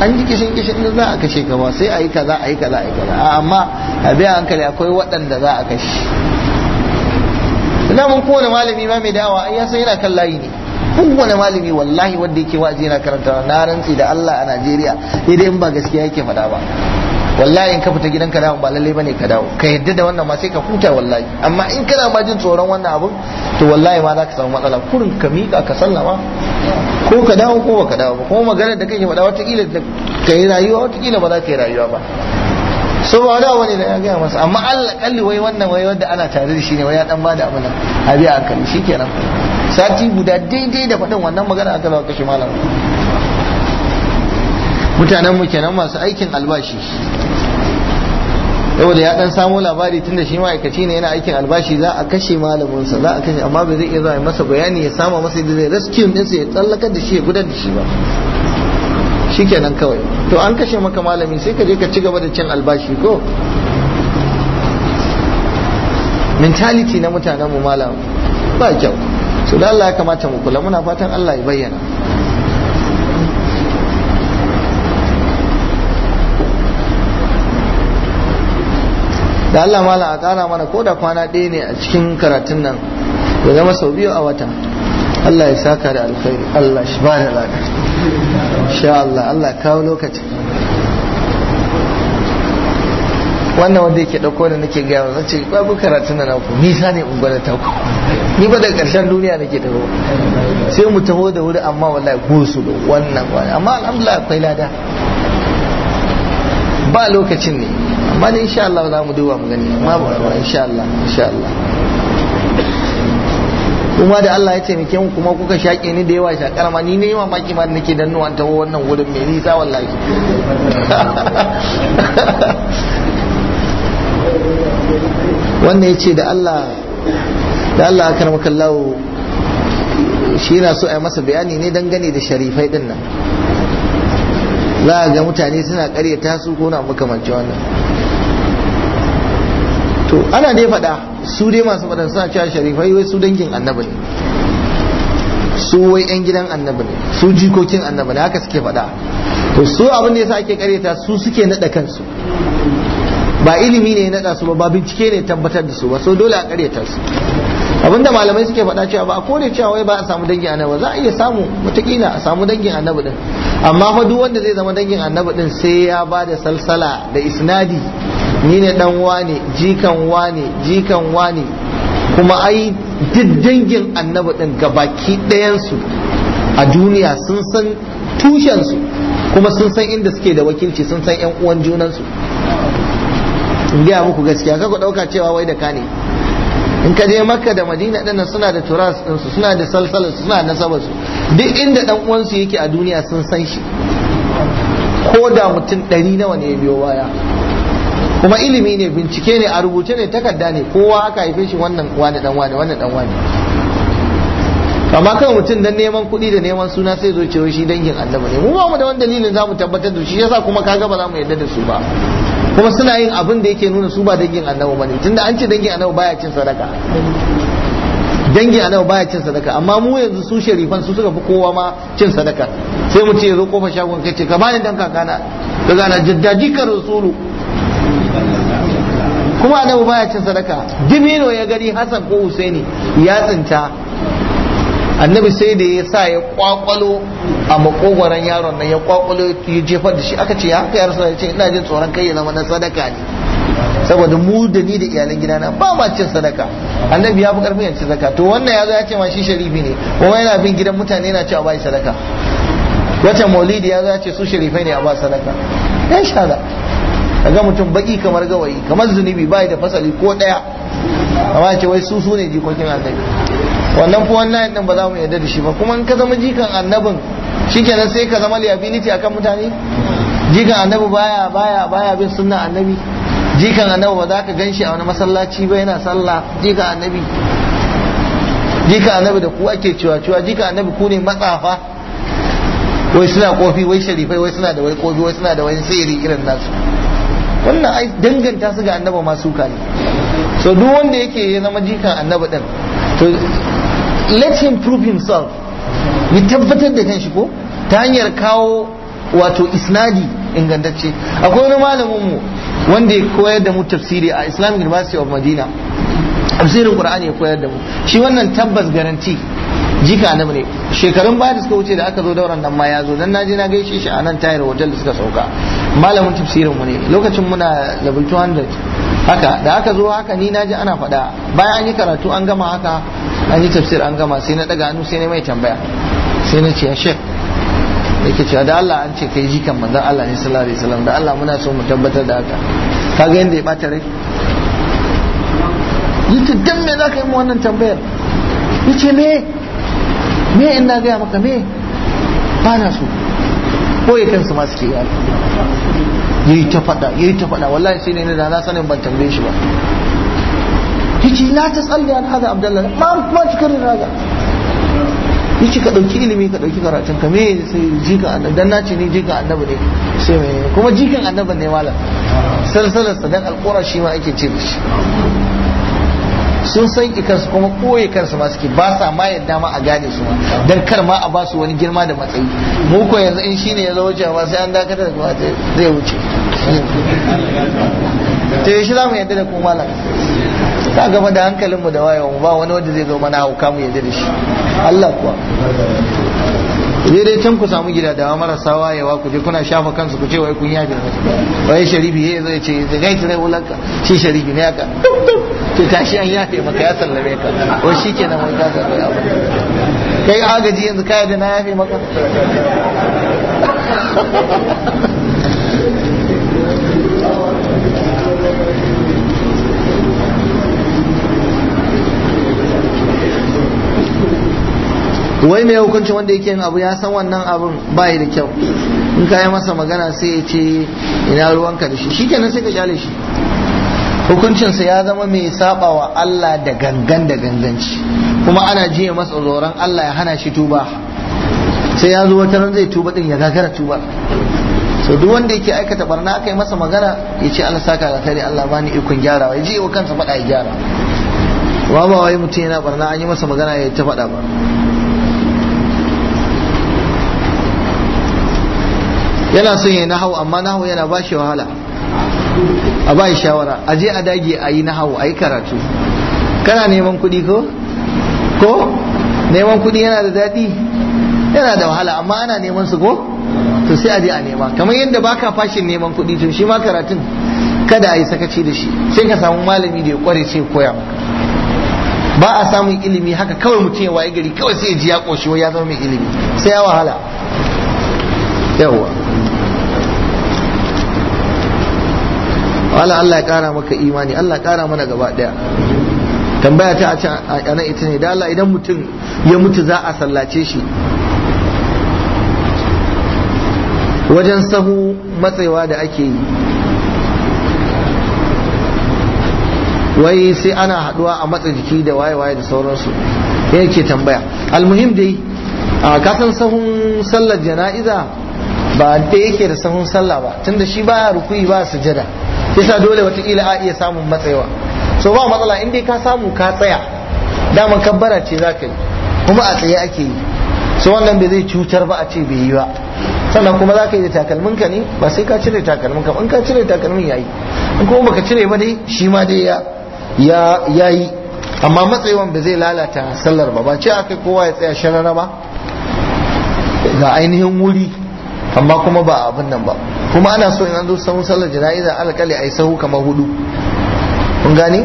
an ji kishin kishin da za a kashe ka ba sai a yi kaza a yi kaza a yi kaza amma a biya hankali akwai waɗanda za a kashe ina mun kowane malami ba mai dawa ya san yana kan layi ne kowane malami wallahi wanda yake wa'azi yana karanta na rantsi da Allah a Najeriya idan ba gaskiya yake faɗa ba wallahi in ka fita gidanka dawo ba lalle bane ka dawo ka yadda da wannan ma sai ka huta wallahi amma in kana ma jin tsoron wannan abun to wallahi ma za ka samu matsala kurin ka miƙa ka sallama ko ka dawo ko ba ka dawo ba kuma maganar da kake faɗa kila ka yi rayuwa kila ba za ka yi rayuwa ba so ba da wani da ya gaya masa amma Allah kalli wai wannan wai wanda ana tare da shi ne wai ya dan bada abin nan abi a kan shikenan sati guda daidai da faɗin wannan magana aka zo kashe malam mutanen mu kenan masu aikin albashi yau da ya dan samo labari tunda shi ma'aikaci ne yana aikin albashi za a kashe malaminsa za a kashe amma bai zai iya masa bayani ya sama masa yadda zai rescue sa ya tsallakar da shi ya gudar da shi ba shikenan kawai to an kashe maka malami sai ka je ka ci gaba da cin albashi ko mentality na mutanen mu malam ba kyau to da Allah ya kamata mu kula muna fatan Allah ya bayyana da Allah malam a kara mana ko da kwana ɗaya ne a cikin karatun nan ya zama sau biyu a wata Allah ya saka da alkhairi Allah shi ba da lada insha Allah Allah kawo lokaci wannan wanda yake dauko da nake gaya wa ce babu karatun nan ku sa ne ungwana ta ku ni ba da karshen duniya nake taho sai mu taho da wuri amma wallahi gosu wannan wannan amma alhamdulillah akwai lada ba lokacin ne amma da insha Allah za mu duba mu gani amma ba insha Allah insha Allah kuma da Allah ya taimake mu kuma kuka shaƙe ni da yawa shaƙar ma ni ne ma maki ma nake dannuwa ta wannan wurin mai nisa wallahi wannan ya ce da Allah da Allah aka maka lawo shi yana so a yi masa bayani ne dangane da sharifai din nan za a ga mutane suna karyata su ko na makamanci wannan to ana dai faɗa su dai masu faɗa suna cewa sharifai wai su dangin annabi ne su wai yan gidan annabi ne su jikokin annabi ne haka suke faɗa to su abin da yasa ake kareta su suke naɗa kansu ba ilimi ne naɗa su ba ba bincike ne tabbatar da su ba so dole a kareta su abinda malamai suke faɗa cewa ba a kore cewa wai ba a samu dangin annabi za a iya samu watakila a samu dangin annabi din amma fa duk wanda zai zama dangin annabi din sai ya ba da salsala da isnadi ni ne dan wane jikan wane jikan wane kuma ai duk dangin annabi din gabaki ɗayansu a duniya sun san tushensu kuma sun san inda suke da wakilci sun san yan uwan junansu in gaya muku gaskiya ka ku ɗauka cewa wai da ka ne in ka je makka da madina ɗin suna da turas ɗinsu suna da salsalarsu suna da nasabarsu duk inda ɗan uwansu yake a duniya sun san shi ko da mutum ɗari nawa ne ya biyo baya kuma ilimi ne bincike ne a rubuce ne takarda ne kowa aka haife shi wannan wani dan wani wannan dan wani amma kan mutum dan neman kuɗi da neman suna sai zo cewa shi dangin annabi ne mu ba mu da wani dalilin zamu tabbatar da shi yasa kuma kaga ba za mu yarda da su ba kuma suna yin abin da yake nuna su ba dangin annabi bane tunda an ce dangin annabi baya cin sadaka dangin annabi baya cin sadaka amma mu yanzu su sharifan su suka fi kowa ma cin sadaka sai mu ce zo kofa shagon kace ka bani dan kakana daga na jaddaji ka rasulu kuma annabi baya cin sadaka dibino ya gani Hassan ko Husaini ya tsinta annabi sai da ya sa ya kwakwalo a makogwaron yaron nan ya kwakwalo ya jefar da shi aka ce ya haka ya rasu ce ina jin tsoron kai ya zama na sadaka ne saboda mu da ni da iyalan gida na ba ma cin sadaka annabi ya fi karfin ya cin sadaka to wannan ya zo ya ce ma shi sharifi ne kuma yana bin gidan mutane yana cewa bai sadaka wata maulidi ya zo ya ce su sharifai ne a ba sadaka ya sha kaga mutum baki kamar gawayi kamar zunubi bai da fasali ko daya amma ce wai su su ne jikokin annabi wannan fa wannan din ba za mu yarda da shi ba kuma in ka zama jikan annabin shikenan sai ka zama liability akan mutane jikan annabi baya baya baya bin sunnan annabi jikan annabi ba za ka ganshi a wani masallaci ba yana sallah jikan annabi jikan annabi da ku ake cewa cewa jikan annabi ku ne matsafa wai suna kofi wai sharifai wai suna da wai kofi wai suna da wani sirri irin nasu wannan ai danganta su ga annaba ma suka ne so duk wanda yake ya zama jikan annaba din to let him prove himself ya tabbatar da kanshi ko ta hanyar kawo wato isnadi ingantacce akwai wani malamin mu wanda ya koyar da mu tafsiri a Islamic University of Madina tafsirin Qur'ani ya koyar da mu shi wannan tabbas garanti jika na ne shekarun baya da suka wuce da aka zo dauran nan ma ya zo dan naje na gaishe shi a nan tayar wajen da suka sauka malamin tafsirin mu ne lokacin muna level 200 haka da aka zo haka ni naji ana faɗa bayan an yi karatu an gama haka an yi tafsir an gama sai na daga hannu sai na mai tambaya sai na ce ya shek yake cewa da Allah an ce kai jikan manzon Allah ne sallallahu alaihi wasallam da Allah muna so mu tabbatar da haka kaga yanda ya bata rai yace dan me zaka yi mu wannan tambayar yace me me in na gaya maka me ba na so ya kansu ma suke yi yayi ta fada yayi ta fada wallahi sai ne da na sanin ban tambaye shi ba na ta tasalli an haza abdullah ma ma cikin raga kici ka dauki ilimi ka dauki karatun ka me sai jikan annabi dan ce ni jikan annabi ne sai me kuma jikan annabi ne malam salsalar sadan alqura shi ma ake ce da shi sun san kansu kuma koye kansu ma suke ba sa ma yadda ma a gane su ma dan kar ma a ba su wani girma da matsayi mu ko yanzu in shine ya zama wucewa sai an dakatar da zai wuce to shi za mu yadda da kuma malam ta gaba da hankalinmu da wayewa ba wani wanda zai zo mana hauka mu yadda da shi Allah kuwa je dai can ku samu gidadawa marasa wayewa ku je kuna shafa kansu ku ce wai kun yafe musu wai sharifi ya eh, zai ce da gaita rai wulanka shi sharifi ne aka to tashi an yafe maka ya sallame ka ko shi ke nan wani kasa kai abu kai agaji yanzu kai da na yafe maka wai mai hukuncin wanda yake yin abu ya san wannan abun ba da kyau in ka yi masa magana sai ya ce ina ruwanka da shi shi kenan sai ka kyale shi hukuncinsa ya zama mai saba wa Allah da gangan da ganganci kuma ana jiya masa tsoron Allah ya hana shi tuba sai ya zo wata ran zai tuba din ya gagara tuba so duk wanda yake aikata barna aka yi masa magana ya ce Allah saka da kare Allah bani ikon gyara wai je wa kansa faɗa ya gyara wa ba wai mutum yana barna an yi masa magana ya ta faɗa ba yana son ya nahawu amma nahawu yana ba shi wahala a ba shawara a je a dage a yi nahawu a yi karatu kana neman kuɗi ko ko neman kuɗi yana da daɗi yana da wahala amma ana neman su ko to sai a je a nema kamar yadda baka fashin neman kuɗi to shi ma karatun kada a yi sakaci da shi sai ka samu malami da ya kware ce koya ba a samun ilimi haka kawai mutum ya waye gari kawai sai ya ji ya koshi ya zama mai ilimi sai ya wahala yawa Allah Allah ya kara maka imani Allah ya kara mana gaba daya tambaya ta a ana ita ne da Allah idan mutum ya mutu za a sallace shi wajen sahu matsewa da ake yi wai sai ana haduwa a matsa jiki da waye-waye da sauransu yake tambaya almuhim dai a kasan sahun sallar jana'iza ba da yake da sahun sallah ba tunda shi ba ya rukuyi ba sujada yasa dole kila a iya samun matsayawa so ba matsala in dai ka samu ka tsaya daman kabbara ce za ka yi kuma a tsaye ake yi so wannan bai zai cutar ba a ce bai yi ba sannan kuma za ka yi da takalminka ne ba sai ka cire takalminka in ka cire takalmin yayi in kuma baka cire ba dai shi ma dai ya ya yi amma matsayawan ba zai lalata sallar ba ba ce aka kowa ya tsaya sharara ba ga ainihin wuri amma kuma ba abin nan ba kuma ana so in an zo sahun sallar jana'iza alƙali a yi sahu kamar hudu kun gane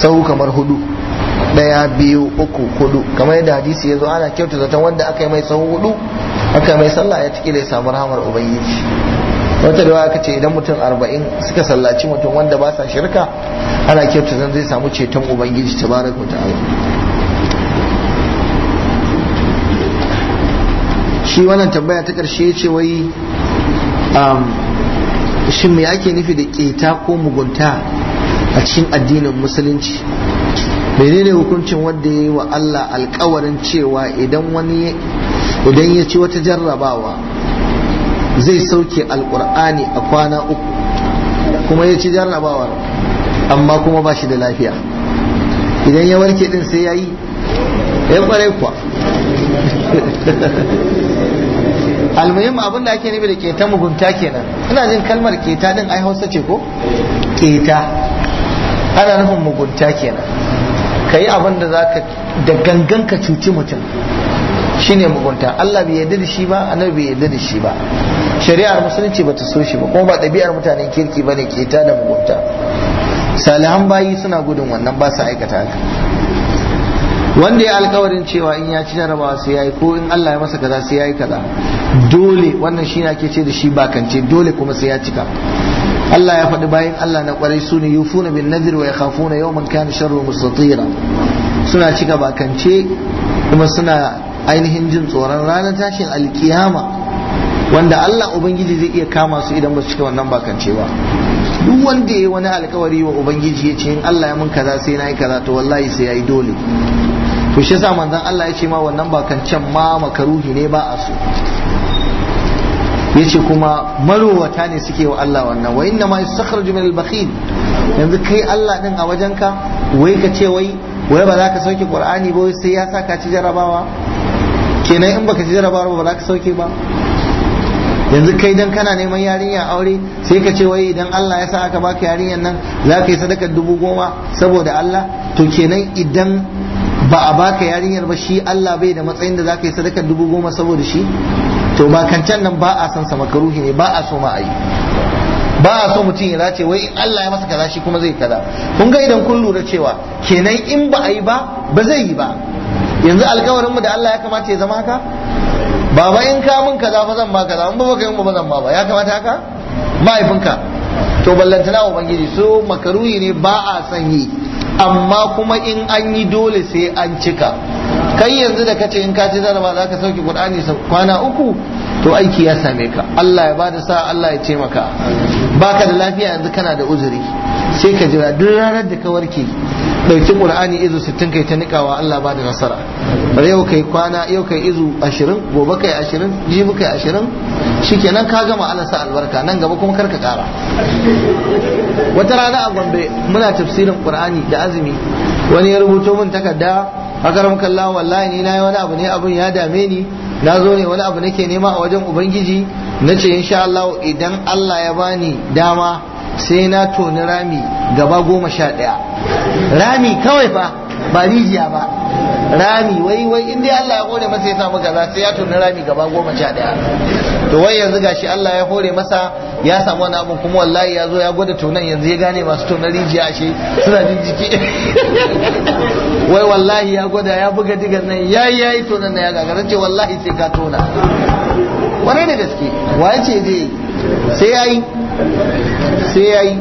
sahu kamar hudu daya biyu uku hudu kamar yadda hadisi ya zo ana kyauta zaton wanda aka yi mai sahu hudu aka mai sallah ya tiki da ya samu rahamar ubangiji wata da aka ce idan mutum arba'in suka sallaci mutum wanda ba sa shirka ana kyauta zan zai samu ceton ubangiji tabaraka ta'ala shi wannan tambaya ta ƙarshe ce wai um, shin me ake nufi da keta ko mugunta a cikin addinin musulunci menene hukuncin wanda ya yi wa Allah alkawarin cewa idan wani idan ya ci wata jarrabawa zai sauke alkur'ani a kwana uku kuma ya ci jarrabawar amma kuma ba shi da lafiya idan ya warke din sai ya yi ya eh, kwarai almuhim abin da ake nufi da keta mugunta kenan ina jin kalmar keta din ai hausa ce ko keta ana nufin mugunta kenan ka yi abin da zaka da gangan ka cuci mutum shine mugunta Allah bai yarda da shi ba annabi bai yarda da shi ba shari'ar musulunci ba ta so shi ba kuma ba ɗabi'ar mutanen kirki bane keta da mugunta salihan bayi suna gudun wannan ba su aikata haka wanda ya alkawarin cewa in ya ci jarabawa sai yayi ko in Allah ya masa kaza sai yayi kaza dole wannan shine ake ce da shi bakance dole kuma sai ya cika Allah ya faɗi bayan Allah na kwarai su yufuna bin nadhir wa yakhafuna yawman kana sharru mustatira suna cika bakance kuma suna ainihin jin tsoron ranar tashin alkiyama wanda Allah ubangiji zai iya kama su idan ba su cika wannan bakance ba duk wanda ya wani alkawari wa ubangiji ya ce in Allah ya mun kaza sai na yi kaza to wallahi sai ya yi dole to shi yasa manzon Allah ya ce ma wannan ba kancan ma makaruhi ne ba a so yace kuma marowata ne suke wa Allah wannan wa inna ma yastakhraju min al-bakhil yanzu kai Allah din a wajenka wai ka ce wai wai ba za ka sauke Qur'ani ba wai sai ya saka ci jarabawa kenan in baka ci jarabawa ba za ka sauke ba yanzu kai dan kana neman yarinya aure sai ka ce wai idan Allah ya sa aka baka yarinyan nan za ka yi sadaka dubu goma saboda Allah to kenan idan ba a baka yarinyar ba shi Allah bai da matsayin da za ka yi sadakar dubu goma saboda shi to ba kancan nan ba a san sa makaruhi ne ba a so ma a yi ba a so mutum ya dace wai Allah ya masa kaza shi kuma zai kaza kun ga idan kun lura cewa kenan in ba a yi ba ba zai yi ba yanzu alkawarin mu da Allah ya kamata ya zama haka baba in ka mun kaza ba zan ba kaza in ba baka mun ba zan ba ba ya kamata haka mahaifinka to ballantana ubangiji so makaruhi ne ba a son yi amma kuma in an yi dole sai an cika kai yanzu da kace in ka ci zaraba za ka sauke qur'ani kwana uku to aiki ya same ka Allah ya bada sa Allah ya ce maka baka da lafiya yanzu kana da uzuri sai ka jira duk ranar da ka warke dauki qur'ani izu 60 kai ta nikawa Allah bada nasara yau kai kwana yau kai izu 20 gobe kai 20 jibi kai 20 shikenan ka gama alasa sa albarka nan gaba kuma karka kara wata rana a gombe muna tafsirin qur'ani da azumi wani ya rubuto min takarda akaram kallahu wallahi ni nayi wani abu ne abun ya dame ni na zo ne wani abu nake nema a wajen ubangiji nace insha Allah idan Allah ya bani dama sai na toni rami gaba goma sha ɗaya rami kawai fa ba rijiya ba rami wai wai in dai Allah ya hore masa ya samu kaza sai ya tuna rami gaba goma sha daya to wai yanzu gashi Allah ya hore masa ya samu wani abu kuma wallahi ya zo ya gwada tunan yanzu ya gane masu tunan rijiya ashe suna jin jiki wai wallahi ya gwada ya buga digan nan ya ya yi tunan na ya gagara ce wallahi sai ka tona kwarai da gaske waye ce zai sai yayi sai yayi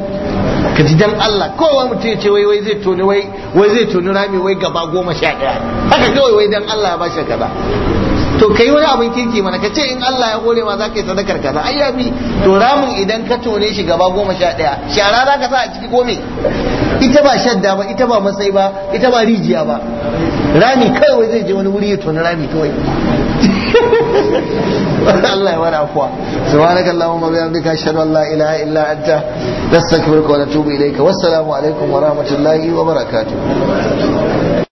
ka ji dan Allah kowa mutum ya ce wai wai zai toni wai wai zai toni rami wai gaba goma sha ɗaya haka kawai wai dan Allah ya bashi kaza to kai wani abin kinki mana ka ce in Allah ya gore ma za ka yi sadakar kaza ai ya bi to ramin idan ka tone shi gaba goma sha ɗaya shara za ka sa a ciki gome ita ba shadda ba ita ba masai ba ita ba rijiya ba rami kawai wai zai je wani wuri ya toni rami kawai Allah ya mana afuwa subhanaka allahumma wa bihamdika ashhadu an la ilaha illa anta nastaghfiruka wa natubu ilayka wassalamu alaikum wa rahmatullahi wa barakatuh